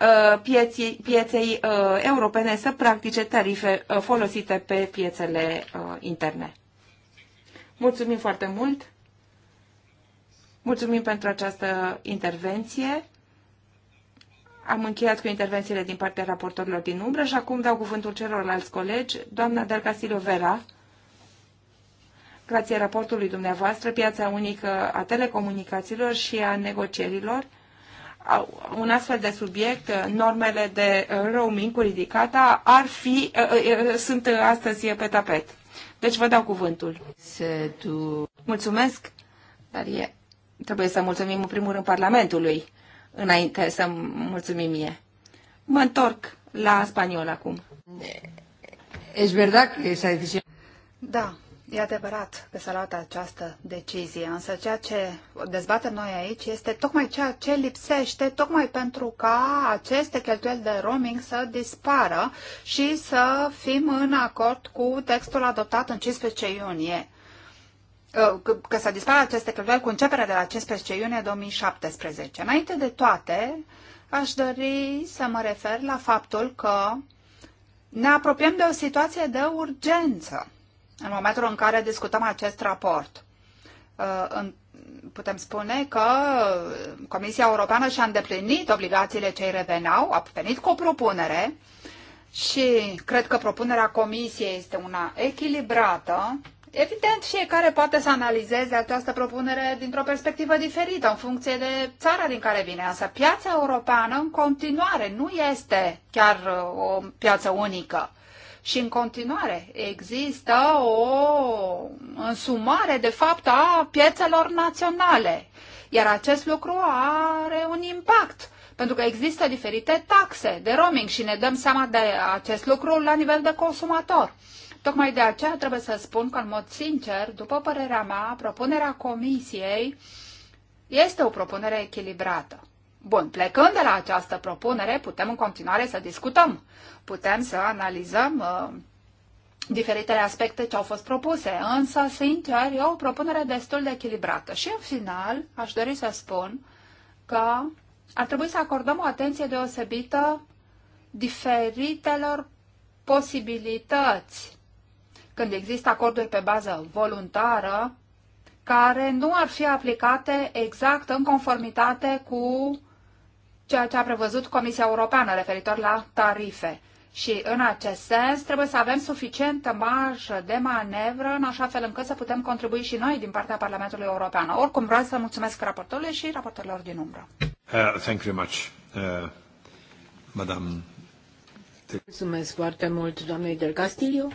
uh, pieței, pieței uh, europene să practice tarife folosite pe piețele interne. Mulțumim foarte mult! Mulțumim pentru această intervenție. Am încheiat cu intervențiile din partea raportorilor din umbră și acum dau cuvântul celorlalți colegi. Doamna Delca Silovera, Vera, grație raportului dumneavoastră, piața unică a telecomunicațiilor și a negocierilor, un astfel de subiect, normele de roaming cu ridicata, ar fi, ă, ă, ă, sunt astăzi pe tapet. Deci vă dau cuvântul. Mulțumesc, dar e, trebuie să mulțumim în primul rând Parlamentului înainte să mulțumim mie. Mă întorc la spaniol acum. Es verdad que esa decisión... Da, e adevărat că s-a luat această decizie, însă ceea ce dezbatem noi aici este tocmai ceea ce lipsește, tocmai pentru ca aceste cheltuieli de roaming să dispară și să fim în acord cu textul adoptat în 15 iunie. Uh, că, s să dispară aceste cheltuieli cu începerea de la 15 iunie 2017. Înainte de toate, aș dori să mă refer la faptul că ne apropiem de o situație de urgență în momentul în care discutăm acest raport. Uh, putem spune că Comisia Europeană și-a îndeplinit obligațiile cei reveneau, a venit cu o propunere și cred că propunerea Comisiei este una echilibrată, Evident, fiecare poate să analizeze această propunere dintr-o perspectivă diferită, în funcție de țara din care vine. Însă piața europeană, în continuare, nu este chiar uh, o piață unică. Și în continuare există o însumare, de fapt, a piețelor naționale. Iar acest lucru are un impact, pentru că există diferite taxe de roaming și ne dăm seama de acest lucru la nivel de consumator. Tocmai de aceea trebuie să spun că, în mod sincer, după părerea mea, propunerea comisiei este o propunere echilibrată. Bun, plecând de la această propunere, putem în continuare să discutăm, putem să analizăm uh, diferitele aspecte ce au fost propuse, însă, sincer, e o propunere destul de echilibrată. Și, în final, aș dori să spun că ar trebui să acordăm o atenție deosebită diferitelor posibilități când există acorduri pe bază voluntară, care nu ar fi aplicate exact în conformitate cu ceea ce a prevăzut Comisia Europeană referitor la tarife. Și în acest sens trebuie să avem suficientă marjă de manevră în așa fel încât să putem contribui și noi din partea Parlamentului European. Oricum vreau să mulțumesc raportorului și raportorilor din umbră. Uh, thank you much, uh, Mulțumesc foarte mult, doamnei Del Castillo.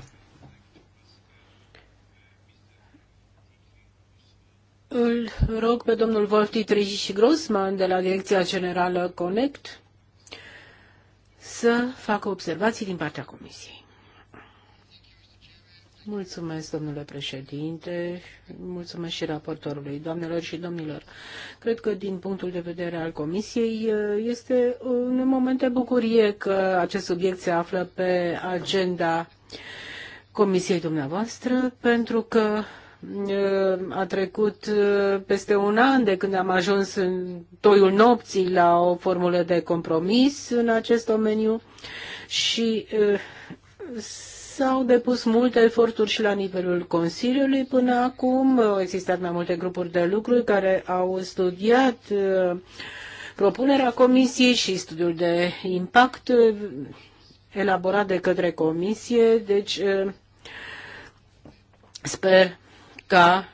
Îl rog pe domnul Wolf-Dietrich Grossman de la Direcția Generală Connect să facă observații din partea Comisiei. Mulțumesc, domnule președinte, mulțumesc și raportorului, doamnelor și domnilor. Cred că din punctul de vedere al Comisiei este un moment de bucurie că acest subiect se află pe agenda Comisiei dumneavoastră, pentru că a trecut uh, peste un an de când am ajuns în toiul nopții la o formulă de compromis în acest domeniu și uh, s-au depus multe eforturi și la nivelul Consiliului până acum. Au existat mai multe grupuri de lucru care au studiat uh, propunerea Comisiei și studiul de impact elaborat de către Comisie. Deci, Sper ca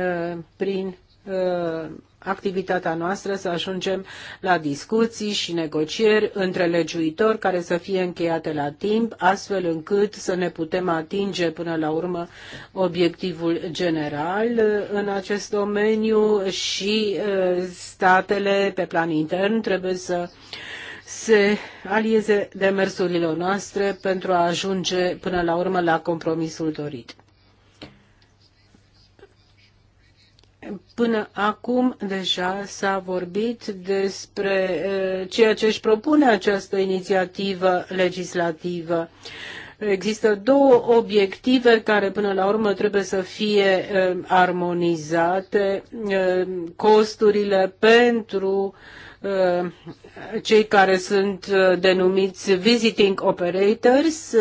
ă, prin ă, activitatea noastră să ajungem la discuții și negocieri între legiuitori care să fie încheiate la timp, astfel încât să ne putem atinge până la urmă obiectivul general ă, în acest domeniu și statele pe plan intern trebuie să se alieze demersurile noastre pentru a ajunge până la urmă la compromisul dorit. Până acum deja s-a vorbit despre ceea ce își propune această inițiativă legislativă. Există două obiective care până la urmă trebuie să fie armonizate, costurile pentru cei care sunt denumiți visiting operators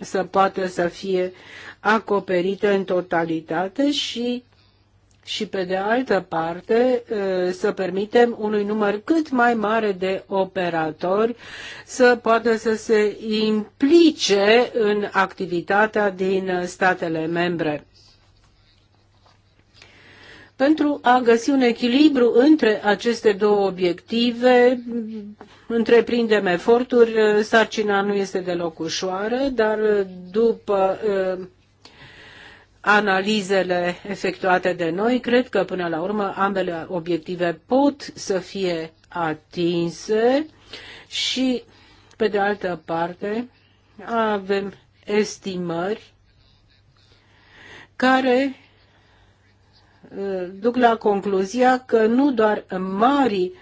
să poată să fie acoperite în totalitate și și, pe de altă parte, să permitem unui număr cât mai mare de operatori să poată să se implice în activitatea din statele membre pentru a găsi un echilibru între aceste două obiective. Întreprindem eforturi, sarcina nu este deloc ușoară, dar după analizele efectuate de noi, cred că până la urmă ambele obiective pot să fie atinse și, pe de altă parte, avem estimări care uh, duc la concluzia că nu doar mari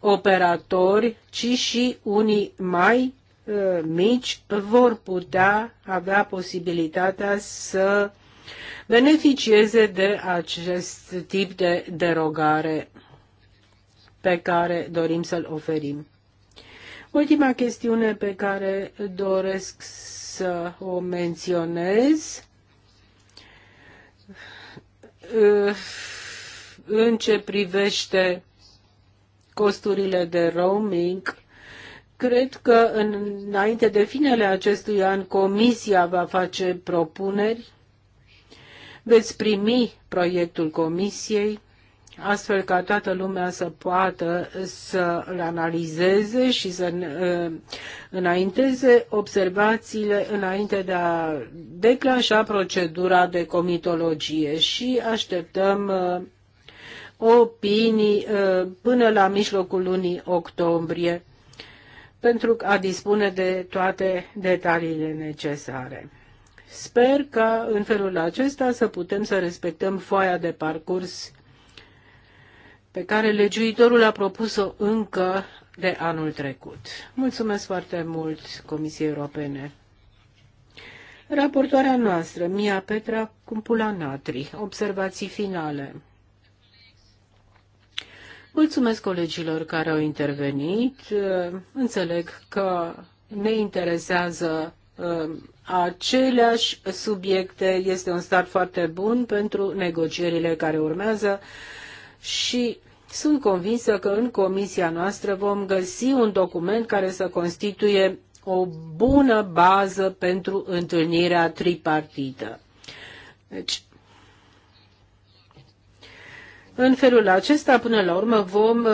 operatori, ci și unii mai uh, mici vor putea avea posibilitatea să beneficieze de acest tip de derogare pe care dorim să-l oferim. Ultima chestiune pe care doresc să o menționez în ce privește costurile de roaming, cred că înainte de finele acestui an Comisia va face propuneri veți primi proiectul comisiei astfel ca toată lumea să poată să îl analizeze și să uh, înainteze observațiile înainte de a declanșa procedura de comitologie și așteptăm uh, opinii uh, până la mijlocul lunii octombrie pentru a dispune de toate detaliile necesare. Sper ca în felul acesta să putem să respectăm foaia de parcurs pe care legiuitorul a propus-o încă de anul trecut. Mulțumesc foarte mult Comisiei Europene. Raportoarea noastră, Mia Petra Cumpula Natri, observații finale. Mulțumesc colegilor care au intervenit. Înțeleg că ne interesează Um, aceleași subiecte. Este un start foarte bun pentru negocierile care urmează și sunt convinsă că în comisia noastră vom găsi un document care să constituie o bună bază pentru întâlnirea tripartită. Deci, în felul acesta, până la urmă, vom uh,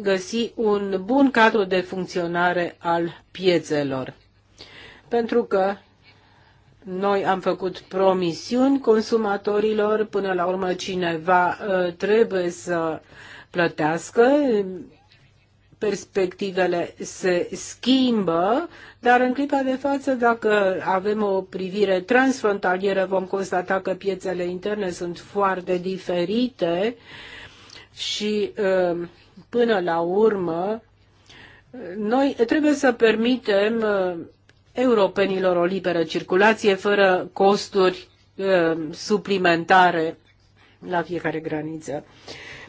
găsi un bun cadru de funcționare al piețelor pentru că noi am făcut promisiuni consumatorilor, până la urmă cineva ă, trebuie să plătească, perspectivele se schimbă, dar în clipa de față, dacă avem o privire transfrontalieră, vom constata că piețele interne sunt foarte diferite și ă, până la urmă noi trebuie să permitem ă, europenilor o liberă circulație fără costuri uh, suplimentare la fiecare graniță.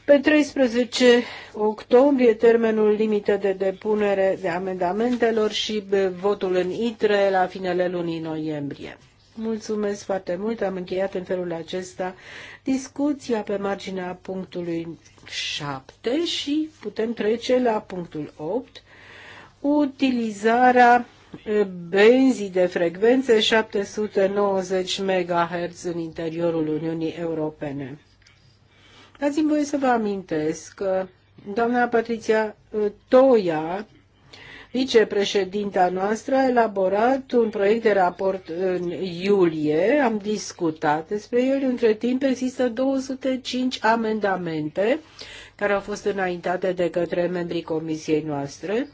Pe 13 octombrie, termenul limită de depunere de amendamentelor și uh, votul în ITRE la finele lunii noiembrie. Mulțumesc foarte mult, am încheiat în felul acesta discuția pe marginea punctului 7 și putem trece la punctul 8, utilizarea benzii de frecvențe 790 MHz în interiorul Uniunii Europene. Dați-mi voie să vă amintesc că doamna Patricia uh, Toia, vicepreședinta noastră, a elaborat un proiect de raport în iulie, am discutat despre el, între timp există 205 amendamente care au fost înaintate de către membrii comisiei noastre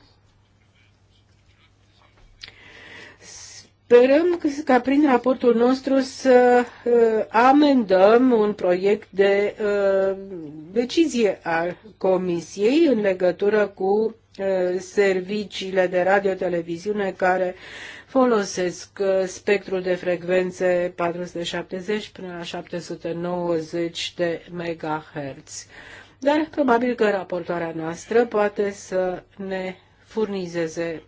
Sperăm ca prin raportul nostru să uh, amendăm un proiect de uh, decizie a Comisiei în legătură cu uh, serviciile de radio-televiziune care folosesc spectrul de frecvențe 470 până la 790 de MHz. Dar probabil că raportoarea noastră poate să ne furnizeze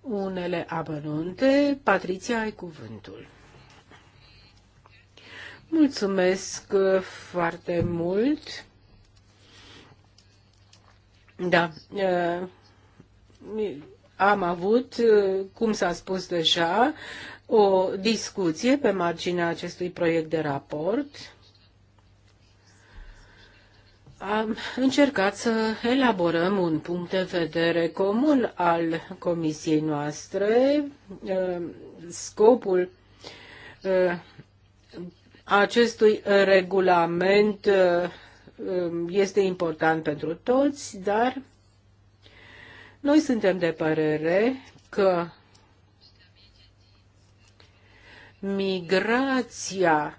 unele abănunte. Patricia, ai cuvântul. Mulțumesc uh, foarte mult. Da, uh, am avut, uh, cum s-a spus deja, o discuție pe marginea acestui proiect de raport am încercat să elaborăm un punct de vedere comun al comisiei noastre. Uh, scopul uh, acestui regulament uh, um, este important pentru toți, dar noi suntem de părere că migrația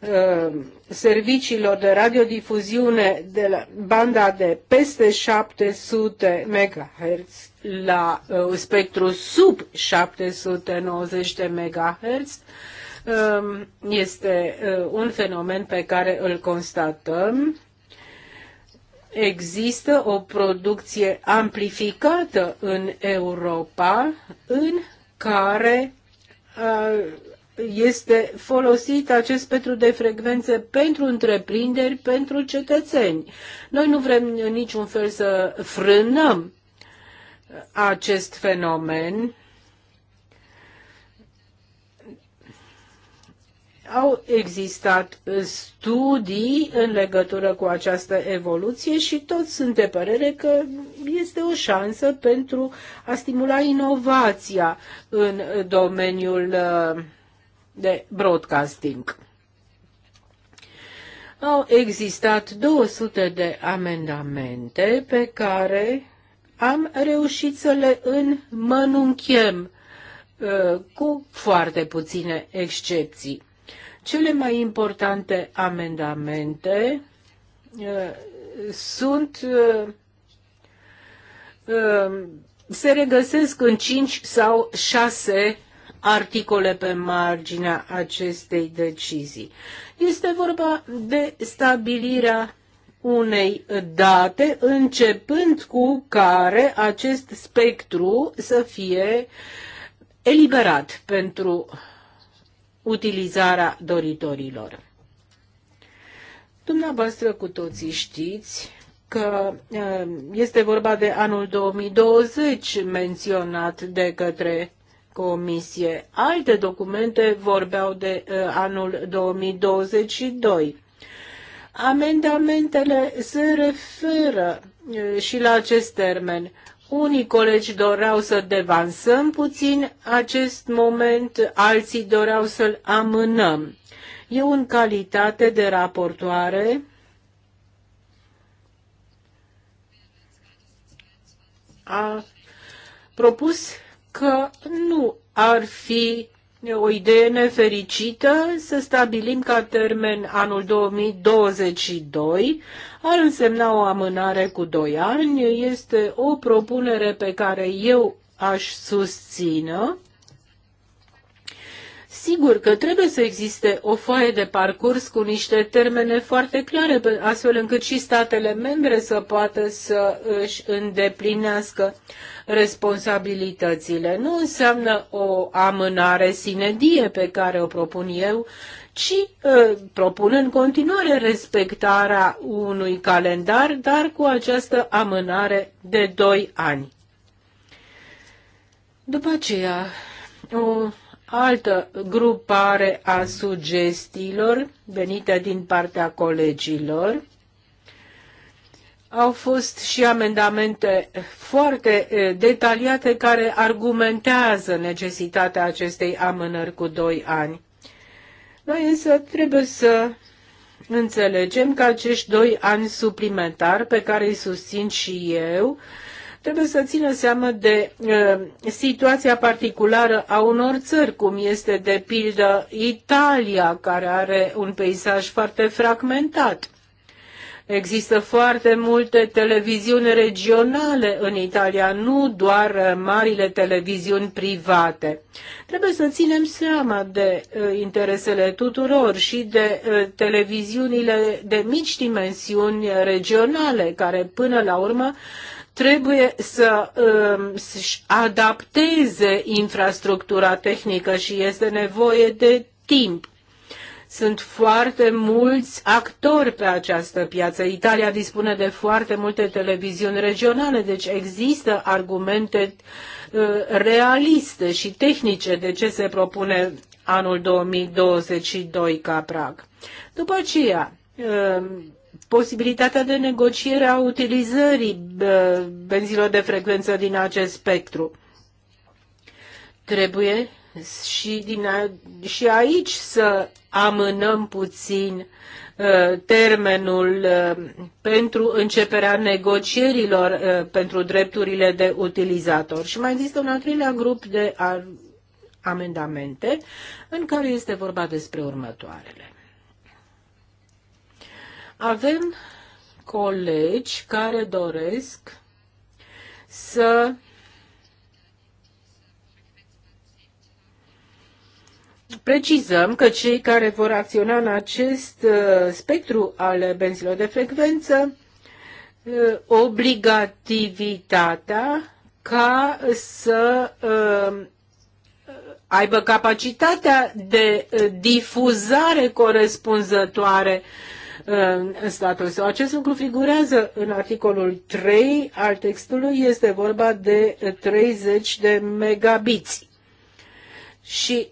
Uh, serviciilor de radiodifuziune de la banda de peste 700 MHz la uh, spectru sub 790 de MHz um, este uh, un fenomen pe care îl constatăm. Există o producție amplificată în Europa în care este folosit acest spectru de frecvențe pentru întreprinderi, pentru cetățeni. Noi nu vrem în niciun fel să frânăm acest fenomen. Au existat studii în legătură cu această evoluție și toți sunt de părere că este o șansă pentru a stimula inovația în domeniul uh, de broadcasting. Au existat 200 de amendamente pe care am reușit să le înmănunchiem uh, cu foarte puține excepții. Cele mai importante amendamente uh, sunt uh, se regăsesc în 5 sau 6 articole pe marginea acestei decizii. Este vorba de stabilirea unei date începând cu care acest spectru să fie eliberat pentru utilizarea doritorilor. Dumneavoastră cu toții știți că uh, este vorba de anul 2020 menționat de către comisie. Alte documente vorbeau de uh, anul 2022. Amendamentele se referă uh, și la acest termen. Unii colegi doreau să devansăm puțin acest moment, alții doreau să-l amânăm. Eu, în calitate de raportoare, a propus că nu ar fi o idee nefericită să stabilim ca termen anul 2022. Ar însemna o amânare cu doi ani. Este o propunere pe care eu aș susțină. Sigur că trebuie să existe o foaie de parcurs cu niște termene foarte clare, astfel încât și statele membre să poată să își îndeplinească uh, responsabilitățile. Nu înseamnă o amânare sinedie pe care o propun eu, ci uh, propun în continuare respectarea unui calendar, dar cu această amânare de doi ani. După aceea, o altă grupare a sugestiilor venite din partea colegilor au fost și amendamente foarte eh, detaliate care argumentează necesitatea acestei amânări cu doi ani. Noi însă trebuie să înțelegem că acești doi ani suplimentari pe care îi susțin și eu trebuie să țină seamă de uh, situația particulară a unor țări, cum este de pildă Italia, care are un peisaj foarte fragmentat. Există foarte multe televiziuni regionale în Italia, nu doar uh, marile televiziuni private. Trebuie să ținem seama de uh, interesele tuturor și de uh, televiziunile de mici dimensiuni regionale, care până la urmă trebuie să își um, adapteze infrastructura tehnică și este nevoie de timp. Sunt foarte mulți actori pe această piață. Italia dispune de foarte multe televiziuni regionale, deci există argumente uh, realiste și tehnice de ce se propune anul 2022 ca prag. După aceea, uh, posibilitatea de negociere a utilizării uh, benzilor de frecvență din acest spectru. Trebuie și, din a, și aici să amânăm puțin uh, termenul uh, pentru începerea negocierilor uh, pentru drepturile de utilizator. Și mai există un al treilea grup de ar, amendamente în care este vorba despre următoarele. Avem colegi care doresc să precizăm că cei care vor acționa în acest uh, spectru al benzilor de frecvență uh, obligativitatea ca să uh, aibă capacitatea de difuzare corespunzătoare în statul său. Acest lucru figurează în articolul 3 al textului, este vorba de 30 de megabiți și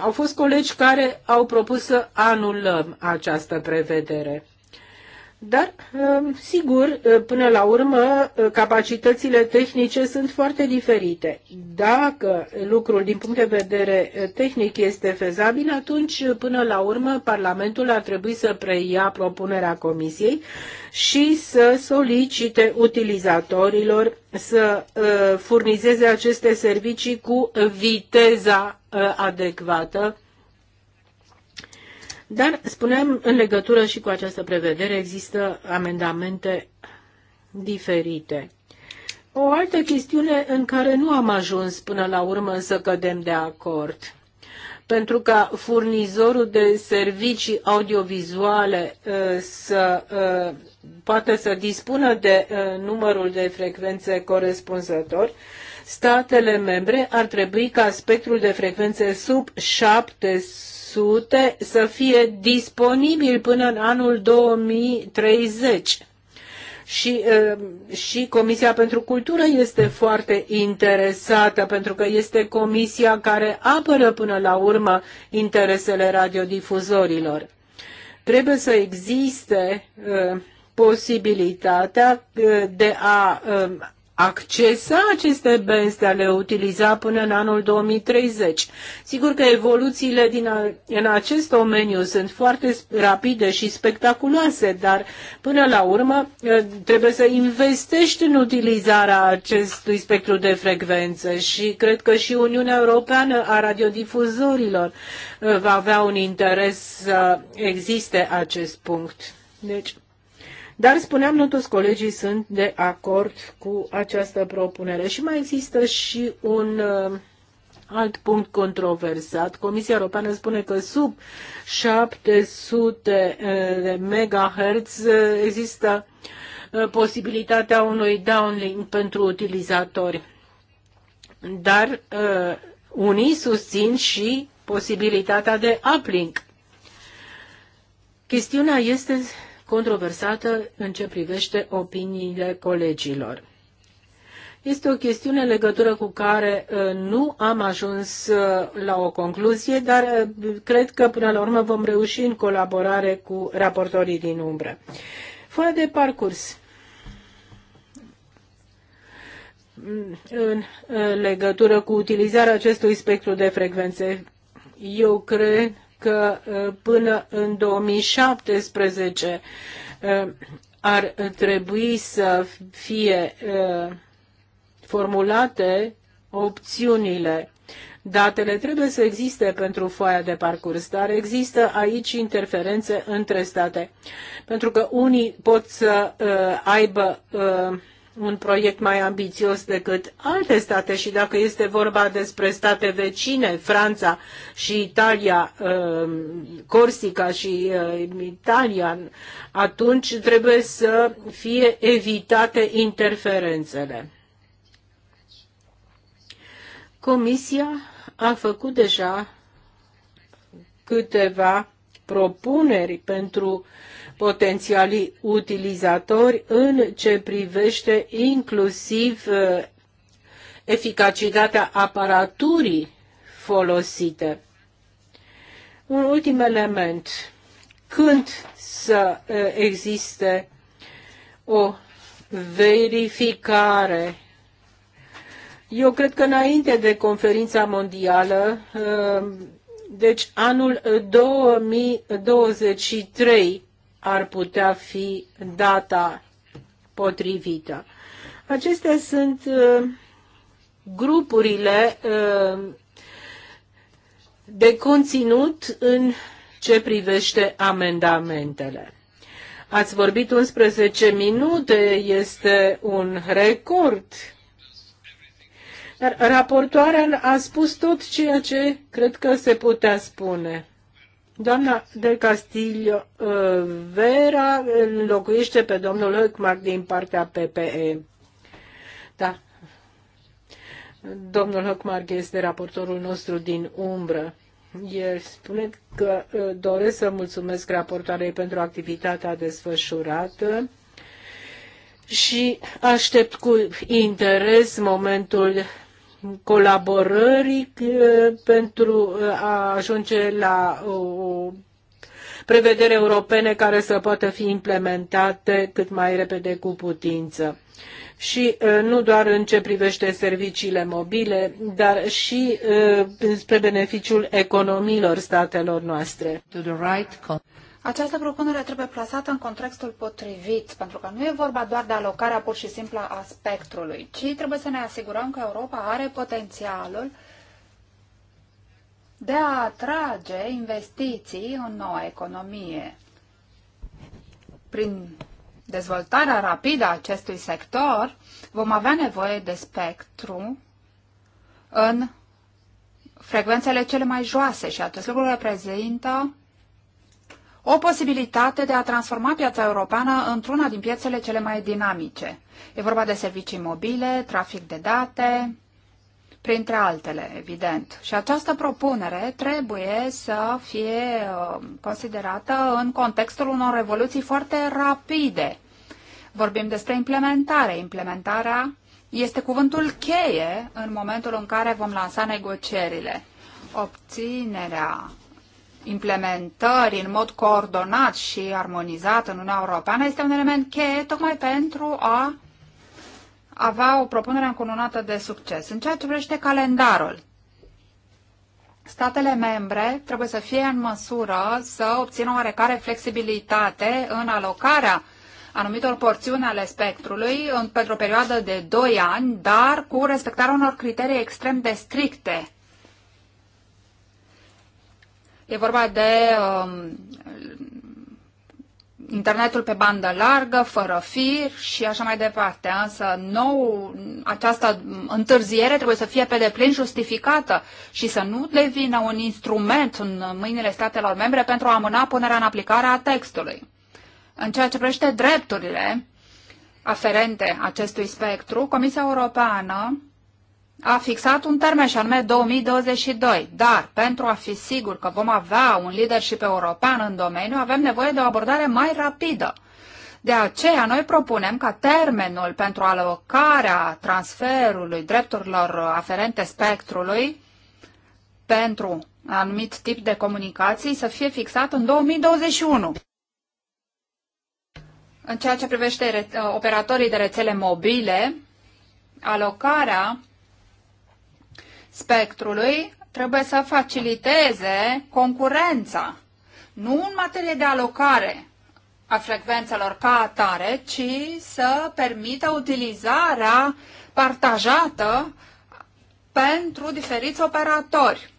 au fost colegi care au propus să anulăm această prevedere. Dar, um, sigur, uh, până la urmă, uh, capacitățile tehnice sunt foarte diferite. Dacă lucrul din punct de vedere uh, tehnic este fezabil, atunci, până la urmă, Parlamentul ar trebui să preia propunerea Comisiei și să solicite utilizatorilor să furnizeze aceste servicii cu viteza adecvată dar, spuneam, în legătură și cu această prevedere există amendamente diferite. O altă chestiune în care nu am ajuns până la urmă să cădem de acord pentru ca furnizorul de servicii audiovizuale uh, să uh, poată să dispună de uh, numărul de frecvențe corespunzător, statele membre ar trebui ca spectrul de frecvențe sub 700 200 să fie disponibil până în anul 2030. Și, uh, și Comisia pentru Cultură este foarte interesată, pentru că este comisia care apără până la urmă interesele radiodifuzorilor. Trebuie să existe uh, posibilitatea uh, de a accesa aceste benzi, de a le utiliza până în anul 2030. Sigur că evoluțiile din a, în acest domeniu sunt foarte rapide și spectaculoase, dar până la urmă trebuie să investești în utilizarea acestui spectru de frecvențe și cred că și Uniunea Europeană a radiodifuzorilor va avea un interes să existe acest punct. Deci, dar, spuneam, nu toți colegii sunt de acord cu această propunere. Și mai există și un uh, alt punct controversat. Comisia Europeană spune că sub 700 uh, de MHz uh, există posibilitatea unui downlink pentru utilizatori. Dar uh, unii susțin și posibilitatea de uplink. Chestiunea este controversată în ce privește opiniile colegilor. Este o chestiune în legătură cu care uh, nu am ajuns uh, la o concluzie, dar uh, cred că până la urmă vom reuși în colaborare cu raportorii din umbră. Fără de parcurs, în legătură cu utilizarea acestui spectru de frecvențe, eu cred că uh, până în 2017 uh, ar trebui să fie uh, formulate opțiunile. Datele trebuie să existe pentru foaia de parcurs, dar există aici interferențe între state, pentru că unii pot să aibă un proiect mai ambițios decât alte state și dacă este vorba despre state vecine, Franța și Italia, uh, Corsica și uh, Italia, atunci trebuie să fie evitate interferențele. Comisia a făcut deja câteva propuneri pentru uh, potențialii utilizatori în ce privește inclusiv uh, eficacitatea aparaturii folosite. Un ultim element. Când să uh, existe o verificare eu cred că înainte de conferința mondială, uh, deci anul 2023, ar putea fi data potrivită. Acestea sunt uh, grupurile uh, de conținut în ce privește amendamentele. Ați vorbit 11 minute, este un record. Dar raportoarea a spus tot ceea ce cred că se putea spune. Doamna del Castillo uh, Vera înlocuiește pe domnul Höckmark din partea PPE. Da. Domnul Höckmark este raportorul nostru din umbră. El spune că uh, doresc să mulțumesc raportoarei pentru activitatea desfășurată și aștept cu interes momentul colaborării pentru uh, a ajunge la o prevedere europene care să poată fi implementate cât mai repede cu putință. Și uh, nu doar în ce privește serviciile mobile, dar și uh, spre beneficiul economiilor statelor noastre. Această propunere trebuie plasată în contextul potrivit, pentru că nu e vorba doar de alocarea pur și simplă a spectrului, ci trebuie să ne asigurăm că Europa are potențialul de a atrage investiții în noua economie. Prin dezvoltarea rapidă a acestui sector, vom avea nevoie de spectru în frecvențele cele mai joase și acest lucru reprezintă o posibilitate de a transforma piața europeană într-una din piețele cele mai dinamice. E vorba de servicii mobile, trafic de date, printre altele, evident. Și această propunere trebuie să fie uh, considerată în contextul unor revoluții foarte rapide. Vorbim despre implementare. Implementarea este cuvântul cheie în momentul în care vom lansa negocierile. Obținerea implementării în mod coordonat și armonizat în Uniunea Europeană este un element cheie tocmai pentru a avea o propunere încununată de succes. În ceea ce privește calendarul, statele membre trebuie să fie în măsură să obțină oarecare flexibilitate în alocarea anumitor porțiuni ale spectrului pentru o perioadă de 2 ani, dar cu respectarea unor criterii extrem de stricte E vorba de uh, internetul pe bandă largă, fără fir și așa mai departe. Însă nou, această întârziere trebuie să fie pe deplin justificată și să nu devină un instrument în mâinile statelor membre pentru a amâna punerea în aplicare a textului. În ceea ce privește drepturile aferente acestui spectru, Comisia Europeană a fixat un termen și anume 2022, dar pentru a fi sigur că vom avea un leadership european în domeniu, avem nevoie de o abordare mai rapidă. De aceea, noi propunem ca termenul pentru alocarea transferului drepturilor aferente spectrului pentru anumit tip de comunicații să fie fixat în 2021. În ceea ce privește operatorii de rețele mobile, alocarea spectrului trebuie să faciliteze concurența, nu în materie de alocare a frecvențelor ca atare, ci să permită utilizarea partajată pentru diferiți operatori.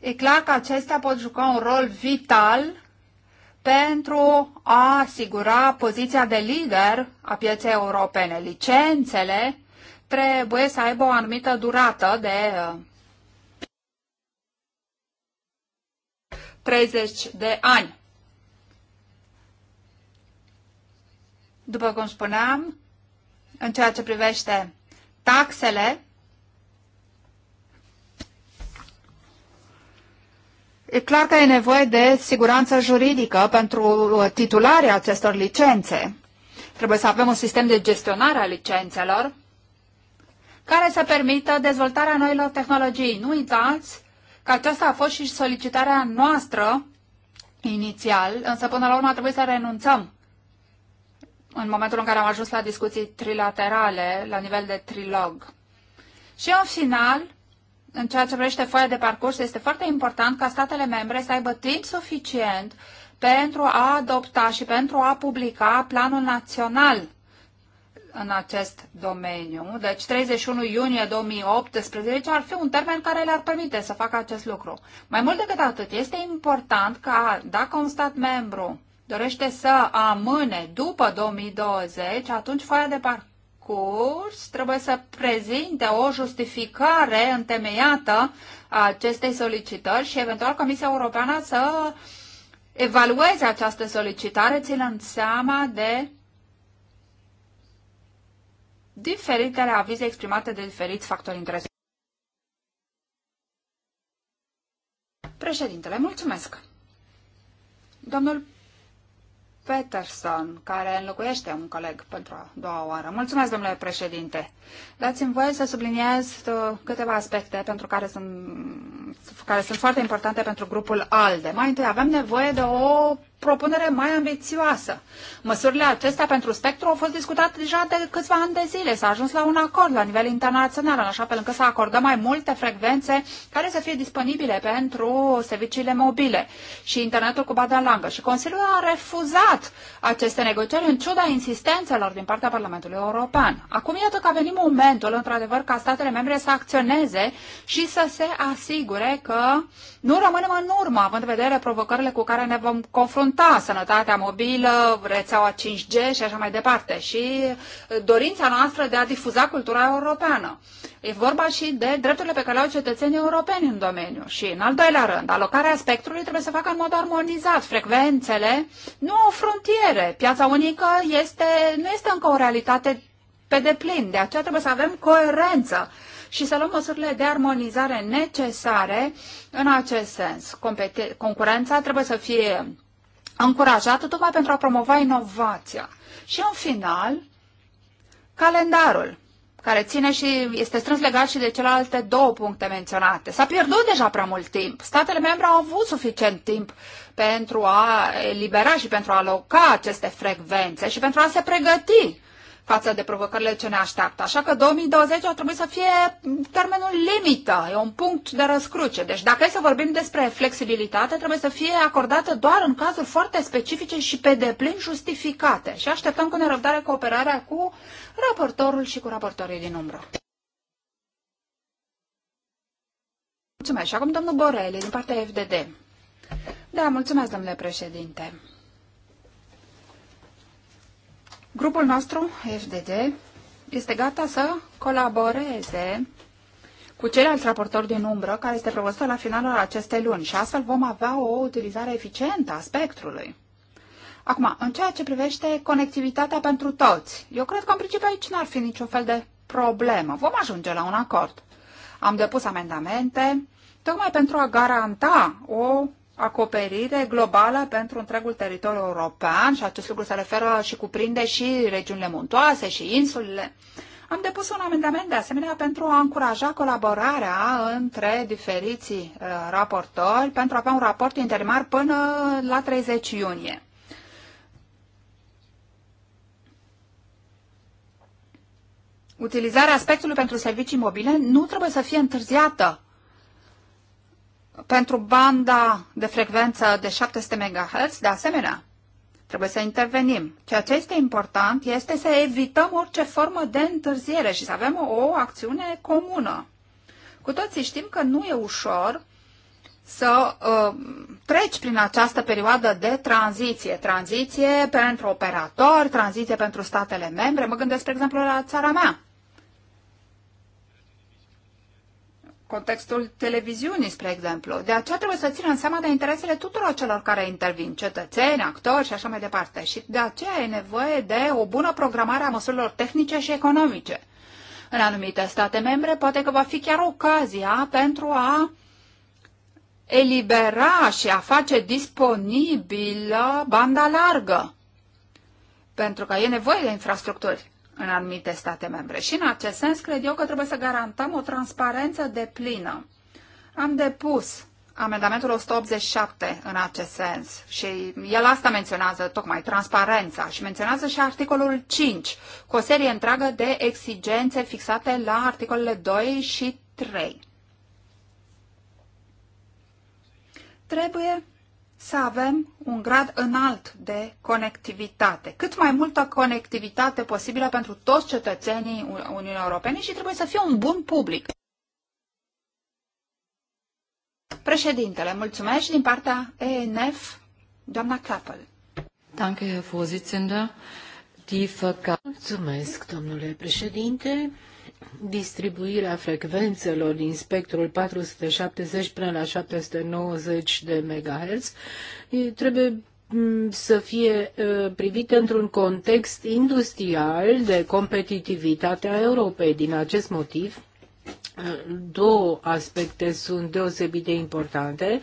E clar că acestea pot juca un rol vital pentru a asigura poziția de lider a pieței europene. Licențele trebuie să aibă o anumită durată de 30 uh, de ani. După cum spuneam, în ceea ce privește taxele, E clar că e nevoie de siguranță juridică pentru uh, titularii acestor licențe. Trebuie să avem un sistem de gestionare a licențelor care să permită dezvoltarea noilor tehnologii. Nu uitați că aceasta a fost și solicitarea noastră inițial, însă până la urmă a trebuit să renunțăm în momentul în care am ajuns la discuții trilaterale, la nivel de trilog. Și în final, în ceea ce privește foaia de parcurs, este foarte important ca statele membre să aibă timp suficient pentru a adopta și pentru a publica planul național în acest domeniu. Deci 31 iunie 2018 ar fi un termen care le-ar permite să facă acest lucru. Mai mult decât atât, este important ca dacă un stat membru dorește să amâne după 2020, atunci foaia de parcurs trebuie să prezinte o justificare întemeiată a acestei solicitări și eventual Comisia Europeană să evalueze această solicitare ținând seama de diferitele avize exprimate de diferiți factori interesați. Președintele, mulțumesc! Domnul Peterson, care înlocuiește un coleg pentru a doua oară. Mulțumesc, domnule președinte. Dați-mi voie să subliniez uh, câteva aspecte pentru care sunt, care sunt foarte importante pentru grupul ALDE. Mai întâi, avem nevoie de o propunere mai ambițioasă. Măsurile acestea pentru spectru au fost discutate deja de câțiva ani de zile. S-a ajuns la un acord la nivel internațional, în așa fel încât să acordăm mai multe frecvențe care să fie disponibile pentru serviciile mobile și internetul cu bada langă. Și Consiliul a refuzat aceste negocieri în ciuda insistențelor din partea Parlamentului European. Acum iată că a venit momentul, într-adevăr, ca statele membre să acționeze și să se asigure că nu rămânem în urmă, având în vedere provocările cu care ne vom confrunta garanta sănătatea mobilă, rețeaua 5G și așa mai departe. Și uh, dorința noastră de a difuza cultura europeană. E vorba și de drepturile pe care le au cetățenii europeni în domeniu. Și, în al doilea rând, alocarea spectrului trebuie să facă în mod armonizat. Frecvențele nu au frontiere. Piața unică este, nu este încă o realitate pe deplin. De aceea trebuie să avem coerență și să luăm măsurile de armonizare necesare în acest sens. concurența trebuie să fie încurajată tocmai pentru a promova inovația. Și în final, calendarul care ține și este strâns legat și de celelalte două puncte menționate. S-a pierdut deja prea mult timp. Statele membre au avut suficient timp pentru a elibera și pentru a aloca aceste frecvențe și pentru a se pregăti față de provocările ce ne așteaptă. Așa că 2020 ar trebui să fie termenul limită, e un punct de răscruce. Deci dacă e să vorbim despre flexibilitate, trebuie să fie acordată doar în cazuri foarte specifice și pe deplin justificate. Și așteptăm cu nerăbdare cooperarea cu raportorul și cu raportorii din umbră. Mulțumesc. Și acum domnul Borele, din partea FDD. Da, mulțumesc, domnule președinte. Grupul nostru, FDD, este gata să colaboreze cu ceilalți raportori din umbră care este prevăzută la finalul acestei luni și astfel vom avea o utilizare eficientă a spectrului. Acum, în ceea ce privește conectivitatea pentru toți, eu cred că în principiu aici n-ar fi niciun fel de problemă. Vom ajunge la un acord. Am depus amendamente tocmai pentru a garanta o acoperire globală pentru întregul teritoriu european și acest lucru se referă și cuprinde și regiunile muntoase și insulele. Am depus un amendament de asemenea pentru a încuraja colaborarea între diferiții uh, raportori pentru a avea un raport interimar până la 30 iunie. Utilizarea aspectului pentru servicii mobile nu trebuie să fie întârziată pentru banda de frecvență de 700 MHz, de asemenea, trebuie să intervenim. Ceea ce este important este să evităm orice formă de întârziere și să avem o, acțiune comună. Cu toții știm că nu e ușor să uh, treci prin această perioadă de tranziție. Tranziție pentru operator, tranziție pentru statele membre. Mă gândesc, de exemplu, la țara mea. contextul televiziunii, spre exemplu. De aceea trebuie să ținem seama de interesele tuturor celor care intervin, cetățeni, actori și așa mai departe. Și de aceea e nevoie de o bună programare a măsurilor tehnice și economice. În anumite state membre, poate că va fi chiar ocazia pentru a elibera și a face disponibilă banda largă. Pentru că e nevoie de infrastructuri în anumite state membre. Și în acest sens, cred eu că trebuie să garantăm o transparență de plină. Am depus amendamentul 187 în acest sens și el asta menționează tocmai transparența și menționează și articolul 5 cu o serie întreagă de exigențe fixate la articolele 2 și 3. Trebuie să avem un grad înalt de conectivitate, cât mai multă conectivitate posibilă pentru toți cetățenii Uniunii Europene și trebuie să fie un bun public. Președintele, mulțumesc din partea ENF, doamna Kappel. Mulțumesc, domnule președinte distribuirea frecvențelor din spectrul 470 până la 790 de MHz trebuie să fie privită într-un context industrial de competitivitate a Europei. Din acest motiv, două aspecte sunt deosebit de importante,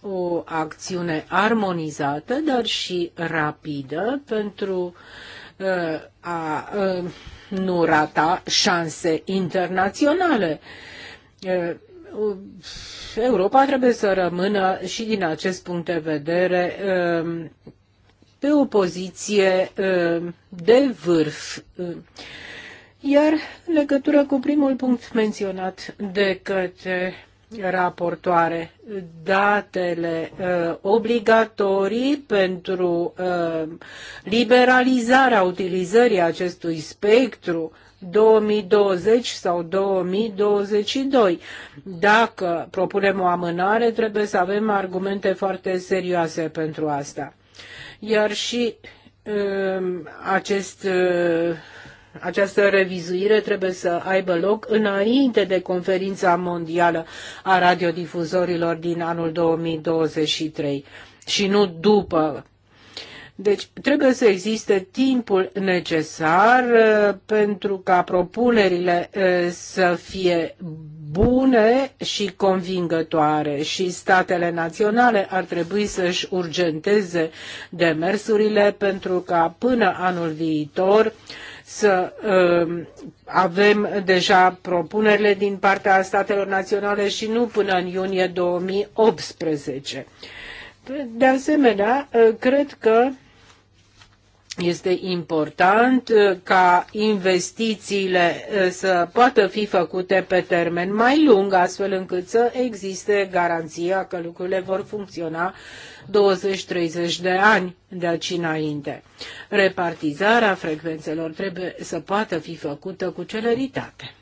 o acțiune armonizată, dar și rapidă pentru a nu rata șanse internaționale. Europa trebuie să rămână și din acest punct de vedere pe o poziție de vârf. Iar în legătură cu primul punct menționat de către raportoare datele uh, obligatorii pentru uh, liberalizarea utilizării acestui spectru 2020 sau 2022. Dacă propunem o amânare, trebuie să avem argumente foarte serioase pentru asta. Iar și uh, acest uh, această revizuire trebuie să aibă loc înainte de conferința mondială a radiodifuzorilor din anul 2023 și nu după. Deci trebuie să existe timpul necesar uh, pentru ca propunerile uh, să fie bune și convingătoare și statele naționale ar trebui să-și urgenteze demersurile pentru ca până anul viitor să uh, avem deja propunerile din partea statelor naționale și nu până în iunie 2018. De asemenea, uh, cred că este important uh, ca investițiile uh, să poată fi făcute pe termen mai lung, astfel încât să existe garanția că lucrurile vor funcționa 20-30 de ani de aici înainte. Repartizarea frecvențelor trebuie să poată fi făcută cu celeritate.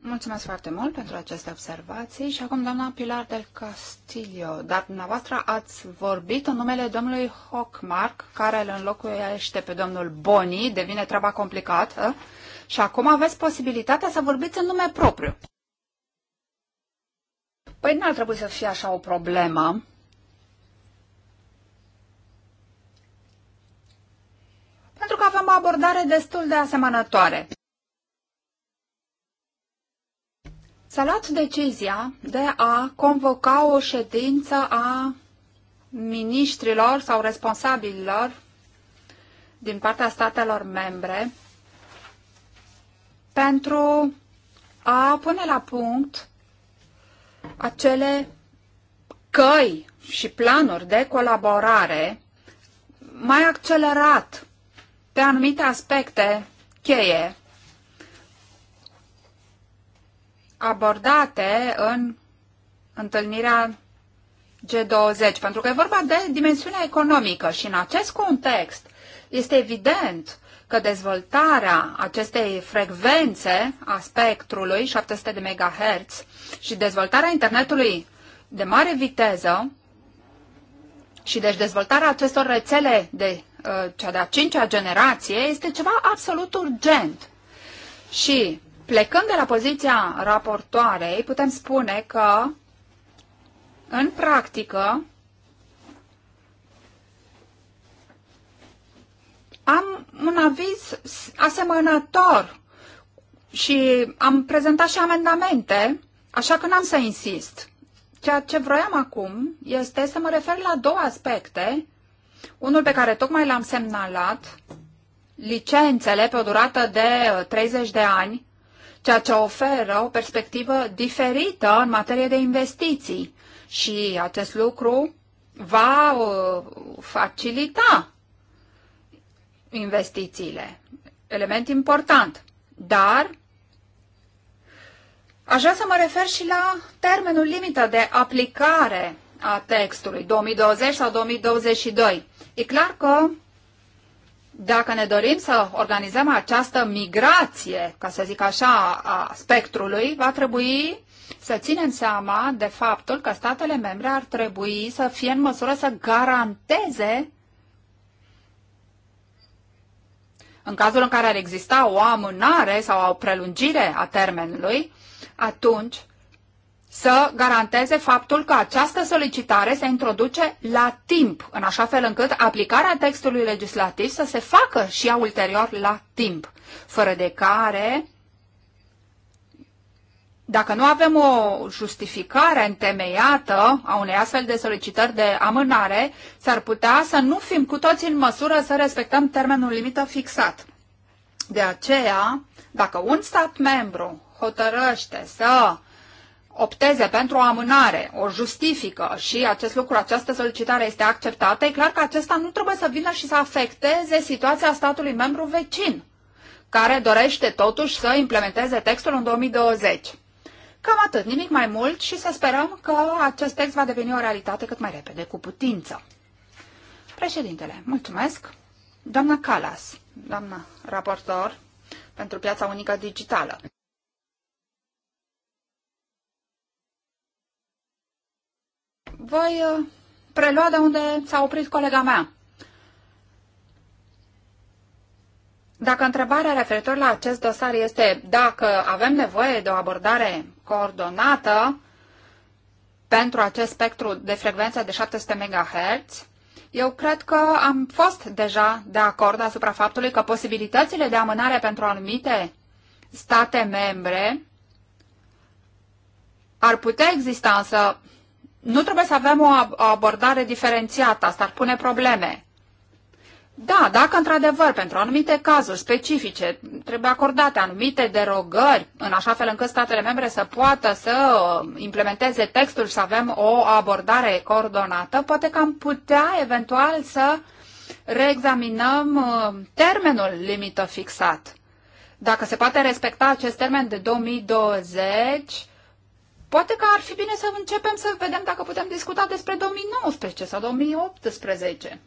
Mulțumesc foarte mult pentru aceste observații și acum doamna Pilar del Castillo, dar dumneavoastră ați vorbit în numele domnului Hockmark, care îl înlocuiește pe domnul Boni, devine treaba complicată și acum aveți posibilitatea să vorbiți în nume propriu. Păi n-ar trebui să fie așa o problemă. Pentru că avem o abordare destul de asemănătoare. S-a luat decizia de a convoca o ședință a miniștrilor sau responsabililor din partea statelor membre pentru a pune la punct acele căi și planuri de colaborare mai accelerat pe anumite aspecte cheie abordate în întâlnirea G20, pentru că e vorba de dimensiunea economică și în acest context este evident că dezvoltarea acestei frecvențe a spectrului 700 de MHz și dezvoltarea internetului de mare viteză și deci dezvoltarea acestor rețele de uh, cea de-a cincea generație este ceva absolut urgent. Și plecând de la poziția raportoarei, putem spune că în practică am un aviz asemănător și am prezentat și amendamente, așa că n-am să insist. Ceea ce vroiam acum este să mă refer la două aspecte. Unul pe care tocmai l-am semnalat, licențele pe o durată de 30 uh, de ani, ceea ce oferă o perspectivă diferită în materie de investiții. Și acest lucru va uh, facilita investițiile. Element important. Dar aș vrea să mă refer și la termenul limită de aplicare a textului, 2020 sau 2022. E clar că dacă ne dorim să organizăm această migrație, ca să zic așa, a spectrului, va trebui să ținem seama de faptul că statele membre ar trebui să fie în măsură să garanteze În cazul în care ar exista o amânare sau o prelungire a termenului, atunci să garanteze faptul că această solicitare se introduce la timp, în așa fel încât aplicarea textului legislativ să se facă și ea ulterior la timp, fără de care dacă nu avem o justificare întemeiată a unei astfel de solicitări de amânare, s-ar putea să nu fim cu toții în măsură să respectăm termenul limită fixat. De aceea, dacă un stat membru hotărăște să opteze pentru o amânare, o justifică și acest lucru, această solicitare este acceptată, e clar că acesta nu trebuie să vină și să afecteze situația statului membru vecin, care dorește totuși să implementeze textul în 2020. Cam atât, nimic mai mult și să sperăm că acest text va deveni o realitate cât mai repede, cu putință. Președintele, mulțumesc. Doamna Calas, doamna raportor pentru piața unică digitală. Voi uh, prelua de unde s-a oprit colega mea. Dacă întrebarea referitor la acest dosar este dacă avem nevoie de o abordare coordonată pentru acest spectru de frecvență de 700 MHz, eu cred că am fost deja de acord asupra faptului că posibilitățile de amânare pentru anumite state membre ar putea exista, însă nu trebuie să avem o abordare diferențiată, asta ar pune probleme. Da, dacă într-adevăr pentru anumite cazuri specifice trebuie acordate anumite derogări în așa fel încât statele membre să poată să uh, implementeze textul și să avem o abordare coordonată, poate că am putea eventual să reexaminăm uh, termenul limită fixat. Dacă se poate respecta acest termen de 2020, poate că ar fi bine să începem să vedem dacă putem discuta despre 2019 sau 2018.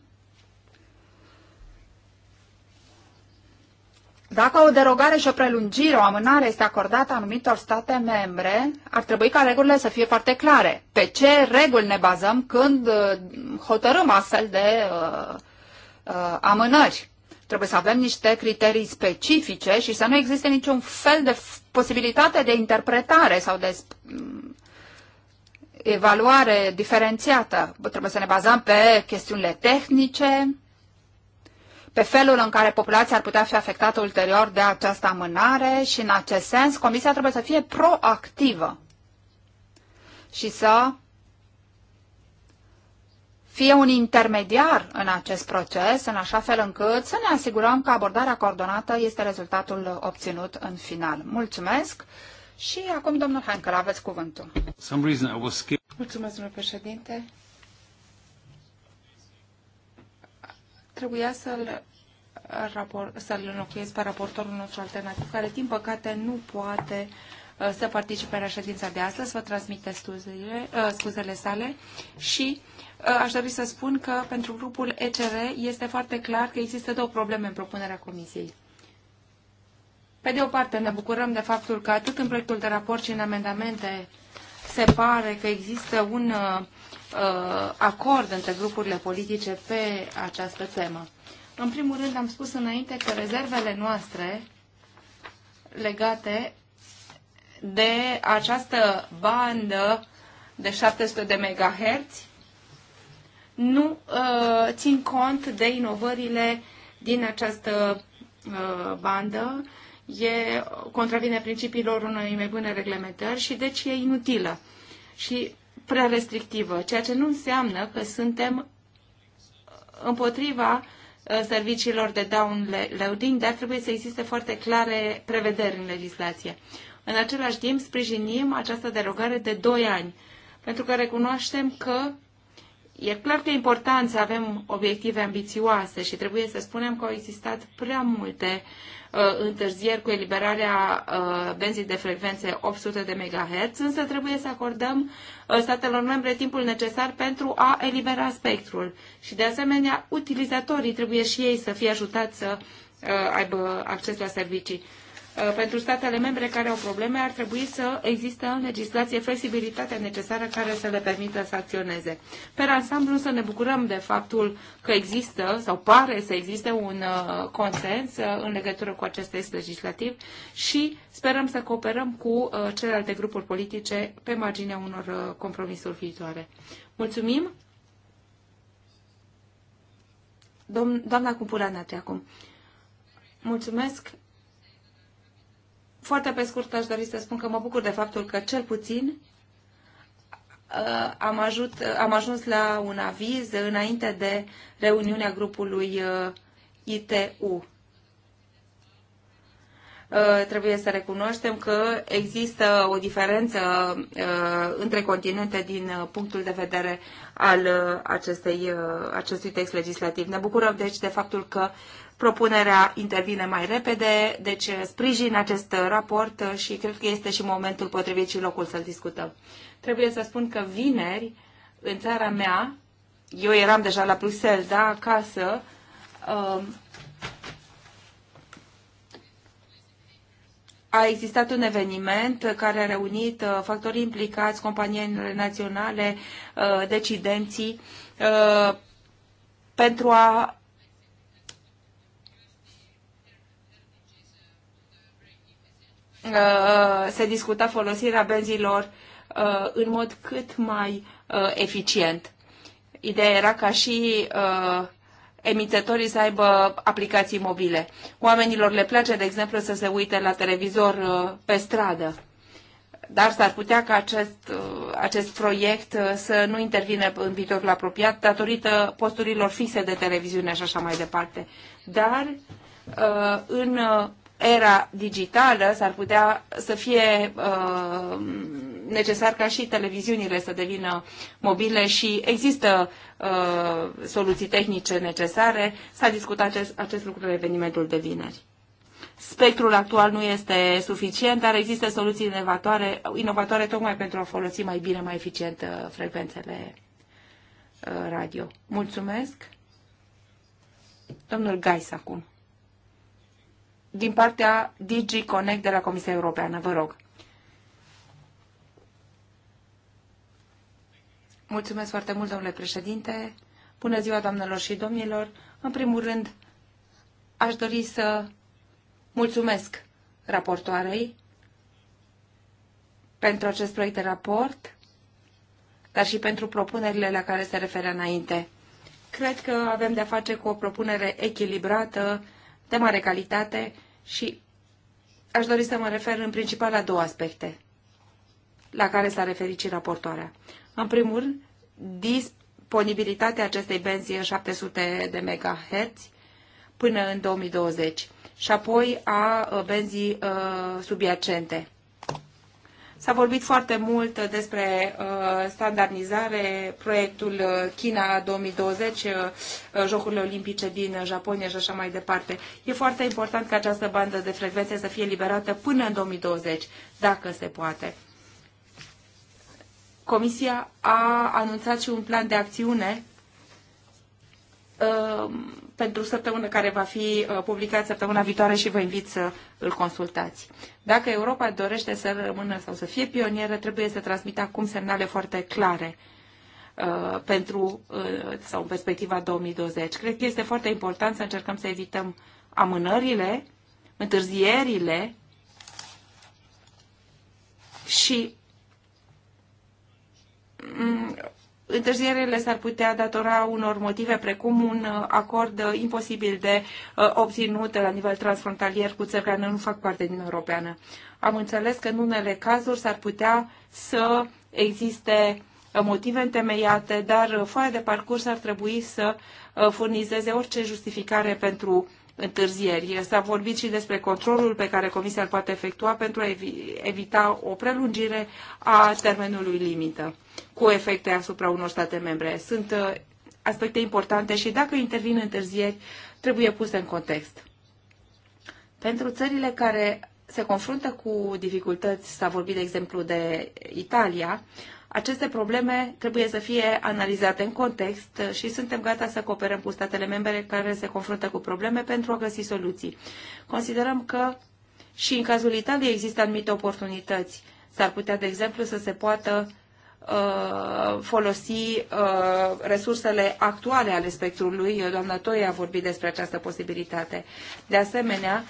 Dacă o derogare și o prelungire, o amânare este acordată anumitor state membre, ar trebui ca regulile să fie foarte clare. Pe ce reguli ne bazăm când uh, hotărâm astfel de uh, uh, amânări? Trebuie să avem niște criterii specifice și să nu existe niciun fel de posibilitate de interpretare sau de evaluare diferențiată. Trebuie să ne bazăm pe chestiunile tehnice, pe felul în care populația ar putea fi afectată ulterior de această amânare și în acest sens Comisia trebuie să fie proactivă și să fie un intermediar în acest proces, în așa fel încât să ne asigurăm că abordarea coordonată este rezultatul obținut în final. Mulțumesc! Și acum, domnul Hankel, aveți cuvântul. Mulțumesc, domnule președinte. trebuia să-l să-l înlocuiesc pe raportorul nostru alternativ, care, din păcate, nu poate uh, să participe la ședința de astăzi, vă transmite scuzele, uh, scuzele sale și uh, aș dori să spun că pentru grupul ECR este foarte clar că există două probleme în propunerea Comisiei. Pe de o parte, ne bucurăm de faptul că atât în proiectul de raport și în amendamente se pare că există un uh, Uh, acord între grupurile politice pe această temă. În primul rând, am spus înainte că rezervele noastre legate de această bandă de 700 de MHz nu uh, țin cont de inovările din această uh, bandă, e, contravine principiilor unei mai bune reglementări și deci e inutilă. Și prea restrictivă, ceea ce nu înseamnă că suntem împotriva uh, serviciilor de downloading, dar trebuie să existe foarte clare prevederi în legislație. În același timp, sprijinim această derogare de 2 ani, pentru că recunoaștem că e clar că e important să avem obiective ambițioase și trebuie să spunem că au existat prea multe uh, întârzieri cu eliberarea uh, benzii de frecvențe 800 de MHz, însă trebuie să acordăm Uh, statelor membre timpul necesar pentru a elibera spectrul. Și de asemenea, utilizatorii trebuie și ei să fie ajutați să uh, aibă acces la servicii. Uh, pentru statele membre care au probleme, ar trebui să există în legislație flexibilitatea necesară care să le permită să acționeze. Pe ansamblu să ne bucurăm de faptul că există sau pare să existe un uh, consens uh, în legătură cu acest text legislativ și sperăm să cooperăm cu celelalte grupuri politice pe marginea unor compromisuri viitoare. Mulțumim! Domn, doamna Cumpurana, acum. Mulțumesc! Foarte pe scurt aș dori să spun că mă bucur de faptul că cel puțin uh, am, ajut, uh, am ajuns la un aviz înainte de reuniunea grupului uh, ITU. Trebuie să recunoaștem că există o diferență între continente din punctul de vedere al acestei, acestui text legislativ. Ne bucurăm deci de faptul că Propunerea intervine mai repede, deci eh, sprijin acest eh, raport eh, și cred că este și momentul potrivit și locul să-l discutăm. Trebuie să spun că vineri, în țara mea, eu eram deja la Bruxelles, da, acasă, ehm, a existat un eveniment care a reunit factorii implicați, companiile naționale, decidenții, pentru a Uh, se discuta folosirea benzilor uh, în mod cât mai uh, eficient. Ideea era ca și emițătorii să aibă aplicații mobile. Oamenilor le place, de exemplu, să se uite la televizor pe stradă. Dar s-ar putea ca acest, acest proiect să nu intervine în viitorul apropiat datorită posturilor fixe de televiziune și așa mai departe. Dar în era digitală, s-ar putea să fie uh, necesar ca și televiziunile să devină mobile și există uh, soluții tehnice necesare. S-a discutat acest, acest lucru la evenimentul de vineri. Spectrul actual nu este suficient, dar există soluții inovatoare, inovatoare tocmai pentru a folosi mai bine, mai eficient uh, frecvențele uh, radio. Mulțumesc. Domnul Gais acum din partea DG Connect de la Comisia Europeană. Vă rog. Mulțumesc foarte mult, domnule președinte. Bună ziua, doamnelor și domnilor. În primul rând, aș dori să mulțumesc raportoarei pentru acest proiect de raport, dar și pentru propunerile la care se referă înainte. Cred că avem de-a face cu o propunere echilibrată tema de calitate și aș dori să mă refer în principal la două aspecte la care s-a referit și raportoarea. În primul rând, disponibilitatea acestei benzi în 700 de MHz până în 2020 și apoi a uh, benzii uh, subiacente. S-a vorbit foarte mult despre uh, standardizare, proiectul uh, China 2020, uh, uh, Jocurile Olimpice din Japonia și așa mai departe. E foarte important ca această bandă de frecvențe să fie liberată până în 2020, dacă se poate. Comisia a anunțat și un plan de acțiune uh, pentru săptămână care va fi uh, publicat săptămâna viitoare și vă invit să îl consultați. Dacă Europa dorește să rămână sau să fie pionieră, trebuie să transmită acum semnale foarte clare uh, pentru uh, sau în perspectiva 2020. Cred că este foarte important să încercăm să evităm amânările, întârzierile și mm, Întârzierile s-ar putea datora unor motive precum un uh, acord uh, imposibil de uh, obținut la nivel transfrontalier cu țări care nu fac parte din Europeană. Am înțeles că în unele cazuri s-ar putea să existe motive întemeiate, dar foaia de parcurs ar trebui să furnizeze orice justificare pentru întârzieri. S-a vorbit și despre controlul pe care Comisia îl poate efectua pentru a evita o prelungire a termenului limită cu efecte asupra unor state membre. Sunt uh, aspecte importante și dacă intervin întârzieri, trebuie puse în context. Pentru țările care se confruntă cu dificultăți, s-a vorbit de exemplu de Italia, aceste probleme trebuie să fie analizate în context și suntem gata să cooperăm cu statele membre care se confruntă cu probleme pentru a găsi soluții. Considerăm că și în cazul Italiei există anumite oportunități. S-ar putea, de exemplu, să se poată uh, folosi uh, resursele actuale ale spectrului. Doamna Toia a vorbit despre această posibilitate. De asemenea,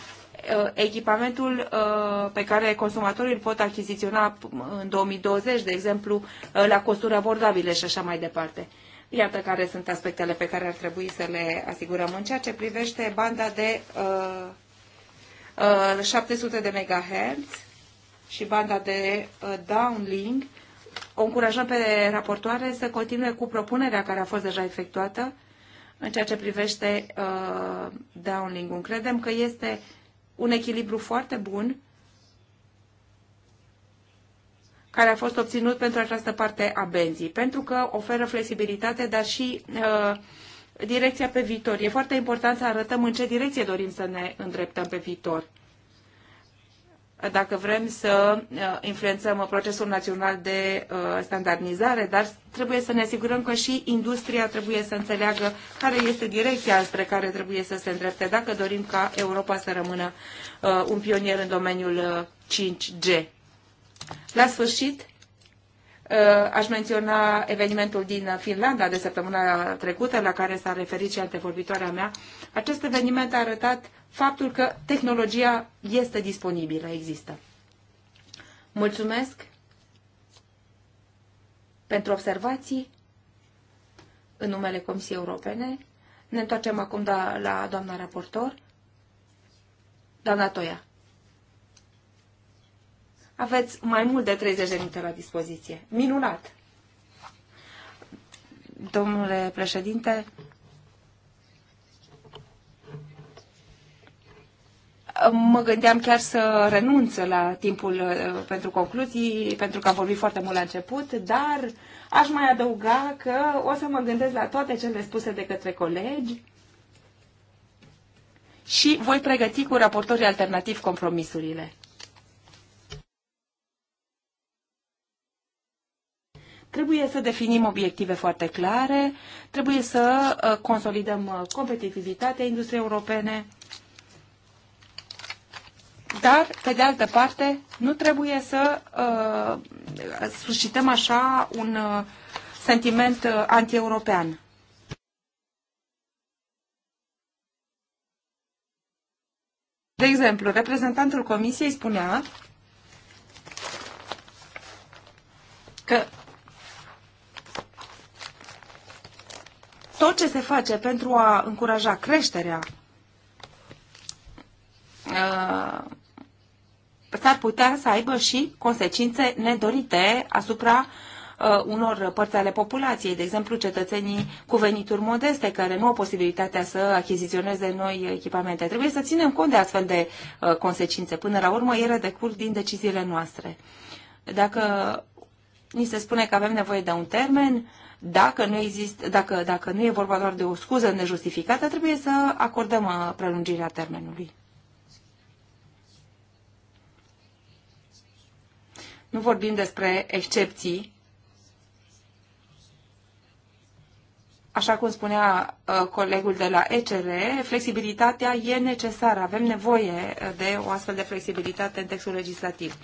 Uh, echipamentul uh, pe care consumatorii îl pot achiziționa în 2020, de exemplu, uh, la costuri abordabile și așa mai departe. Iată care sunt aspectele pe care ar trebui să le asigurăm. În ceea ce privește banda de uh, uh, 700 de MHz și banda de uh, downlink, o încurajăm pe raportoare să continue cu propunerea care a fost deja efectuată în ceea ce privește uh, downlink-ul. Credem că este uh, un echilibru foarte bun care a fost obținut pentru această parte a benzii, pentru că oferă flexibilitate, dar și uh, direcția pe viitor. E foarte important să arătăm în ce direcție dorim să ne îndreptăm pe viitor dacă vrem să uh, influențăm procesul național de uh, standardizare, dar trebuie să ne asigurăm că și industria trebuie să înțeleagă care este direcția spre care trebuie să se îndrepte dacă dorim ca Europa să rămână uh, un pionier în domeniul 5G. La sfârșit, aș menționa evenimentul din Finlanda de săptămâna trecută, la care s-a referit și antevorbitoarea mea. Acest eveniment a arătat faptul că tehnologia este disponibilă, există. Mulțumesc pentru observații în numele Comisiei Europene. Ne întoarcem acum da, la doamna raportor. Doamna Toia, aveți mai mult de 30 de minute la dispoziție. Minunat! Domnule președinte, Mă gândeam chiar să renunț la timpul uh, pentru concluzii, pentru că am vorbit foarte mult la început, dar aș mai adăuga că o să mă gândesc la toate cele spuse de către colegi și voi pregăti cu raportorii alternativ compromisurile. Trebuie să definim obiective foarte clare, trebuie să uh, consolidăm uh, competitivitatea industriei europene, dar, pe de altă parte, nu trebuie să uh, suscităm așa un uh, sentiment uh, european De exemplu, reprezentantul Comisiei spunea că tot ce se face pentru a încuraja creșterea uh, s-ar putea să aibă și consecințe nedorite asupra uh, unor părți ale populației, de exemplu cetățenii cu venituri modeste care nu au posibilitatea să achiziționeze noi echipamente. Trebuie să ținem cont de astfel de uh, consecințe. Până la urmă, ele decurg din deciziile noastre. Dacă ni se spune că avem nevoie de un termen, dacă nu, există, dacă, dacă nu e vorba doar de o scuză nejustificată, trebuie să acordăm uh, prelungirea termenului. Nu vorbim despre excepții. Așa cum spunea uh, colegul de la ECR, flexibilitatea e necesară. Avem nevoie uh, de o astfel de flexibilitate în textul legislativ.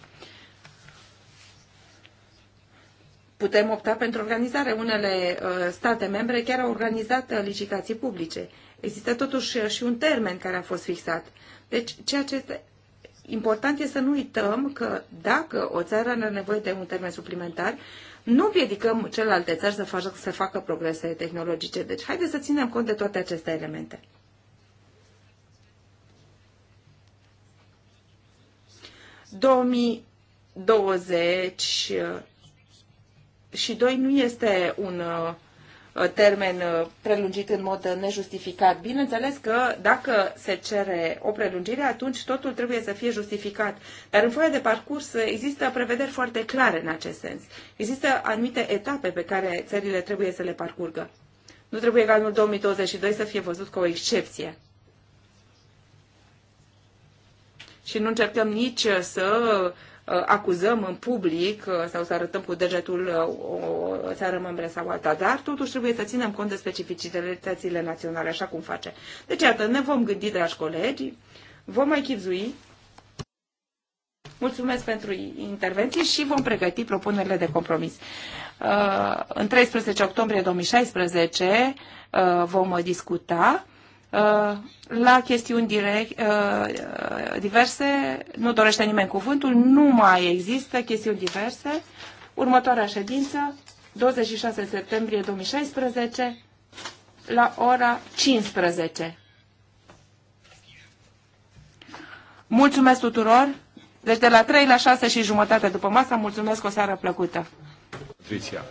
Putem opta pentru organizare. Unele uh, state membre chiar au organizat licitații publice. Există totuși și un termen care a fost fixat. Deci, ceea ce este important este să nu uităm că dacă o țară are nevoie de un termen suplimentar, nu împiedicăm celelalte țări să facă, să facă progrese tehnologice. Deci haideți să ținem cont de toate aceste elemente. ...2020 și 2 nu este un uh, Uh, termen uh, prelungit în mod nejustificat. Bineînțeles că dacă se cere o prelungire, atunci totul trebuie să fie justificat. Dar în foaia de parcurs există prevederi foarte clare în acest sens. Există anumite etape pe care țările trebuie să le parcurgă. Nu trebuie ca anul 2022 să fie văzut ca o excepție. Și nu încercăm nici să uh, Uh, acuzăm în public uh, sau să arătăm cu degetul uh, o țară membră sau alta, dar totuși trebuie să ținem cont de specificitățile naționale, așa cum face. Deci, iată, ne vom gândi, dragi colegi, vom mai chipzui, Mulțumesc pentru intervenții și vom pregăti propunerile de compromis. În 13 octombrie 2016 vom discuta Uh, la chestiuni direct, uh, uh, diverse, nu dorește nimeni cuvântul, nu mai există chestiuni diverse. Următoarea ședință, 26 septembrie 2016, la ora 15. Mulțumesc tuturor! Deci de la 3 la 6 și jumătate după masă, mulțumesc o seară plăcută! Patricia.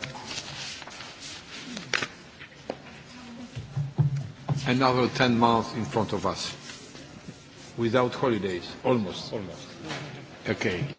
another 10 months in front of us without holidays, almost. Almost. Okay.